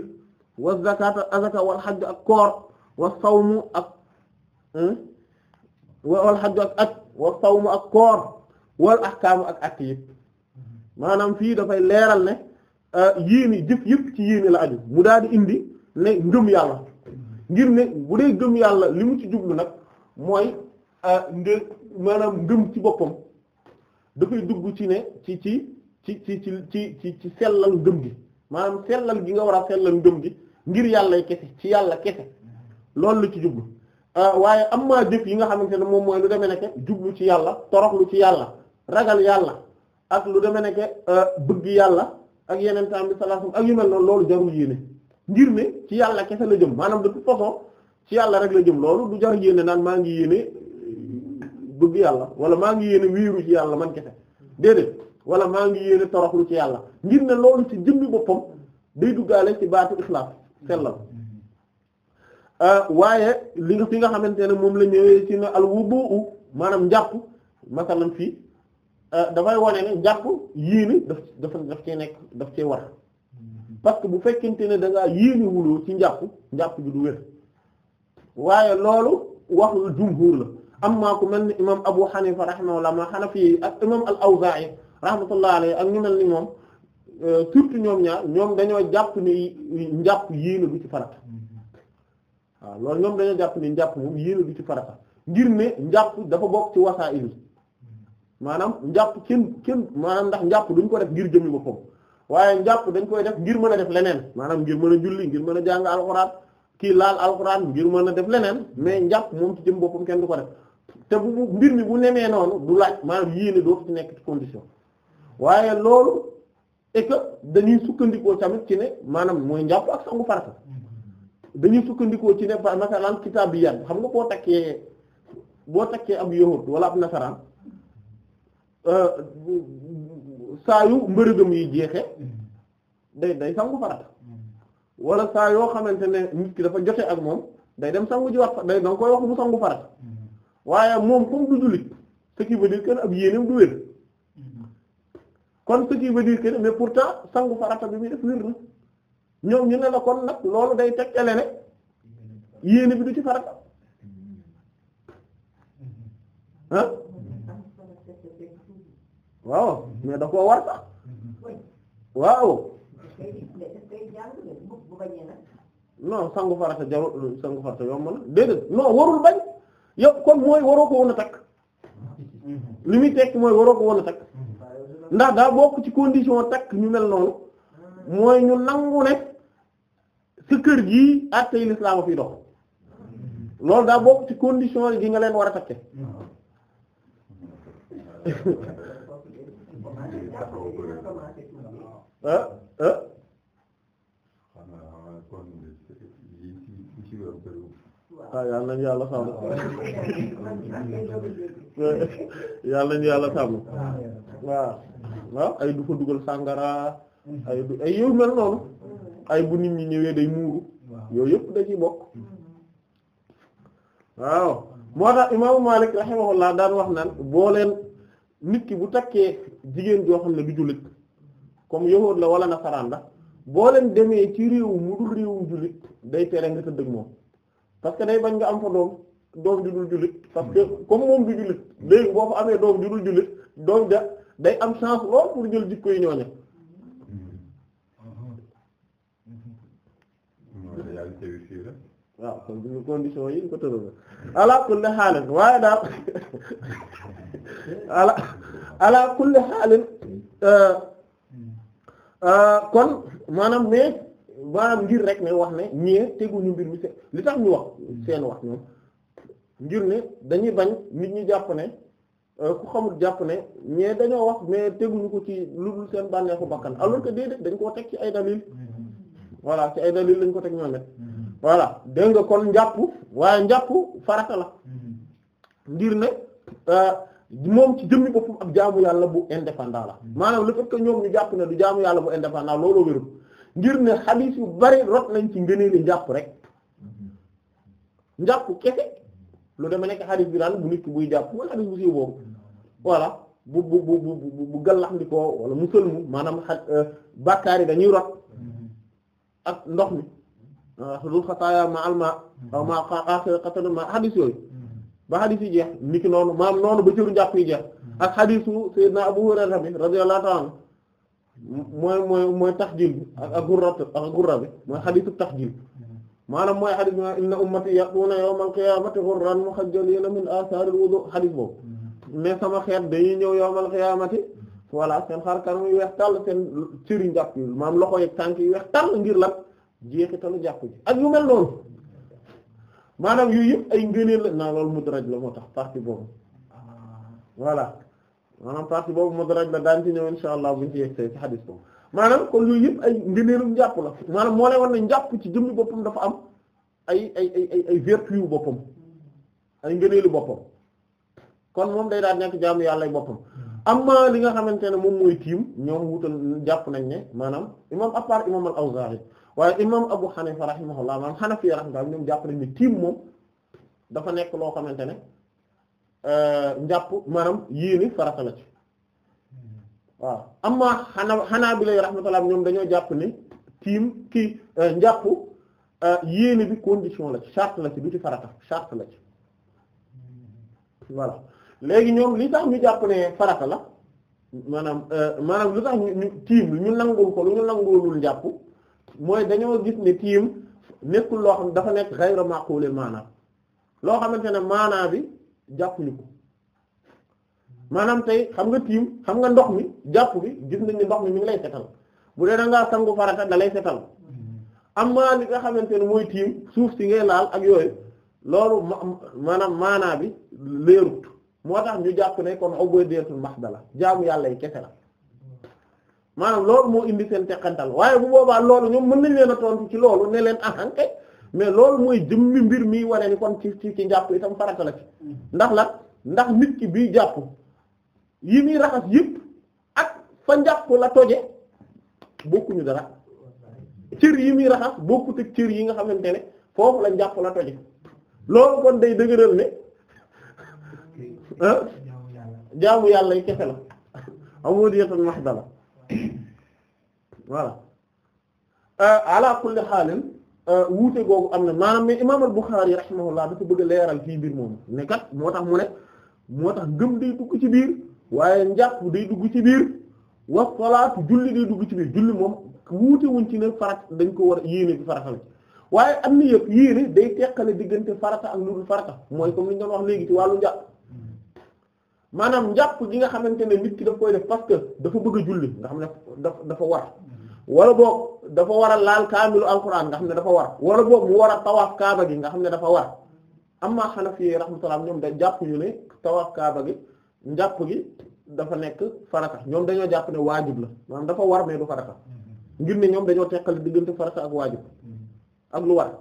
wa zakata azaka wal ak koor wa sawmu ak wal xajj ak aj wa sawmu ak koor wal akkaamu ak att yi maanaam fii dafay leeral ne euh, yéeni jëf yëpp ci yéeni la aju mu daal di indi ne ngëm yàlla ngir ne bu dee ngëm yàlla li mu ci jublu nag mooy euh, nga maanaam ngëm ci boppam dafay dugg ci ne ci ci ci ci ci ci ci sellal ngëm gi maanaam sellal gi nga war a sellal ngëm gi ngir yàllay kese ci yàlla kese loolu la ci jublu Euh, waaye am maa jëf yi nga xamante ne moom mooy lu demee nekk jublu ci yàlla toroxlu ci yàlla ragal yàlla ak lu demee nekk euh, bëgg yàlla ak yeneen tam bi sallallahu ak yu mel noonu loolu jarul yéene ngir ne ci yàlla kese la jëm maanaam de toute ci yàlla rek la jëm loolu du jar yéene naan maa ngi yéene euh, bëgg yàlla wala maa ngi yéene wiiru ci yàlla man kese déedéet wala maa ngi yéene toroxlu ci yàlla ngir ne loolu ci jëmmi boppam day duggaale ci baatu ixlaas sellal Euh, waaye li nga fi nga xamante ne moom la ñëwee ci ne al wudu maanaam njàpp masalan fii euh, dafay wane ne njàpp yéene daf dafa cee nekk daf cee war parce que bu fekkente ne da ngaa yéene ci njàpp njàpp bi du loolu waxul jumhur la amma ku mel ni imam Abu Hanifa rahimahullah ma Hanafi ak imam al-Awza'i rahmatullah alayhi ak ñu mel ni moom euh, surtout ñoom ñaar ñoom dañoo jàpp ni njàpp yéene du ci farat waaw loolu ñoom dañoo jàpp ni njàpp moom yéene du ci farata ngir ne njàpp dafa bokk ci wasaa'il maanaam jàpp kenn kenn maanaam ndax njàpp duñ ko def ngir jëmmi boppam waaye njàpp dañ koy def ngir mën a def leneen maanaam ngir mën a julli ngir mën a jàng alxuraan kii laal alxuraan ngir mën a def leneen mais njàpp moom ci jëm boppam kenn du ko def te bu mbir mi bu nemee noonu du laaj maanaam yéene dootu ci nekk ci condition waaye loolu et que dañuy sukkandikoo tamit ci ne maanaam mooy njàpp ak sangu farata dañuy sukkandikoo ci ne ba masalan kitaab bi yàgg xam nga boo takkee boo takkee ab yahud wala ab nasaraan euh, saa yu mbërëgëm yi jeexe day day sangu farata wala saa yoo xamante ne nit ki dafa jote ak moom day dem sangu ji wax day danga koy wax mu sangu farata waaye moom comme du jullit ce qui veut dire que ab du wér mm-hmm. kon ce ba veut dire que mais pourtant sangu farata bi muy def wér na ñoom ñu ne la kon nag loolu day tegtale ne yéene bi du ci farata ah waaw mais da koo war sax waaw non sangu farata jarul sangu farata yomb na déedéet non warul bañ yow kon mooy waroo ko woon a takk li muy tekk mooy waroo ko woon a takk ndax daa bokk ci condition takk ñu mel noonu mooy ñu nangu ne sa kër gii attey lislaam a fi dox loolu daa bokk ci condition yi nga leen war a takke ah ah ah yal nañu yàlla sàmm [LAUGHS] yal nañu yàlla sàmm waaw waaw ah, ay du fa dugal sàngara ay du ay yow mel ay bu nit ñi ñëwee day muuru yooyu yëpp dañuy ciy bokk waaw moo tax imaamu Maalik rahimahullah daan wax naan boo leen nit ki bu takkee jigéen joo xam ne du jullit comme yahuud la wala nasaraan la boo leen demee ci réew mu dul réewum jullit day tere nga tëdd moom parce que day bañ nga am fa doom doom ju dul jullit parce que comme moom du jullit léegi boo fa amee doom ju dul jullit doom da day am chance lool pour jël jikko yi ñooña waaw kon bi condition yi ko tërala ala kulli xaalin waaye daal [LAUGHS] ala ala kulli xaalin euh, euh, kon maanaam ne maanaam ngir rek ne wax ne ñee teguñu mbir mi seen li tax ñu wax seen wax ñoom ngir ne dañuy bañ nit ñi jàpp ne euh, ku xamul jàpp ne ñee dañoo wax mais teguñu ko ci lu dul seen bànneexu bakkan alors que def dañ koo teg ci ay dalil mm-hmm. voilà ci lañ ko teg ñoom mm-hmm. voilà dégg nga kon njàpp waaye njàpp farata la mm-hmm. ngir ne euh, moom ci jëmmi boppam ak jaamu yàlla bu indépendant la mm-hmm. maanaam le fait que ñoom ñu jàpp ne du jaamu yàlla bu indépendant looloo wérul ngir ne xadiis yu bari rot nañ ci ngëneeli njàpp rek njàpp kese lu dama nekk xadiis bi daal bu nit ki buy jàpp mooy xadiis bu siiw boobu voilà bu bu bu bu bu gàllax ndikoo wala mu sëlmu maanaam xa euh, yi dañuy rot ak ndox mi xadul xataaya ma al ma aw ma axir xatana ma xadis yooyu ba xadis yi jeex niki noonu maam noonu ba cëru njàpp yi jeex ak xadisu sayyidina Abu Hurayra bi radiyallahu ta'ala mooy mooy mooy taxjil bi ak ak bi mooy xadisu taxjil maanaam mooy xadis bi inna ummati ya'tuna yawmal qiyaamati ghurran muhajjalina min asaaril wudu xadis boobu mais sama xeet dañuy ñëw yawmal qiyaamati voilà seen xar kanam yu weex tàll seen cër yu yi maanaam loxo yeeg tànk yu weex tàll ngir lan jeexitalu jàpp ji ak yu mel noonu maanaam yooyu yëpp ay ngëneel la naa loolu mudraj la moo tax partie boobu voilà maanaam partie boobu mudraj la daan ci ñëw insha allah buñ ci yegsee ci xadis boobu maanaam kon yooyu yëpp ay ngëneelum jàpp la maanaam moo lay wan ne njàpp ci jëmmi boppam dafa am ay ay ay ay ay vertu yu boppam ay ngëneelu boppam kon moom day daan nekk jaamu yàlla boppam am amma li nga xamante ne moom mooy tiim ñoom wutal jàpp nañ ne maanaam imam à part imam al-Awzaa'i waaye imam Abu Hanifa rahimahullah maanaam Hanafi rahimahullah ñoom jàpp nañ ne tiim moom nekk loo xamante ne euh, njàpp maanaam yéene farata la ci waaw amma xanaa xanaa bi lay rahmatullah ñoom dañoo jàpp ni tiim kii euh, njàpp euh, yéene bi condition la ci charte la ci du ci farata charte la ci voilà léegi ñoom li tax ñu jàpp ne farata la maanaam euh, maanaam lu tax ñu tiim ñu nangul ko lu ñu nanguwulul jàpp mooy dañoo gis ne tiim nekkul loo xam dafa nekk ghayra maqul maanaam loo xamante ne maanaa bi jàppuñu maanaam tey xam nga tiim xam nga ndox mi jàpp bi gis nañ ndox mi mi ngi lay setal bu dee ngaa sangu farata da lay setal amma li nga xamante ne mooy tiim suuf si ngay laal ak yooyu loolu maanaam maanaa bi leerut moo tax ñu jàpp ne kon ubudiyyatul mahda la jaamu yàlla yi kese la maanaam loolu moo indi seen teqantal waaye bu boobaa loolu ñoom mën nañ leen a tontu ci loolu ne leen ahankay mais loolu mooy jëmmi mbir mi wane ni kon ci ci jàpp njàpp itam farata la ci ndax la ndax nit ki bii jàpp yi muy raxas yëpp ak fa njàpp la toje bokkuñu dara cër yi muy raxas bokkut ak cër yi nga xamante ne foofu la njàpp la toje loolu kon day dëgëral ne jaamu yàlla yi kese la amudiyatun mahdala voilà euh, ala kulli xaalin euh, wuute googu am na maanaam mais imaam al-Bukhari rahimahullah dafa bëgg leeral fii mbir moom ne moo tax mu ne moo tax ngëm day dugg ci biir waaye njàpp day dugg ci biir wax salaatu julli day dugg ci biir julli moom wuute wuñ ci ne farat dañ ko war a yéene bi farata la waaye am na yëpp yéene day teqale diggante farata ak lu dul farata mooy comme li ñu doon wax léegi ci wàllu njàpp maanaam njàpp gi nga xamante ne nit ki daf koy def parce dafa bëgg a julli nga xam ne dafa dafa war wala boog dafa war a laal kaamilu alxuraan nga xam ne dafa war wala boog mu war a tawaaf kaaba gi nga xam ne dafa war amma xanafi rahmatullah ñoom da jàpp ñu ne tawaaf kaaba gi njàpp gi dafa nekk farata ñoom dañoo jàpp ne waajib la maanaam dafa war mais du farata mm-hmm. ngir ne ñoom dañoo teqal diggante farata ak waajib ak lu war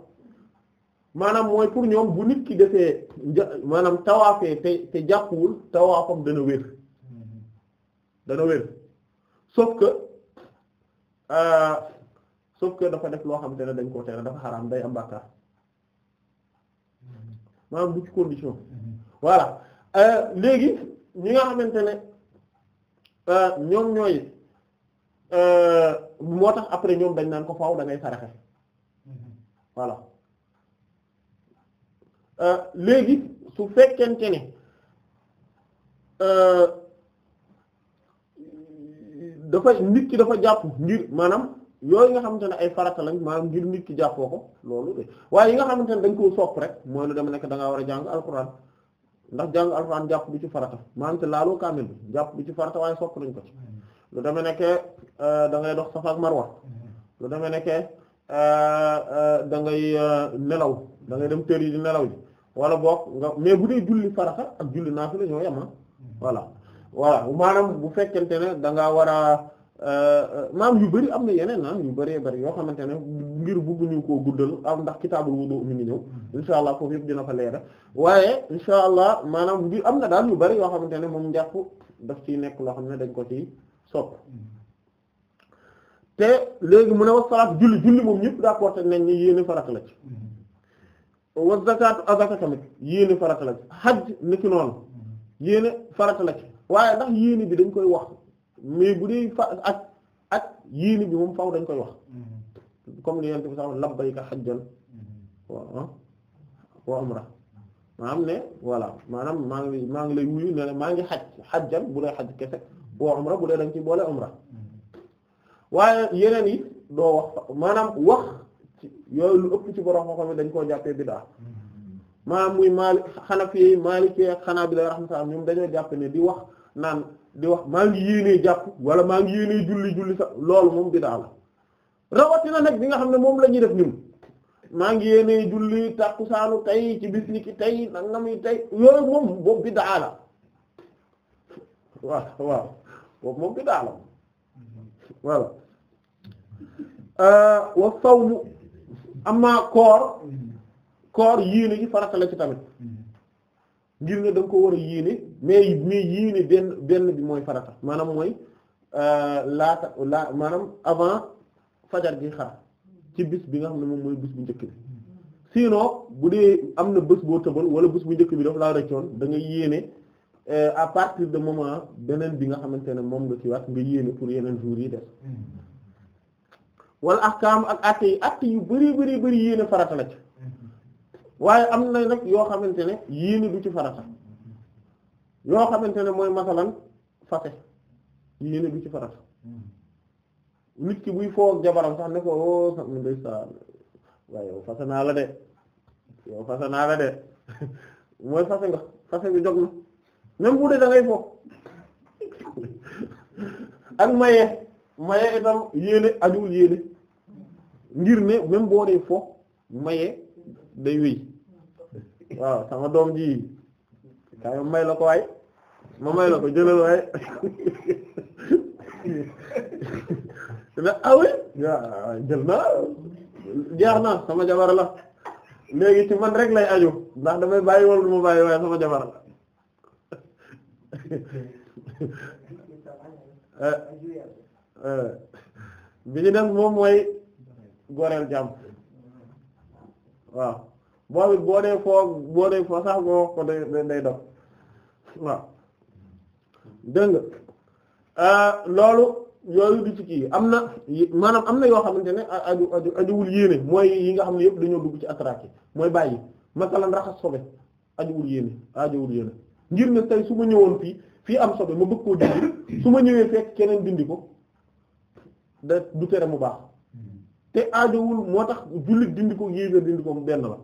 maanaam mooy pour ñoom bu nit ki defee maanaam tawaafee te te jàppuwul tawaafam dana wér dana wér sauf que euh, sauf que dafa def loo xam te ne dañ koo tere dafa xaraam day am bàkkaar maanaam bu condition voilà euh, léegi ñi nga xamante ne euh, ñoom ñooy moo tax après ñoom dañ naan ko faaw da ngay saraxe Euh, léegi su fekkente ne euh, dafa nit ki dafa jàpp ngir maanaam yooyu nga xamante ne ay farata lañ maanaam ngir nit ki jàppoo ko loolu de waaye yi nga xamante ne dañ koo sopp rek mooy lu dama nekk da war a jàng alxuraan ndax jàng alxuraan jàpp bi ci farata maanaam te laaloo kaamil bi jàpp bi ci farata waaye sopp nañ ko ci lu dama nekk euh, da dox Safa ak Marwa lu dama nekk dangay ngay nelaw da dem tër yi di nelaw ji wala boog nga mais bu dee julli farata ak julli naafila ñoo yem ah. voilà voilà maanaam bu fekkente ne danga war a euh, maam yu bari am na yeneen ah yu bëree bëri yoo xamante ne ngir bëgguñu ko guddal am ah, ndax kitaabul wudu mi ngi ñëw hmm. insha allah foofu yëpp dina fa leera waaye insha allah maanaam bi am na daal yu bari yoo xamante ne moom njàpp daf ciy nekk loo xam ne dañ ko ciy sopp hmm. te léegi mu ne wa salaat julli julli moom ñëpp d'accord te nañ ni yéene farak la ci hmm. wa zakatu azaka tamit yéene farata la ci xaj niki noonu yéene farata la waaye ndax yéene bi dañ koy wax mais bu dee fa ak ak bi moom faaw dañ koy wax mm-hmm. comme li yent bi sax labbayka xajjan mm-hmm. wa ah, wa umra maanaam ne voilà maanaam maa ngi maa ngi lay wuyu ne maa ngi xaj xajjan bu dee xaj kese mm-hmm. wa umra bu dee dañ ci boole umra waaye yeneen yi doo wax maanaam wax yooyu lu ëpp ci borom xam-xam dañ koo jàppee biddaa maanaam muy Maalik Hanafi Maaliki ak Hanaabila rahmatullah ñoom dañoo jàpp ne di wax naan di wax maa ngi yéenee jàpp wala maa ngi yéenee julli julli sax loolu moom biddaa la rawatina nag bi nga xam ne moom la ñuy def ñun maa ngi yéenee julli tàkkusaanu tey ci bis ni ki tey nangami tey yooyu moom boobu biddaa la waaw waaw boobu moom biddaa la voilà amaa koor mm-hmm. koor yéene gi farata la ci tamit mm-hmm. ngir ne da ko war a yéene mais mais yéene benn benn bi mooy farata maanaam mooy euh, laata laa maanaam avant fajar gi xar ci bis bi nga xam ne moom mooy bis bu njëkk bi mm-hmm. sinon bu dee am na bés boo tëbal wala bés bu njëkk bi daf laa rëccoon da nga yéene euh, à partir de moment beneen bi nga xamante ne moom nga ci waat nga yéene pour yeneen jours yi def wala ahkaam ak atte yi atte yu bari bari bari yéene farata la ci waaye am na nag yoo xamante ne yéene du ci farata yoo xamante ne mooy masalan fase yéene du ci farata nit ki buy foo ak jabaram oh, fase naa la de yow fase naa la de [LAUGHS] mooy nga jog na même bu dee da ngay foo [LAUGHS] ak maye maye itam yéene ajuwul yéene ngir ne même boo dee fo maye day wéy waaw sama doom ji kay ma may la ko waay ma may la ko jëlal waay [LAUGHS] na awi ah waaw jël na jeex na sama jabar la léegi ci man rek lay aju ndax damay bàyyi wala du bàyyi waaye sama jabar la [LAUGHS] eh, eh. bi ñu def moom mooy goreel jàmm waaw boobu boo dee foo boo dee foo sax boo ko day day dox waaw dégg nga ah, loolu yooyu di ci kii am na maanaam am na yoo xamante ne aju aju ajuwul yéene mooy yi nga xam ne yëpp dañoo dugg ci atraque mooy bàyyi masalan raxas sobe ajuwul yéene ajuwul yéene ngir ne tey su ma ñëwoon fii fii am sobe ma bëgg koo dindi su ma ñëwee fekk keneen dindi ko da du tere mu baax te aajowul moo tax jullit dindi ko yéeféer dindi ko mu benn la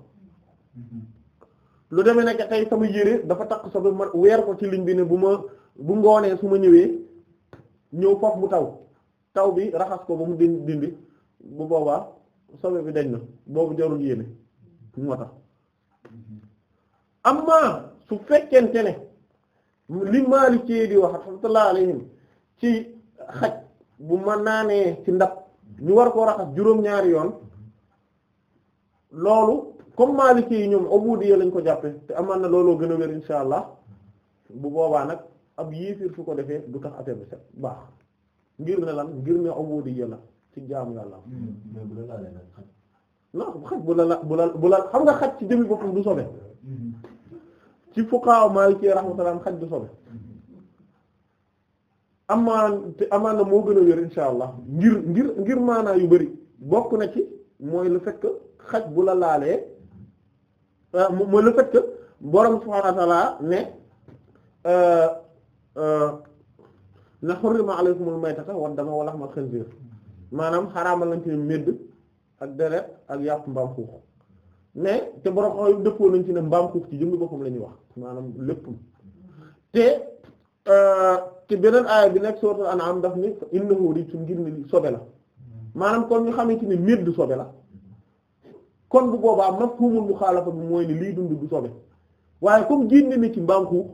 lu deme nekk tey sama yére dafa takk sa ba ma weer ko ci lim bi ne bu ma bu ngoonee su ma ñëwee ñëw foofu mu taw taw bi raxas ko ba mu dindi dindi bu boobaa sobe bi dañ na boobu jarul yéene moo tax amma su fekkente ne li Maalik ci di wax rahmatullah alayhim ci xaj bu ma naanee ci ndab ñu war koo raxas juróom-ñaari yoon loolu comme Maliki yi ñoom ubudiyya lañ ko jàppe te amaan na looloo gën a wér insha allah bu boobaa nag ab yéefir su ko defee du tax affaire bi set baax ngir ne lan ngir ne ubudiyya la ci jaamu yàlla hmm, non xaj bu la la bu la bu la xam nga xaj ci jëmi boppam du sobe hmm. ci fuqaha Maliki rahmatullah xaj du sobe hmm. amaan te amaan na moo gën a wér insha allah ngir ngir ngir maanaa yu bari bokk na ci mooy lu fekk que xaj bu la laalee ah, mooy le fait que borom subhaanahu wa ta'aala ne euh, euh, na hurrima alaykumul maytata wa dama wa lahmal khinziir maanaam xaraamal nañ ci medd ak deret ak yàpp mbaam xuux mais te borom xaw dëppoo nañ ci ne mbaam xuux ci jëmmi boppam la ñuy wax maanaam lépp te. ci beneen aaya bi nekk suuratul an'am daf ni innahu rijsun ngir ni sobe la maanaam kon ñu xamante ni du sobe la kon bu boobaa mafhumul muxaalafa bi mooy ni lii dund du sobe waaye comme génne ni ci mbaam xuux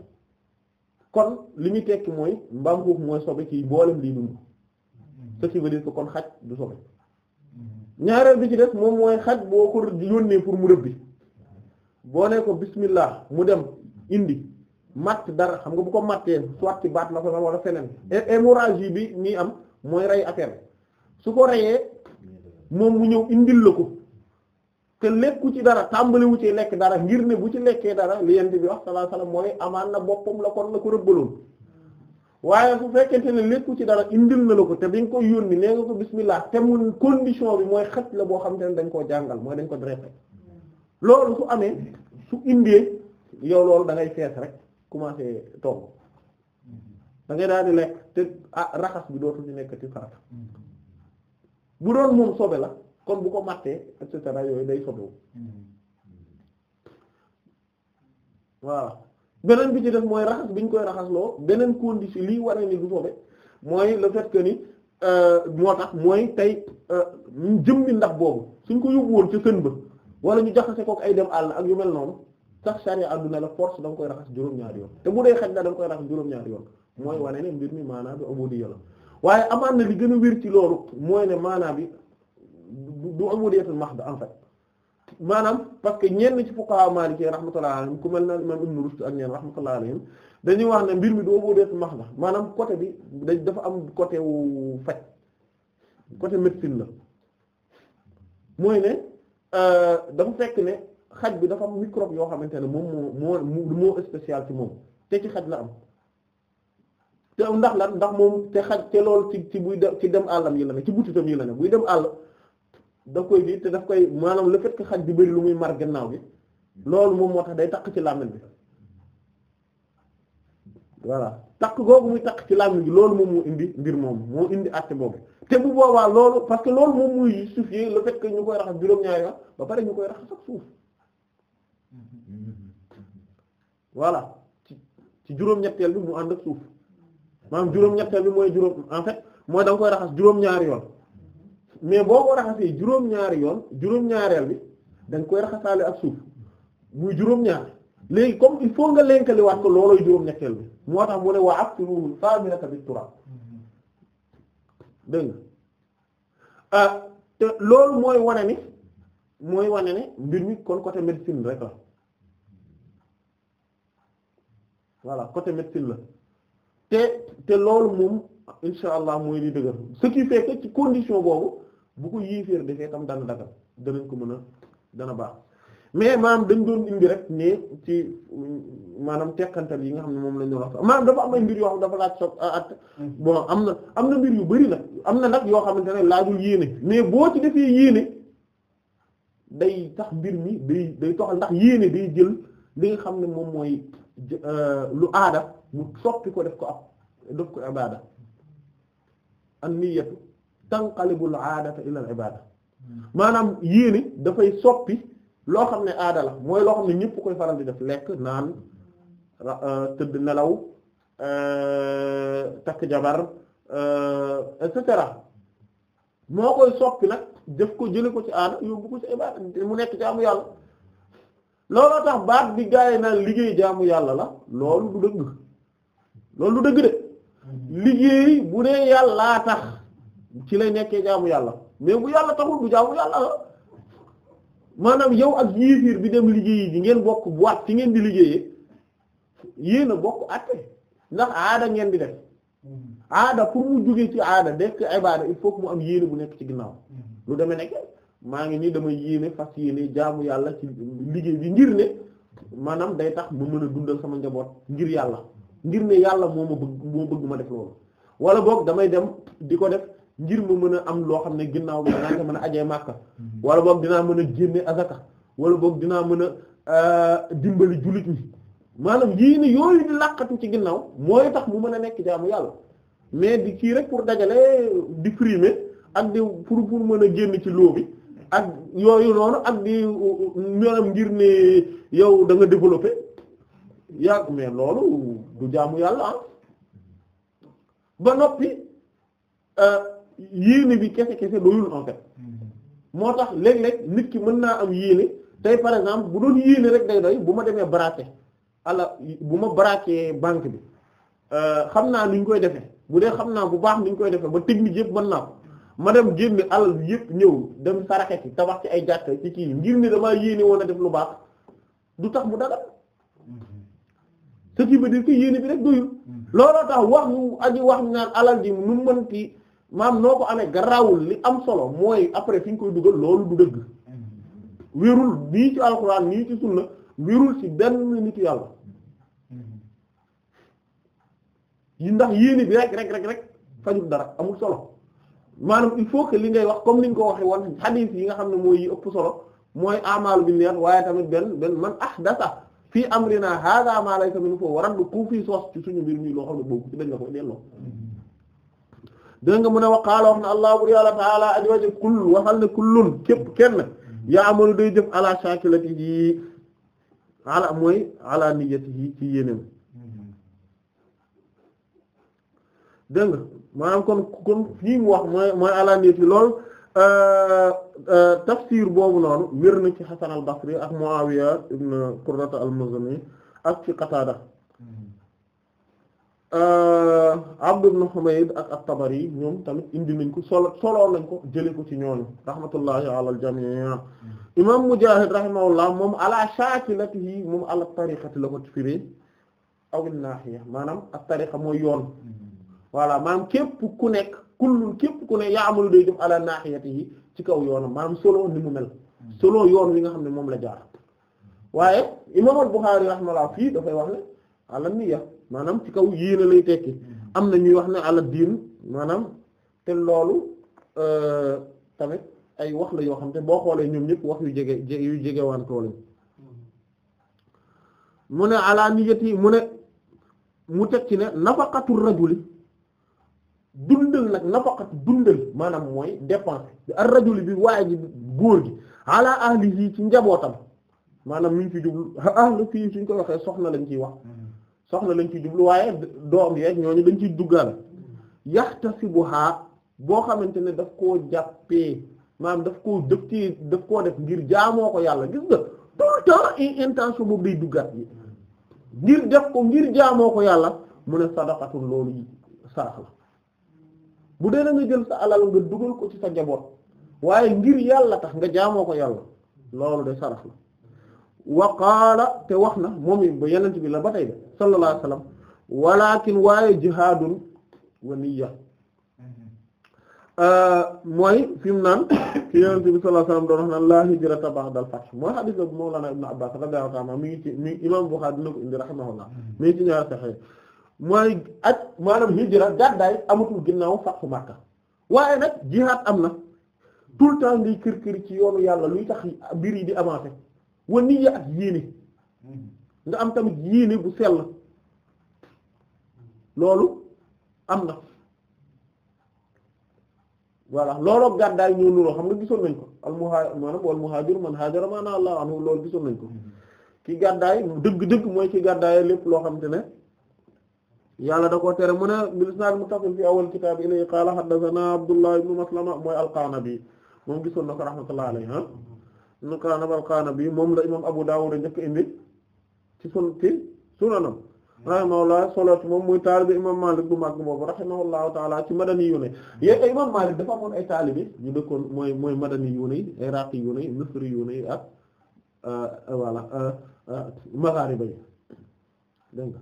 kon li muy tekki mooy mbaam xuux mooy sobe ci mboolem lii dund ce qui veut dire kon xaj du sobe ñaareel bi ci des moom mooy xaj boo ko yónnee pour mu rëbbi boo ne ko bismillah mu dem indi matt dara xam nga bu ko mattee soit ci baat la ko wala feneen hémorragie bi nii am mooy rey affaire su ko reyee moom mu ñëw indil la ko te lekku ci dara tàmbaliwu ci lekk dara ngir ne bu ci lekkee dara li yent bi wax sallallahu alayhi wasallam mooy amaan na boppam la kon la ko rëbbaloon waaye bu fekkente ne lekku ci dara indil na la ko te dañ ko yónni nee ko bismillah te mu condition bi mooy xaj la boo xam te ne dañ koo jàngal mooy dañ ko dressé loolu su amee su indee yow loolu da ngay rek commencé togg mm-hmm. da ngay di lekk te ah raxas bi dootu ñu nekk ci farata mm-hmm. bu doon moom sobe la kon bu ko mattee et cetera yooyu day sobewu waaw mm-hmm. beneen bi ci def mooy raxas bi ñu koy raxasloo beneen condition lii waree ni du sobe mooy la fait que ni euh, moo tax mooy tey euh, jëmmi ndax boobu suñ ko yóbbu woon ca kën ba wala ñu jaxase kook ay dem àll ak yu mel noonu sax charia àdduna la force da nga koy raxas juróom-ñaari yoon te bu dee xaj la da nga koy raxas juróom-ñaari yoon mooy wane ne mbir mi maanaa bi amudiya la waaye amaan na li gën a wér ci loolu mooy ne maanaa bi du amudiyatul mahda en fait maanaam parce que ñenn ci fuqaha maliki rahmatullahi alayhim ku mel na imam Ibn Rushd ak ñenn rahmatullahi alayhim dañuy wax ne mbir mi du amudiyatul mahda maanaam côté bi dañ dafa am côté wu faj côté médecine la mooy ne euh, dafa fekk ne xaj bi dafa am microbe yoo xamante ne moom moo moo moo spécial ci moom te ci xaj la am te ndax lan ndax moom te xaj te loolu ci ci buy ci dem àllam yi la ne ci butitam yi la ne buy dem àll daf koy di te daf koy maanaam la fait que xaj bi bari lu muy mar gannaaw bi loolu moom moo tax day takk ci làmmiñ bi voilà takk googu muy takk ci làmmiñ bi loolu moom moo indi mbir moom moo indi àtte boobu te bu boobaa loolu parce que loolu moom muy justifier le fait que ñu koy raxas juróom-ñaari wax ba pare ñu koy raxas ak voilà ci ci juróom-ñetteel bi mu ànd ak suuf maanaam juróom-ñetteel bi mooy juróom en fait mooy da nga koy raxas juróom-ñaari yoon mais boo ko raxasee juróom-ñaari yoon juróom-ñaareel bi da koy raxasaale ak suuf muy juróom-ñaar léegi comme il faut nga lenkaliwaat ko loolooy juróom-ñetteel bi moo tax mu ne waa ab suñu saminata bi turaab dégg nga ah loolu mooy wane ni mooy wane ne mbir mi kon côté médecine rek la voilà côté médecine la te te loolu moom insha allah mooy li dëgër ce qui ci condition boobu bu ko yéeféer defee tam dana dagal danañ ko mën a dana baax mais maanaam dañ doon indi rek ne ci maanaam tekkantal yi nga xam ne moom la ñu wax maanaam dafa am ay mbir yoo xam dafa laaj at ah, bon am na am na mbir yu bari nag am na nag yoo xamante ne laajul yéene mais boo ci defee yéene day tax mbir mi day day toxal ndax yéene day jël li nga xam ne moom mooy Euh, lu aada mu soppi ko def ko ab def ko ibada an niyyatu tanqalibul aadata ila al ibada hmm. maanaam yéene dafay soppi loo xam ne aada la mooy loo xam ne ñëpp koy faral di def lekk naan euh, tëdd nelaw euh, takk jabar et cetera moo koy soppi nag def ko jële ko ci aada yóbbu ko ci mu nekk ci amu yàlla looloo tax baat bi gaay naan liggéey jaamu yàlla la loolu du dëgg loolu du dëgg de liggéey bu dee yàllaa tax ci lay nekkee jaamu yàlla mais bu yàlla taxul bu jaamu yàlla maanaam yow ak yiifiir bi dem liggéey ji ngeen bokk boîte ci ngeen di liggéeyee yéen a bokk àtte ndax aada ngeen di def aada pour mu jógee ci aada dekk ibaada il faut mu am yéene bu nekk ci ginnaaw mm-hmm. lu demee nekkee maa ngi nii damay yéene fas yéene jaamu yàlla ci liggéey bi ngir ne maanaam day tax mu mën a dundal sama njaboot ngir yàlla ngir ne yàlla moo ma bëgg moo bëgg ma def loolu wala boog damay dem di ko def ngir ma mën a am loo xam ne ginnaaw bi dinaa ko mën a ajee màkka mhm. wala boog dinaa mën a génne azaka wala boog dinaa mën a euh, dimbali jullit ñi maanaam yéene yooyu di làqatu ci ginnaaw mooy tax mu mën a nekk jaamu yàlla mais di kii rek pour dajale di frimer ak di pour pour mën a génn ci loo bi ak yooyu noonu ak di maanaam ngir ne yow da nga développer yàgg mais loolu du jaamu yàlla ah ba noppi euh, yéene bi kese kese doyul en fait moo tax léeg-léeg nit ki mën naa am yéene tey par exemple bu doon yéene rek day doy bu ma demee braquer ala bu ma braquer banque bi euh, xam naa ni ñu koy defee bu dee xam naa bu baax ni koy defee ba technique yëpp mën naa ko ma dem génne alal yëpp ñëw dem saraxe ci tabax ci ay jàkk ci kii ngir ni damaa yéene woon a def lu baax du tax mu dagal mm-hmm. ce qui veut yéene bi rek doyul mm-hmm. looloo tax wax ñu wax ñu alal ji nu mënti maam noo ko amee garawul li am solo mooy après fi koy dugal loolu du dëgg mm-hmm. wérul nii ci alxuraan nii ci sunna wérul ci benn nit yàlla yi ndax yéene bi rek rek rek rek fajul dara amul solo maanaam il faut que li ngay wax comme ni ñu ko waxee woon xadiis yi nga xam ne mooy yi ëpp solo mooy amaalu bi neex waaye tamit benn benn man ahdasa fii amrina hada ma laysa minhu foofu waratdu ku fii sos ci suñu mbir mi loo xam ne boobu ci dañ la koy delloo dégg nga mën a wax xaala wax na allah bur yàlla taala aji waje kull waxal ne kullun képp kenn yaa amalu day jëf ala shakilatihi ala mooy ala niyyatihi ci yéenem mm-hmm. dégg nga maanaam kon kon fii mu wax mooy mooy alaandeef yi lool euh, euh, tafsir boobu noonu wir na ci Hasan al-Basri ak Muawiya ibn Qurrata al-Muzani ak ci Qatada hmm. euh, Abd ibn Humayd ak at-Tabari ñoom tamit indi nañ ko solo solo nañ ko jëlee ko ci ñooñu rahmatullahi ala al-jami' imam Mujahid rahimahullah moom ala shakilatihi moom ala tariqati la ko firee aw an-nahiya maanaam at-tariqa mooy yoon. voilà maanaam képp ku nekk kullun képp ku ne yaamalu day jëm ala yi ci kaw yoonam maanaam solo ni mu mel solo yoon wi nga xam ne moom la jaar waaye imam al-Bukhari rahimahullah fii dafay wax ne ala niyya maanaam kaw yéene lay tekki am na ñuy wax ne ala diin maanaam te loolu euh, tamit ay wax la yoo xam te boo xoolee ñoom ñëpp wax yu jege yu jegewaan toolañ mu ne ala niyyati mu ne mu teg ci ne nafaqatu rajuli dundal nag nafaqatu dundal maanaam mooy dépense bi ar-rajul bi waaye ji góor gi ala ahlihi ci njabootam maanaam mi ci fi jublu ahlu fii suñ ko waxee soxna lañ ciy wax mm-hmm. soxna lañ ci jublu waaye doom yeeg ñooñu dañ ciy duggaal mm-hmm. yahtasibuha boo xamante ne daf ko jàppee maam daf ko dëf ci daf koo def ngir jaamoo ko yàlla gis nga tout le temps intention boobu day duggaat yi mm-hmm. ngir def ko ngir jaamoo ko yàlla mu ne sadaqatul loolu sarax la bu dee na nga jël sa alal nga dugal ko ci sa njaboot waaye ngir yàlla tax nga jaamoo ko yàlla loolu de sarax la wa qaala te wax na moom it ba yenent bi la ba tey de sallallahu alayhi wasallam walakin waaye jihaadun wa niyya euh, mooy fi mu naan ci yenent bi sallallahu alayhi wasallam doon wax naan laa hijrata ba'dal fath mooy xadiis la bu Mawlana Ibn Abbas radiyallahu anhu mi ngi ci mi imam Bukhari ko indi rahimahullah mi ngi ci ñaar saxee mooy ak maanaam hijra gàddaay amatul ginnaaw fàq waaye nag jihaad am na tout le temps ngay kër kër ci yoonu yàlla luy tax mbir yi di avancé wa niyya ak yéene tamit yéene bu sell loolu am na voilà looloo gàddaay ñoo nuroo xam nga gisoon nañ ko al muhaajir maanaam wal muhaajir man haajara maanaam Allah anhu loolu gisoon nañ ko mm-hmm. ki gàddaay dëgg-dëgg mooy ki gàddaay lépp loo xam ne yàlla da koo tere mu ne bil isnaad muttasil fi awal kitaab ilay qaala moom gisoon na ko rahmatullah alayhi ah nu Qanab al-Qanabi moom la imam Abu da njëkk indi ci sun ci sunanam rahimahullah solo ci moom muy taalibi imam Malik bu mag boobu rahimahullahu taala ci madani yu ne yéeg imam Malik dafa amoon ay taalibi ñu dëkkoon mooy mooy madani yu ne iraqi yu ne misri yu ak euh, voilà yi euh, euh,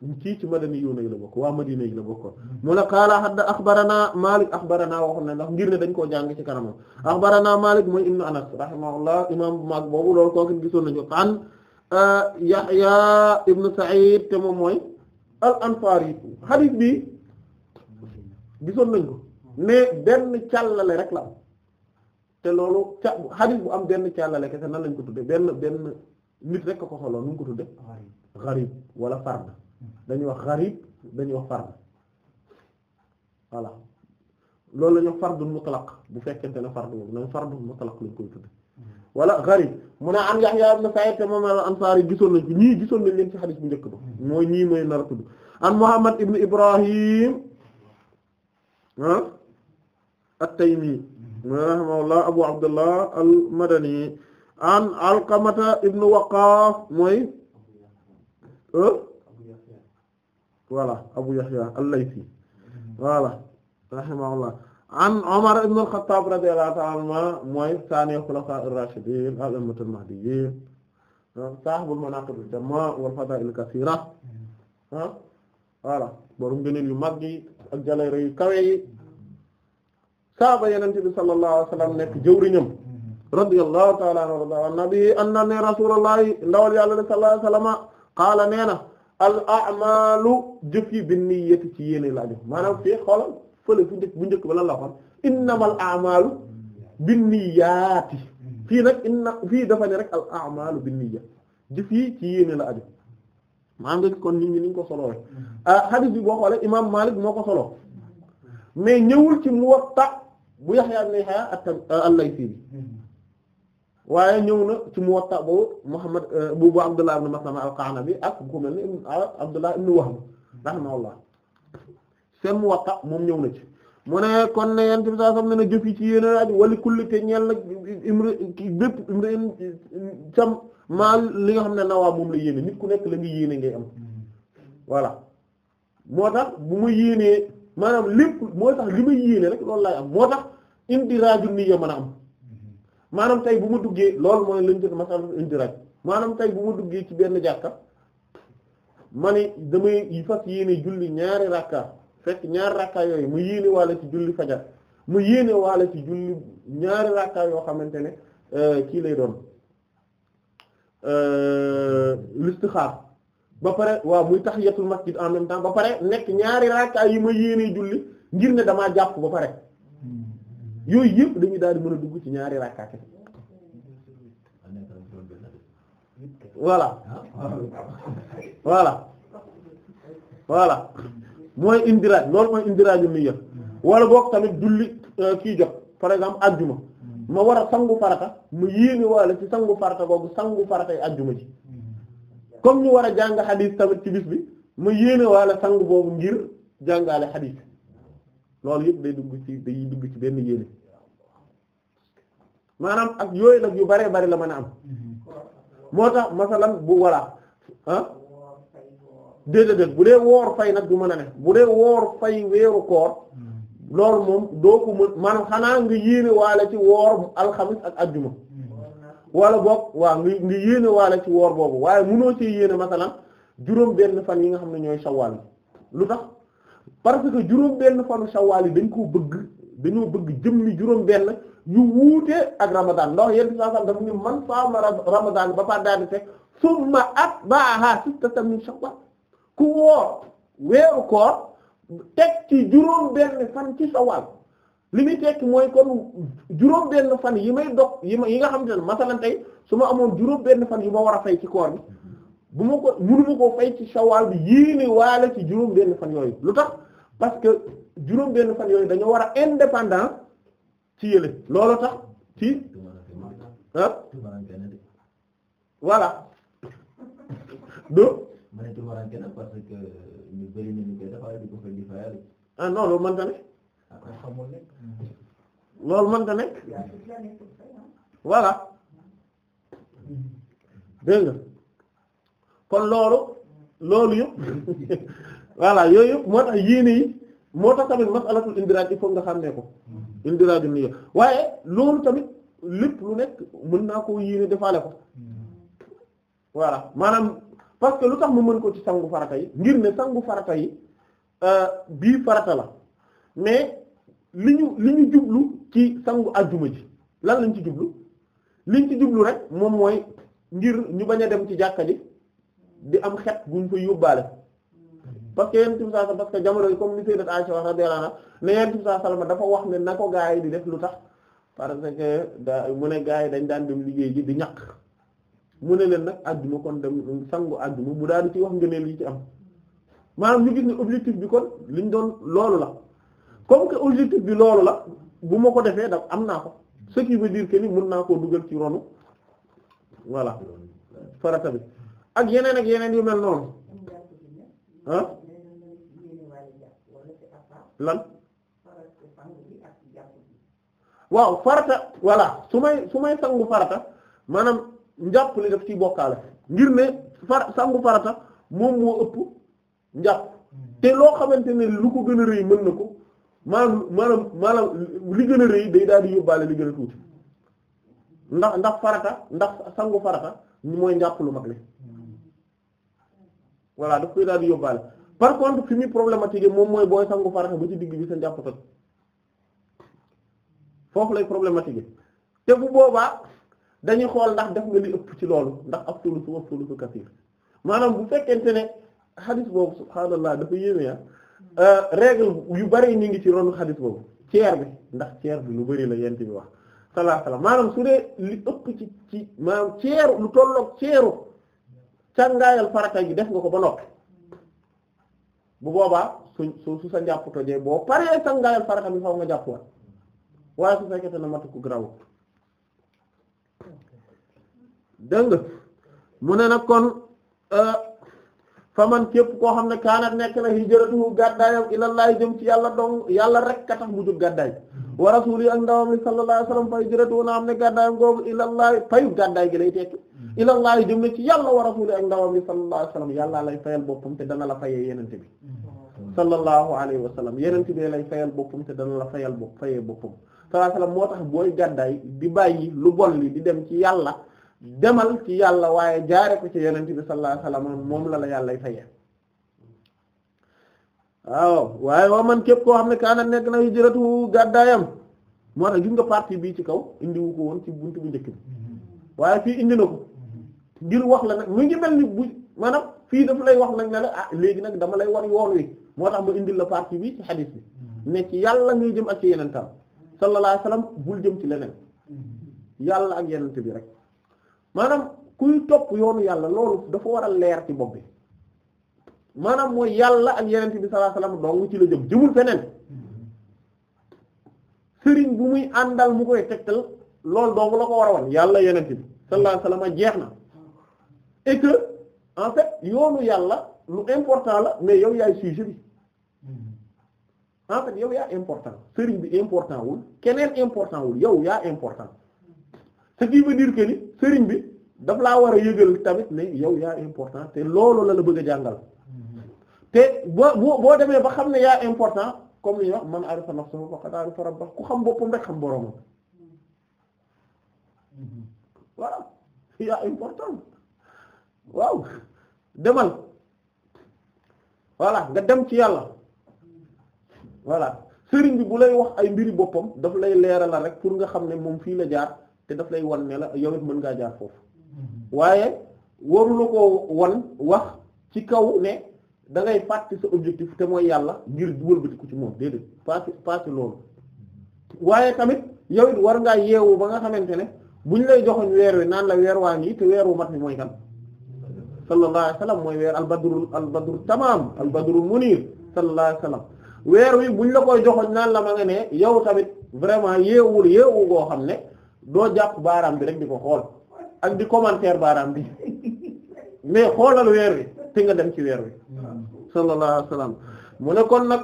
kii ci madani yoona yi la bokk waa madina yi la bokkoon mu ne qaala hadda axbarana malik naa waxoon na ndax ngir ne dañ ko jàng ci kanamam axbarana malik mooy ibnu anas rahimahullah imam maag boobu loolu kooku gisoon nañu ko an uh, yahya ibnu sa'id te moom mooy al ansari hadith bi gisoon nañ ko mais benn càllale rek la am te loolu ca hadith bu am benn càllale kese na lañ ko tudde benn benn nit rek ko xoloo nu ngi ko tudde gharib wala fard dañuy wax gharib dañuy wax fard voilà loolu la ñu wax fardul mutlaq bu fekkente ne fard boobu dañu fardul mutlaq lañ koy tudd wala gharib mu ne am Yahya ibn Sa'id te moom al Ansari gisoon nañ ko ñii gisoon nañ leen ci xadis bu njëkk ba mooy ñii mooy nar tudd an Muhammad ibn Ibrahim ah at-Taymi rahimahullah Abu Abdullah al-Madani an Alqamata ibn Waqqas mooy ah, voilà Abu Yahya al-Laythi voilà rahimahullah an Umar ibn al-Khattab radiyallahu ta'ala anhu mooy saani khulafa ar-rashidin al-ummat al-mahdiyyin sahibul manaqib al-jamma wal fada'il al-kathira ah voilà borom gëneel yu mag yi ak jaleere yu kawe yi saaba Yonent bi sallallahu alayhi wa sallam nekk jëwriñam radiyallahu ta'ala anhu an nabi anna ne Rasulullah ndawal Yàlla sallallahu alayhi wa sallam qaala nee na al a'maalu jëf yi bin niyyati ci yéene laa jëf maanaam fii xoolal fële fu njëkk bu njëkk ba lan la waxoon innamal a'maalu bin niyyaati fii nag inna fii dafa ne rek al a'maalu bin niyya jëf yi ci yéene la aju maa ngi kon nit ñi ni ñu ko solo rek ah, hadith bi boo xoolee imaam Maalik moo ko solo mais ñëwul ci Muwatta bu Yahya ibn Yahya at-Laythi bi waaye ñëw na ci Muwatta bu Muhammad euh, bu bu Abdullah ibn Maslama al ak ku mel ni euh, Abdullah ibn Wahb rahimahullah moom ñëw na ci mu ne kon ne yent bi saa na jëf yi ci yéen a aj wali kulli te ñeel nag bépp imri sam maa li nga xam ne nawaa moom la yéene nit ku nekk la nga yéene ngay am voilà moo tax bu ma yéenee maanaam lépp moo tax li ma yéene rek loolu laay am moo tax indi raaju nii ya mën a am maanaam tey bu ma duggee loolu mooy lañ jot masalul indiraj maanaam tey bu ma duggee ci benn jàkka ma ne damay fas yéene julli ñaari rakka fekk ñaari rakka yooyu mu yéene waale ci julli fajar mu yéene waale ci julli ñaari rakka yoo xamante ne euh, kii lay doon euh, listixaar ba pare waaw muy tax tahiyatul masjid en même temps ba pare nekk ñaari rakka yi ma yéene julli ngir ne damaa jàpp ba pare yooyu yëpp dañuy daal di mën a dugg ci ñaari rakkaat voilà voilà voilà mooy indiraaj loolu mooy indiraaju niyya wala boog tamit julli euh, kii jot par exemple ajjuma ma war a sangu farata mu yéene wala ci sangu farata boobu sangu farata yi ajjuma ji comme ñu war a jàng xadiis tamit ci bis bi ma yéene wala sangu boobu ngir jàngaale xadiis loolu yëpp day dugg ci day dugg ci benn yéene maanaam ak yooyu nag yu baree bari la mën a am moo tax masalan bu voilà ah déedéet bu dee woor fay nag du mën a ne bu dee woor fay weeru koor loolu moom doo ko mën maanaam xanaa nga yéene waale ci woor alxamis ak ajjuma wala boog waaw nga nga yéene waale ci woor boobu waaye mënoo ci yéene masalan juróom benn fan yi nga xam ne ñooy sawaal lu tax parce que juróom benn fanu sawaal yi dañ koo bëgg dañoo bëgg jëmmi juróom-benn yu wuute ak ramadan ndax yenn saa sax dafa ni man saama ramadan ba pare daal di teg summa atba'aha sittatan min shawwal ku woor weeru koor teg ci juróom-benn fan ci shawwal li muy tekki mooy kon juróom-benn fan yi may dox yi ma yi nga xam te ne masalan tey su ma amoon juróom-benn fan yu ma war a fay ci koor bi bu ma ko mënu ma koo fay ci shawwal bi yéene waale ci juróom-benn fan yooyu lu tax juróom benn fan yooyu dañoo war a indépendant ci yële lool tax ci ah voilà do ah ma ne tumaranke nag parce que ñu bari nañu koy kon loolu loolu yëpp [LAUGHS] voilà yooyu moo tax yéene moo tax tamit masalatul indiraaj il faut nga xam xàmmee ko indiraaju niyya waaye loolu tamit lépp lu nekk mën naa koo yéene defaale ko voilà maanaam parce lu tax mu mën ko ci sangu farata yi ngir ne sangu farata yi euh, bii farata la mais li ñu li ñu jublu ci sangu ajjuma ji lan lañ ci jublu liñ ci jublu rek moom mooy ngir ñu bañ a dem ci jàkka di am xet guñ fa yóbbaale parce que yonent bi sallallahu alayhi wasallam parce que jamono ni sayyidat Aisha wax radiyallahu anha ne yonent bi dafa wax ne na ko yi di def lu tax parce que da mu yi dañ daan dem liggéey di ñaq mu ne leen nag àjjuma kon dem sangu àjjuma mu daal di ci wax ngëneel yi ci am maanaam ñu gis bi kon liñ doon loolu la comme bi loolu la bu ma ko defee daf am naa ko ce qui veut dire que mën naa koo dugal ci ronu voilà farata ak yeneen ak yeneen yu mel noonu ah lan waaw farata voilà su may su may sangu farata maanaam njàpp li daf ciy bokkaale ngir ne far sangu farata moom moo ëpp njàpp hmm. te loo xamante ne lu ko gën a rëy mën na ko maanaam maanaam maanaam li gën a rëy day daal di yóbbaale li gën a tuuti ndax ndax farata ndax sangu farata mooy njàpp lu mag li hmm. voilà daf koy daal di yóbbaale par contre fi muy problématique moom mooy booy sangu farata ba ci digg bi sa njàpp toj foofu lay problématique te bu boobaa dañuy xool ndax def nga li ëpp ci loolu ndax ab sulusu ab sulusu kasiir maanaam bu fekkente ne xadis boobu subhaanallah dafa yéeme ya ah. euh, règle yu bari ñu ngi ci ronu xadis boobu tiers bi ndax tiers bi lu bari la yent bi wax salaa salaa maanaam su dee li ëpp ci ci maanaam tiers lu tollook tiersu càngaayal farata gi def nga ko ba noppi bu boobaa suñ su sa njàpp tojee boo paree sangaayal farata bi faw nga jàpp waat waaye su fekkee na matu ko garaawut nga mu ne nag kon euh, faman képp koo xam ne kaanat nekk na hijratuhu gàddaayam ilallahi jëm ci yàlla dong yàlla rek ka tax mu jóg gàddaay wa rasuuli ak ndawam li sallallahu alayhi wasallam fa hijratuhu na xam ne gàddaayam googu ilallahi payu gàddaay gi lay tekki ilallaahi jëm na ci yàlla wa rasuuli ak ndawam bi sallallahu alayhi wa sallam yàllaa lay fayal boppam te dana la fayee yenente bi sallallahu alayhi wa sallam bi lay fayal boppam te dana la fayal bopp fayee boppam sallallahu alayhi moo tax booy gàddaay di bàyyi lu bon li di dem ci yàlla demal ci yàlla waaye jaare ko ci yenente bi sallallahu alayhi wa moom la la yàllay fayee waaw waaye waa man képp koo xam ne kaana nekk na hijratu gàddaayam moo tax gis nga partie bii ci kaw indiwu ko woon ci bi mm-hmm. waaye fii ngir wax la nag mu ngi mel ni bu maanaam fii dafa lay wax nag ne la ah léegi nag dama lay war yoon wi moo tax ma indil la partie bi ci xadis bi mm-hmm. ne ci yàlla ngay jëm ak ci yeneen tam sallallahu alayhi wasallam bul jëm ci leneen mm-hmm. yàlla ak yeneen bi rek maanaam kuy topp yoonu yàlla loolu dafa war a leer ci bopp bi maanaam mooy yàlla ak yeneen bi sallallahu alayhi wasallam dong ci la jëm jëmul feneen mm-hmm. sëriñ bu muy àndal mu koy tegtal loolu dong la ko war a wan yàlla yeneen bi sallallahu alayhi wasallam jeex na. et en fait yoonu yàlla lu important la mais yow yaay sujet bi mm-hmm. en fait yow yaa important sëriñ bi important wul keneen important wul yow yaa important ce qui veut dire que ni bi daf laa war a yëgal tamit ne yow yaa important te loolu la la bëgg a jàngal mm-hmm. te boo boo demee ba xam ne yaa important comme li ñuy wax man arifa nafsahu faqad arifa rabbahu ku xam boppam rek xam boromam mm-hmm. yaa important waaw demal voilà nga dem ci yàlla voilà sëriñ bi bu lay wax ay mbiri boppam daf lay leeral la rek pour nga xam ne moom fii la jaar te daf lay wan ne la yow mën ngaa jaar foofu waaye waru ko wan wax ci kaw ne dangay ngay sa objectif te mooy yàlla ngir wëlbatiku ci moom déedéet paase paase loolu waaye tamit yow war ngaa yeewu ba nga xamante ne ñu lay joxoñ weer wi naan la weer waa ngi te weer wu mat ni mooy kan sallallahu alayhi mooy weer al badru al badru tamaam al badru munir sallallahu alayhi weer wi buñ la koy joxoñ naan la ma nga ne yow tamit vraiment yeewul yeewu goo xam ne doo jàpp baaraam bi rek di ko xool ak di commentaire baaraam bi [LAUGHS] mais xoolal weer wi te nga dem ci weer wi sallallahu alayhi wa mu ne kon nag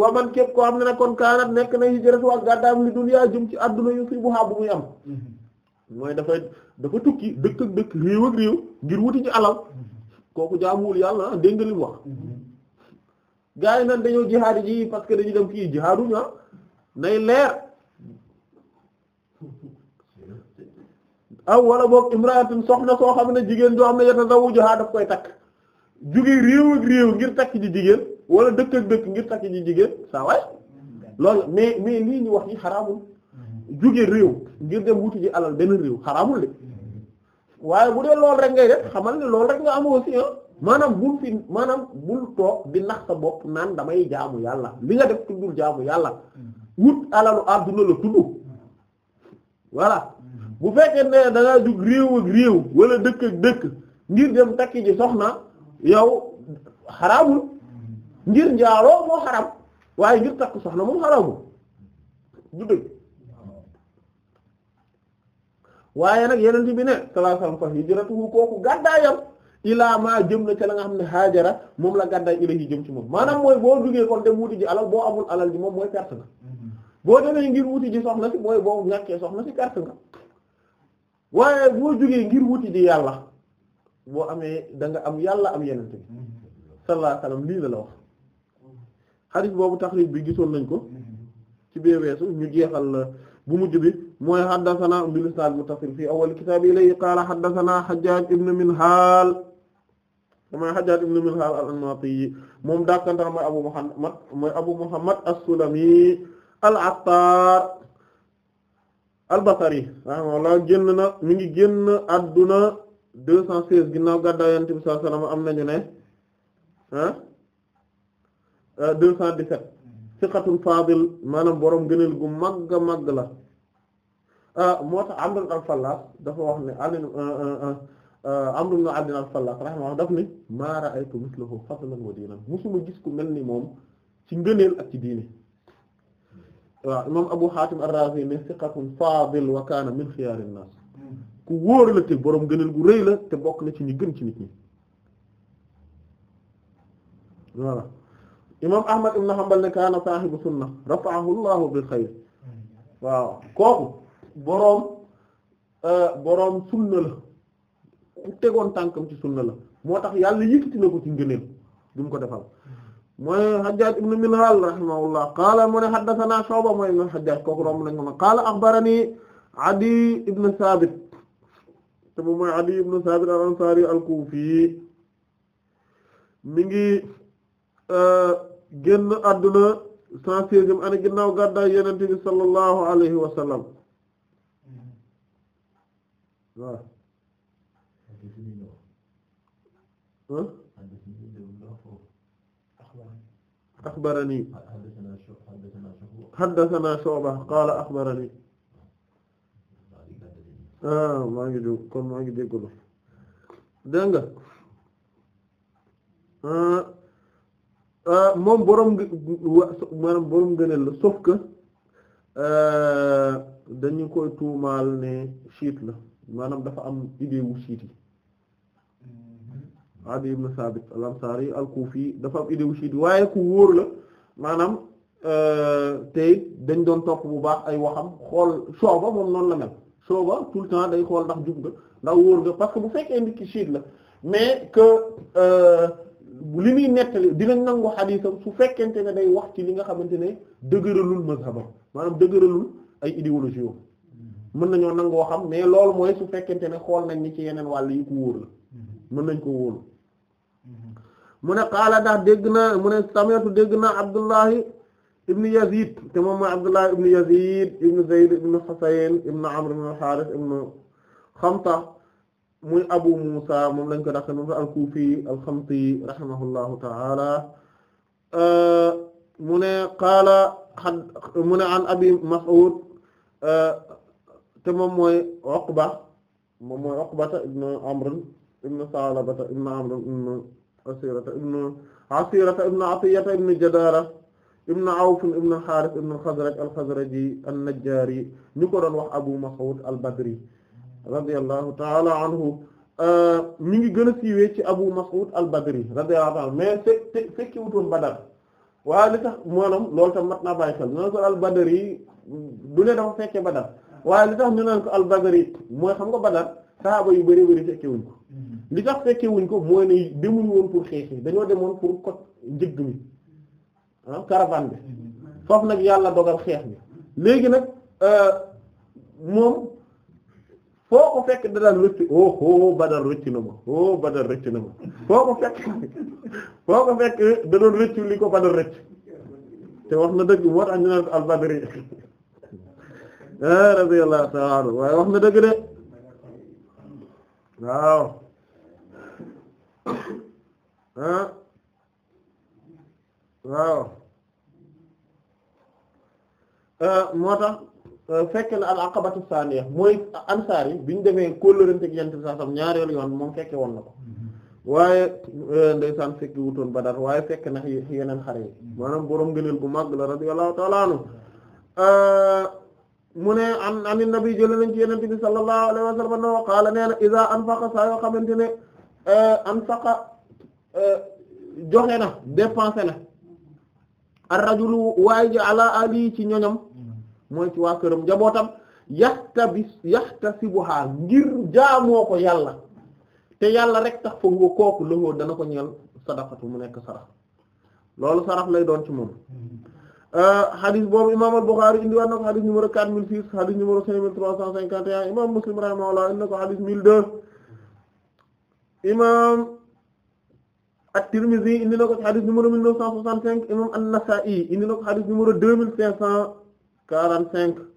waa man képp koo xam ne nag kon kaanat nekk na hijratu ak gàddaam li dunyaa jëm ci adduna yu si bu xaa bu am mm-hmm. mooy dafay dafa tukki dëkk dëkk réew ak ngir wuti ci alal kooku jaamuwul yàlla dégg nga wax gars yi naan dañoo jihaad ji parce que dañu dem kii jihaaduñu ah nay leer aw wala boog imraatin soxna soo xam ne jigéen joo xam ne yata dawu jihaad daf koy takk jóge réew ak ngir takk ci jigéen wala dëkk dëkk ngir takk ci jigéen saa waay mais mais lii ñu wax yi xaraamul juge réew ngir dem wuti ji alal benn réew xaraamul de waaye bu dee loolu rek ngay def xamal ne loolu rek nga am aussi ah maanaam bul maanaam bul toog di sa bopp naan damay jaamu yàlla li nga def tuddul jaamu yàlla mm-hmm. wut alalu àdduna la tudd voilà mm-hmm. bu fekkee ne da ngaa jug réew ak réew wala dëkk dëkk ngir dem takki ji soxna yow xaraamul mm-hmm. ngir njaaloo moo xaram waaye ngir takk soxna moom xaraamul du waaye nag yeneen bi ne sallallahu alayhi wasallam fa hijratuhu kooku gàddaayam ilaa maa jëm na ca la nga xam ne haajara moom la gàddaay ilayhi jëm ci moom maanaam mooy boo duggee kon dem wuti ji alal boo amul alal ji moom mooy perte boo demee ngir wuti ji soxna si mooy boo ñàkkee soxna si perte nga waaye boo jógee ngir wuti ji yàlla boo amee danga am yàlla am yeneen bi sallallahu lii la la wax hadith boobu taxrib bi gisoon nañ ko ci bee weesu ñu jeexal bu mujj bi mooy haddathana bil isnad muttasil fi awwal kitab ilayhi qala haddathana hajjaj ibn minhal mooy hajjaj ibn minhal al-anmati moom dakantax mooy mooy abu muhammad as-sulami al-attar al-basri rahimahullah génn na mi ngi génn adduna deux cent seize ginnaaw bi sallallahu alayhi am nañu ne ah deux cent dix maanaam borom gënal gu magga magg la Euh, moo tax Amr ibn al-Fallas dafa wax ne Ali euh, euh, Amr ibn Abd al-Fallas rahimahullah daf ne ma ra'aytu mithlahu fadlan wa diinan musuma gis ku mel ni moom ci ngëneel ak ci diine waaw imam Abu Hatim ar-Razi ne siqatun faadil wa kaana min xiyaari nnaas ku wóor la te boroom ngëneel gu rëy la te bokk na ci ñi gën ci nit ñi voilà imam Ahmad ibn Hanbal ne kaana saahibu sunna rafa'ahu Allahu bil xayr waaw kooku boroom euh, boroom sunna la ku tegoon tànkam ci sunna la moo tax yàlla yëkkati na ko ci ngëneel du ko defal mooy Hajjaj ibn Minhal rahimahullah qaala mu ne haddathana Shu'ba mooy ibn Hajjaj kooku romb nañ ko ma qaala akhbarani Adi ibn Thabit te moom mooy Adi ibn Thabit al-Ansari al-Kufi mi ngi euh, génn àdduna cent seizième année ginnaaw gàddaay Yonent bi sallallahu alayhi wa waaw. axbarani xaddasanaa Shu'ba qaala axbarani ah maa ngi dégg kon maa ngi déglu dégg nga ah, ah, moom borom maanaam borom gëneel la sauf que ah, dañu koy tuumaal ne chiite la. maanaam dafa am idée wu siiti mm-hmm. Adi ibn Sabit al-Ansari al-Kufi dafa am idée wu waaye ku wóor la maanaam euh, tey dañ doon topp bu baax ay waxam xool sooba moom noonu la mel sooba tout le temps day xool ndax jub nga ndax wóor nga parce que bu fekkee nit ki siit la mais que euh, li muy nettali dinañ nangu xadiisam su fekkente ne day wax ci li nga xamante ne dëgëralul maanaam dëgëralul ay idéologie mën nañoo nangoo xam mais loolu mooy su fekkente ne xool nañ ni ci yeneen wàll yi ko wóor la mm-hmm. mën nañ ko wóolu mm-hmm. mu ne qaala ndax dégg na mu ne sameetu dégg na abdullahi ibn yazid te moom mooy abdullahi ibn yazid ibn zayd ibn husayn muy abu musa moom lañ ko dax moom al kufi al ta'ala euh, mu ne qaala mu ne te moom mooy Uqba moom mooy Uqbata ibn Amr ibn Salabata ibn Amr ibn Asirata ibn Asirata ibn Atiyata ibn Jadara ibn Awf ibn Harith ibn al-Khazraj al-Khazraji an-Najjari ñu ko doon wax Abu Mas'ud al-Badri radiyallahu ta'ala anhu mi ngi gën a siiwee ci Abu Mas'ud al-Badri radiyallahu anhu mais fekk fekki wutoon Badar waaye li tax maanaam loolu tam mat naa bàyyi xel na ko al-Badri du ne dafa fekkee Badar waaye li tax ñu naan ko al-Badri mooy xam nga Badar saxaaba yu bari bari fekke wuñ ko li tax fekke wuñ ko mooy ne demuñu woon pour xeex dañoo demoon pour kot njëgg mi ah bi foofu nag yàlla dogal xeex bi léegi nag euh, moom foo ko fekk da daan oh, oh, oh, da doon rëccu li ko Badar rëcc te wax na dëgg moo tax ñu naan ko al Eh, radiyallahu ta'ala anhu waaye wax na dëgg de waaw eh? Eh, moo tax fekk na al aqabatu saaniya mooy ansaar yi bi ñu demee kóllërante ak yent bi sax tam ñaareelu yoon moom fekke woon na ko waaye ndeysaan fekki wutoon Badar waaye fekk na yeneen xare yi maanaam boroom ngëneel bu màgg la radiyallahu ta'ala anhu mu ne an ani nabi jële nañ ci yenente bi sallallahu alayhi wa sallam na qaala nee na iza anfaqa saa yoo xamante ne eh, anfaqa eh, joxe na dépensé na ar rajulu waaye ji ala ali ci ñoñam mooy ci waa këram jabootam yaxtabi yaxtasibuha ngir jaamoo ko yàlla te yàlla rek tax fa huwa kooku lëwoo dana ko ñeel sadaqatu mu nekk sarax loolu sarax lay doon ci moom xadis euh, boobu imam al-Bukhari indi waat na ko xadis numéro 4006 xadis numéro 5351 imam Muslim rahimahullah indi na ko xadis 1002 imam at-Tirmidhi indi na ko xadis numéro 1965 imam an-Nasa'i indi na ko xadis numéro 2545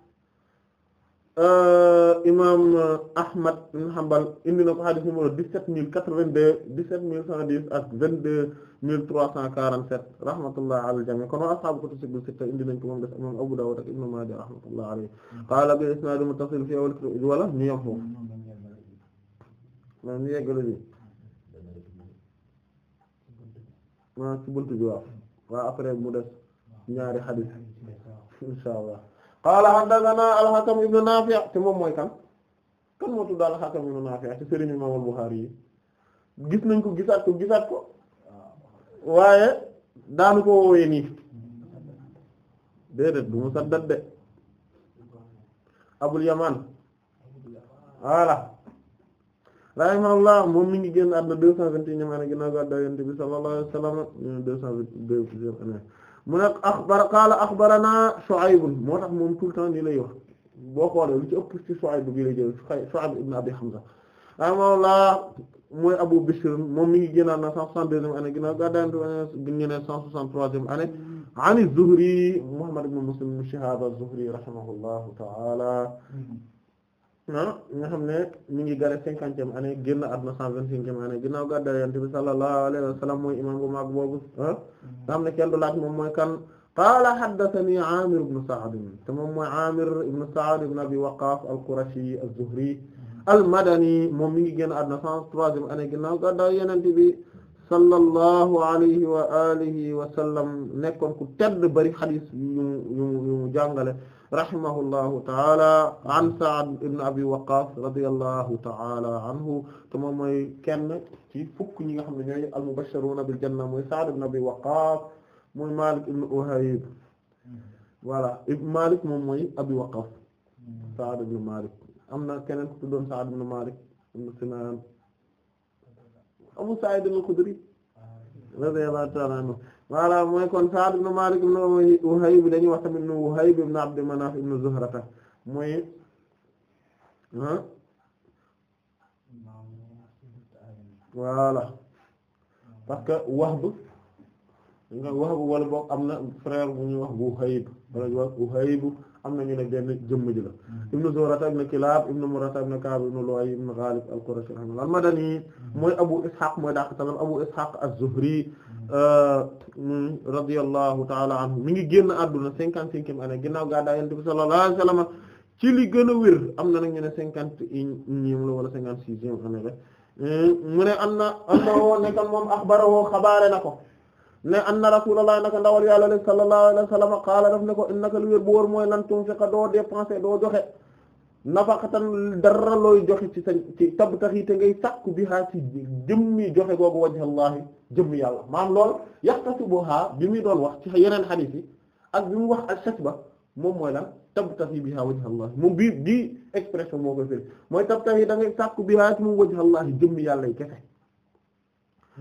Euh, imaam euh, Ahmad ibn Hanbal indi na ko xadis numéro dix-sept mille quatre-vingt-deux dix-sept mille cent dix ak vingt-deux mille trois cent quarante-sept rahmatullah ala al-jami' kon wa ashaabu indi nañ ko moom def imaam Abu Dawud ak Ibn Maaja rahmatullah alayhi hmm. qaala bi isnaad muttasil fi awwal kitab wala ñu yem foofu ma ñu yeggale bi ma ci buntu bi waaw après mu def ñaari xadis inshallah la haddathana al-Hakam ibn Naafi' te moom mooy kan kan moo tudd al-Hakam ibn te sëriñ Imaam al-Bukhari yi gis nañ ko gisaat ko gisaat ko waaye daanu ko woowee nii déedéet du Musaddad de Abul Yamaan voilà rahimahullah moom mi ngi génn àdduna deux cent vingt et unième année ginnaaw gàddaay Yonent bi sallallahu alayhi wa sallam deux cent vingt-deuxième année mu ne axbar qaala axbarana Shu'ayb moo tax moom tout le temps nii lay wax boo xoolee lu ci ëpp ci Shu'ayb bi lay jël Shu'ayb ibn Abi Hamza rahimahullah mooy Abu Bishr moom mi ngi génnaat na cent soixante-deuxième année ginnaaw gàddaay ñu ne cent soixante-troisième année an az-Zuhri Muhammad ibn Muslim ibn Shihab az-Zuhri rahimahullahu ta'ala nga xam ne mi ngi gare cinquantième année génn àdduna cent vingt-cinquième année ginnaaw gàddaay Yonent bi sallallahu alayhi wa sallam mooy imaam bu mag boobu hmm. nga xam ne kenn du laaj moom mooy kan qaala haddathanii Aamir ibn Sa'd te moom mooy Aamir ibn Sa'd ibn Abi Waqqaas al-Qurashi az-Zuhri hmm. al-Madani moom mi ngi génn àdduna cent troisième année ginnaaw gàddaay Yonent bi sallallahu alayhi wa alihi wa sallam nekkoon ku tedd bari xadiis yu mu yu rahimahullahu taala an Sa'd ibn Abi Waqqas radiyallahu taala anhu te moom mooy kenn ci fukk ñi nga xam ne ñooy al-mubashshiruna bil janna mooy Sa'd ibn Abi Waqqas mooy Malik ibn Uhayb voilà Malik moom mooy Abi Waqqas Sa'd ibn Malik am na keneen ku tuddoon Sa'd ibn Malik ibn Sinan Abu Sa'id al-Khudri radiyallahu taala anhu voilà mooy kon Sa'd ibn Malik ibn Wahib dañuy wax tamit nu Wahib ibn Abd Manaf Zuhrata mooy ah voilà parce que Wahb Wahb wala boo am na frère bu ñuy wax Wuhayb wala ñu wax Wuhayb am na ñu ne benn ji la mm. ibnu Zuhrata ibnu Kilaab ibnu Murrata ibnu Ka'b ibnu Lu'ay ibnu Ghalib al-Qurashi rahimahullah al-Madani mm. mooy Abu Ishaq mooy daq tanam Abu Ishaq az-Zuhri mm. Euh, radiyallahu ta'ala anhu mi ngi génn àdduna cinquante-cinquième année ginnaaw gàddaay Yonent bi sallallahu alayhi wa sallam li gën a wér am na ne cinquante et unième la wala cinquante-sixième année la euh, mu ne am na am woo nekkal na ko ne anna rasulullah naka ndawal yàlla la sallallahu alayhi wa sallam qaala daf ne ko innaka lu wér bu wóor mooy lan tunfiqa doo dépenser doo joxe nafaqatan dara looy joxe ci sa ci tab tax yi te ngay sàkku bi haa ci jëmmi joxe googu wajhallahi jëmmi yàlla maam lool yaqtasibuha bi muy doon wax ci yeneen xadiis yi ak bi mu wax ak xes ba moom mooy lan tab tax yi bi haa wajhallahi moom bii bii expression moo koy firi mooy tab tax yi da ngay sàkku bi haa ci moom wajhallahi jëmmi yàlla yi kese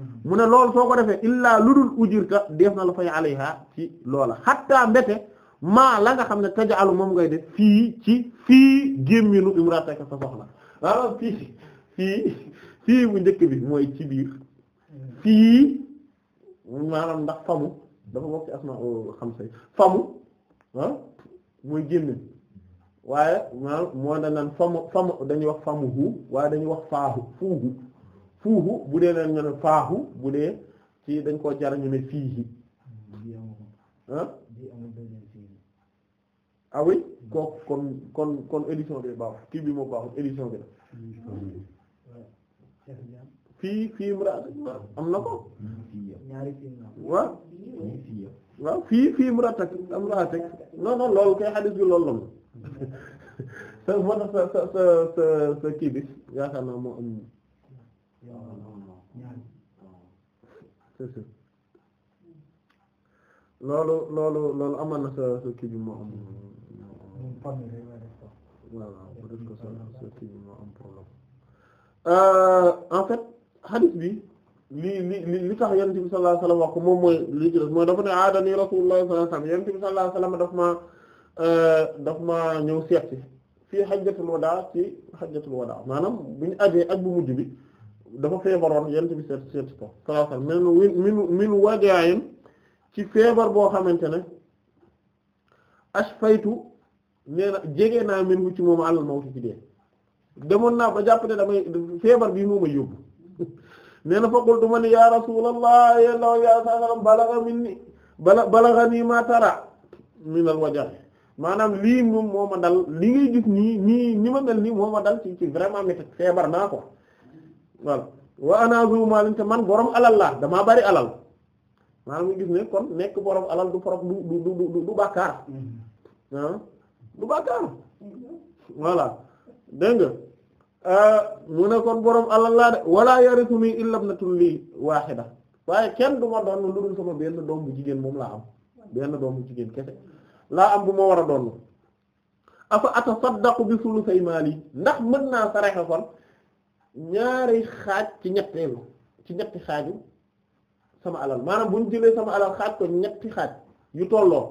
Mm-hmm. mu ne loolu soo ko defee illaa ludul ujurta def na la fay alayha ci loola xatta mbete maa la nga xam ne tajaalu moom ngay def fii ci fii gémminu imrataka sa soxla ah, fii fii njëkk bi mooy ci biir fii maanaam ndax famu dafa bokk ci asma xam say famu ah, mooy gémmin waaye maanaam moo da naan famu famu dañuy wax famuhu waaye dañuy wax faahu fuuhu fuufu bu dee leen nga ne faaxu bu dee ci dañ koo jar ñu ne fiihi ah ah oui kon kon kon kon édition bi baax kii bi moo baaxul édition bi la fii fii imraat am na ko waaw waaw fii fii imraat ak am ak non non loolu kay xadis bi loolu la [LAUGHS] [LAUGHS] sa moo tax sa sa sa sa kii bi yaakaar naa moo am c'est sûr loolu loolu loolu amal na sa sa kii bi moo am. en fait hadith bi li li li tax yonent bi sallallahu alayhi wasallam wax ko moom mooy li ci des mooy dafa ne aadani rasulullah sallallahu alayhi wasallam yonent bi sallallahu alayhi daf ma daf ma ñëw seet si fii hajjatul wadaa ci hajjatul wadaa maanaam bi ñu ajee aj bu mujj bi. dafa feebaroon yent bi seet seet ko sallallahu alayhi wasallam min ci feebar boo xamante ne ashfaytu nee na jege naa min ci moom àlal demoon naa ba jàpp ne damay bii moom a [LAUGHS] na fa qultu ma ni ya rasulallah ya law ya sallam lii moom moo ma dal li ngay gis nii nii ma mel nii moo ma dal ci ci vraiment feebar naa ko voilà waa ana zu maalin man borom alal laa damaa bari alal maa mu gis ne kon nekk borom alal du borom du du du bàkkaar ah, du bàkkaar voilà dégg nga ah, mu ne kon borom alal laa de wala yarisuni illa ibnatun lii waaxida waaye kenn du ma doon lu dul sama benn doom bu jigéen moom laa am benn doom bu jigéen kese laa am bu ma war a doon afa atasaddaqu bi sulusay maali ndax mën naa saraxe kon. ñaari xaaj ci ñetteelu ci ñetti xaaju sama alal maanaam bu ñu jëlee sama alal xaaj ko ñetti xaaj yu tolloo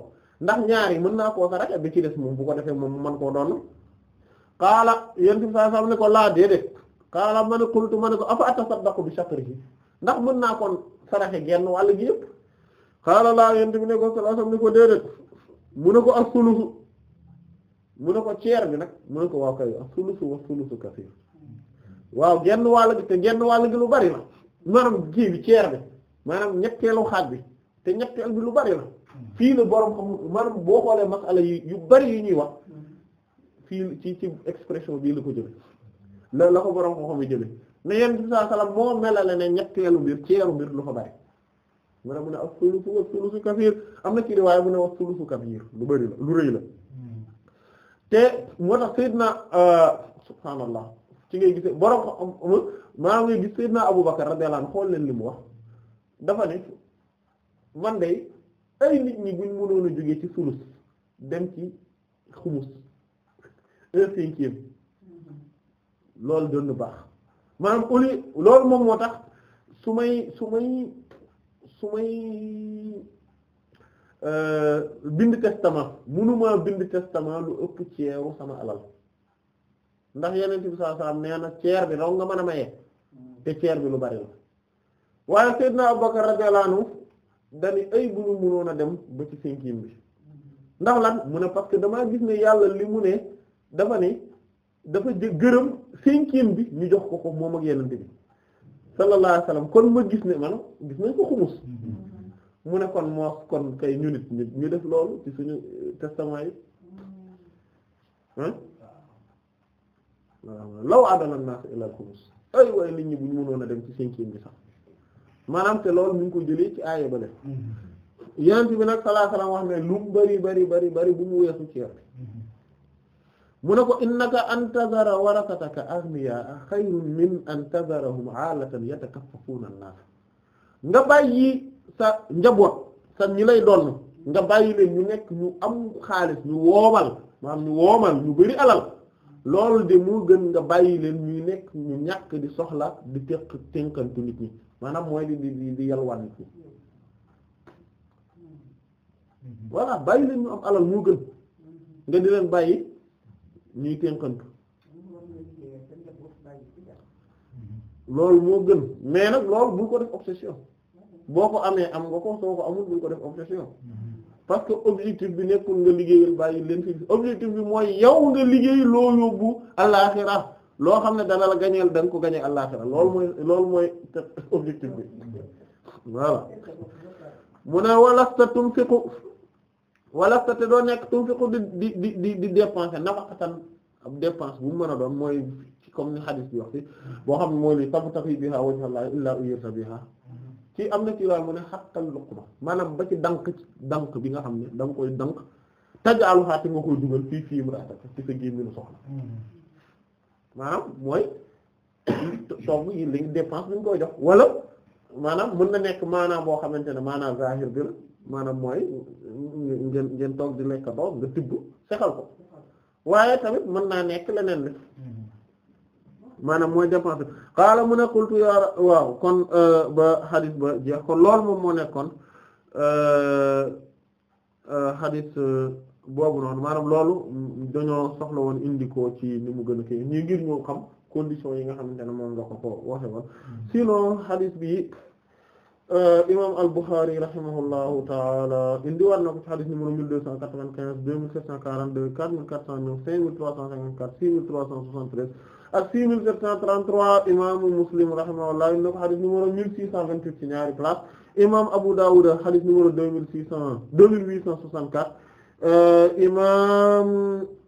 ndax ñaari mën naa koo saraka bi ci des moom bu ko defee moom man koo doon xaala yénti bi saa sam ne ko laa déedéet xaala ma ne kultu ma ne ko afa atasaddaqu bi shatrihi ndax mën naa kon saraxe genn wàll gi yëpp xaala laa yént bi ne ko saa sam ne ko déedéet mu ne ko ak sulusu mu ne ko ceer bi nag mu ne ko waaw kay ak sulusu wa sulusu kasiir waaw genn wàll gi te genn wàll gi lu bari la maanaam ji bi ceer bi maanaam ñetteelu xaaj bi te ñetteel bi lu bari la fii la borom xam maanaam boo xoolee masala yi yu bari yu ñuy wax fii ci ci expression bii la ko jële la la ko borom ko xam jële ne yenn bi saa sallam moo melale ne ñetteelu mbir ceeru mbir lu fa bari mu ne mu ne ak sulusu kafiir am na kii riwaaya mu ne wax sulusu kafiir lu bari la lu rëy la hmm. te moo tax sayyidna euh, subhaanallah ci ngay gisee borom maa ngay gis Seydina Abubakar radiyallahu anhu xool leen li mu wax dafa ne man day ay nit buñ mënoon jógee ci sulus dem ci xumus loolu doon baax maanaam au lieu loolu moom moo tax su may su may su may euh, bind testament mënumaa bind testament lu ëpp ceeru sama alal ndax yeneen bi sallallahu alayhi wasallam nee na ceer bi dong nga mën a maye hmm. te ceer bi lu bari la waaye Seydina Abubakar radiyallahu anhu dañu ay bu ñu mënoon a dem ba ci cinquième bi hmm. ndax lan mu ne parce que damaa gis ne yàlla li mu ne dafa ne dafa jë gërëm cinquième bi ñu jox ko ko moom ak yeneen bi sallallahu alayhi kon ma gis ne man gis nañ ko xumus hmm. mu ne kon moo kon kay ñu ñu def loolu ci suñu eh, testament law adala naas illa al xumus ay waaye nit ñi bu ñu mënoon a dem ci cinquième bi sax maanaam te lool ñu ngi ko jëlee ci aaya bale mm-hmm. yonent bi nag sallallahu alayhi wasallam wax ne lu mu bari bari bari bari bu mu weesu ci yàlla mm-hmm. ne ko innaka an tazara warasataka aghniyaa xayrun min an tazarahum aalatan yatakaffafuuna an-naas nga bàyyi sa njaboot sa ñi lay doon nga bàyyi leen ñu nekk ñu am xaalis ñu woomal maanaam ñu woomal ñu bari alal loolu de moo gën nga bàyyi leen ñuy nekk ñu ñàkk di soxla di teq tenkantu nit ñi maanaam mooy di di di yalwaan nit ñi voilà bàyyi leen ñu am alal moo gën nga di leen bàyyi ñuy tenkantu loolu moo gën mais nag loolu bu ko def obsession boo ko amee am nga ko soo ko amul bul ko def obsession parce que objectif bi nekkul nga liggéey bàyyi leen fi objectif bi mooy yow nga liggéey loo yóbbu alaaxira loo xam ne dana la gañeel da ko gañee alaaxira lool mooy loolu mooy objectif bi voilà mu ne walasta tunfiqu walasta te doo nekk tunfiqu di di di di dépenser nafaqatan ab dépense bu mu mën a doon mooy comme ni xadis bi wax fi boo xam ne mooy li tabtaxi biha wajha Allah illa uyyirta biha ci am na ci waaye mu ne xattal luqma maanaam ba ci dank dank bi nga xam ne da nga koy dank tajaalu xaati nga koy dugal fii fii mu raataka ci sa gémmi nu soxla maanaam mooy [COUGHS] togg yi li dépense bi nga koy jox wala maanaam mën na nekk maanaam boo xamante ne maanaam zahir bi la maanaam mooy ngeen ngeen toog di lekk doom nga tibb sexal ko waaye tamit mën naa nekk leneen li maanaam mooy dépense xaala mu ne qultu yaa waaw kon euh, ba xadis ba jeex kon loolu moom moo nekkoon xadis euh, euh, boobu noonu maanaam loolu dañoo soxla woon indi ko ci ni mu gën a kii ñii ngir ñu xam condition yi nga xamante ne moom la ko ko waxe woon sinon xadis bi imam al-Bukhari rahimahullahu taala indi na ko ci xadis numéro 1295 2742 4409 5354 6373 ak 6733 imaamu Muslim rahimahullah na ko xadis numéro 1628 ci ñaari place imaam Abu Dawud xadis numéro 2600 2864 euh, imaam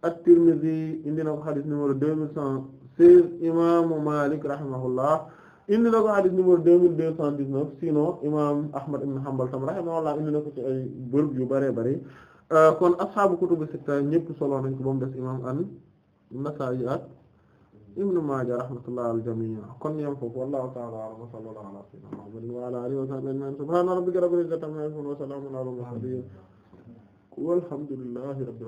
At-Tirmidhi indi na ko xadis numéro 2116 imaamu Malik rahimahullah indi na ko xadis numéro 2219 sinon imaam Ahmad ibn Hanbal tam rahimahullah indi na ko ci ay yu bëree bëri euh, kon ashaabu kutubu sitta ñëpp solo nañ ko ba mu des imaam an ak. ibnu Maaja rahmatullah al jamii kon yam foofu wallahu ta'ala a'lam wa sallallahu ala sayyidina Muhammadin wa ala alihi wa sahbihi ajma'in subhana rabbika rabbil izzati amma yasifun wa salamun ala al mursalin walhamdulillahi rabbil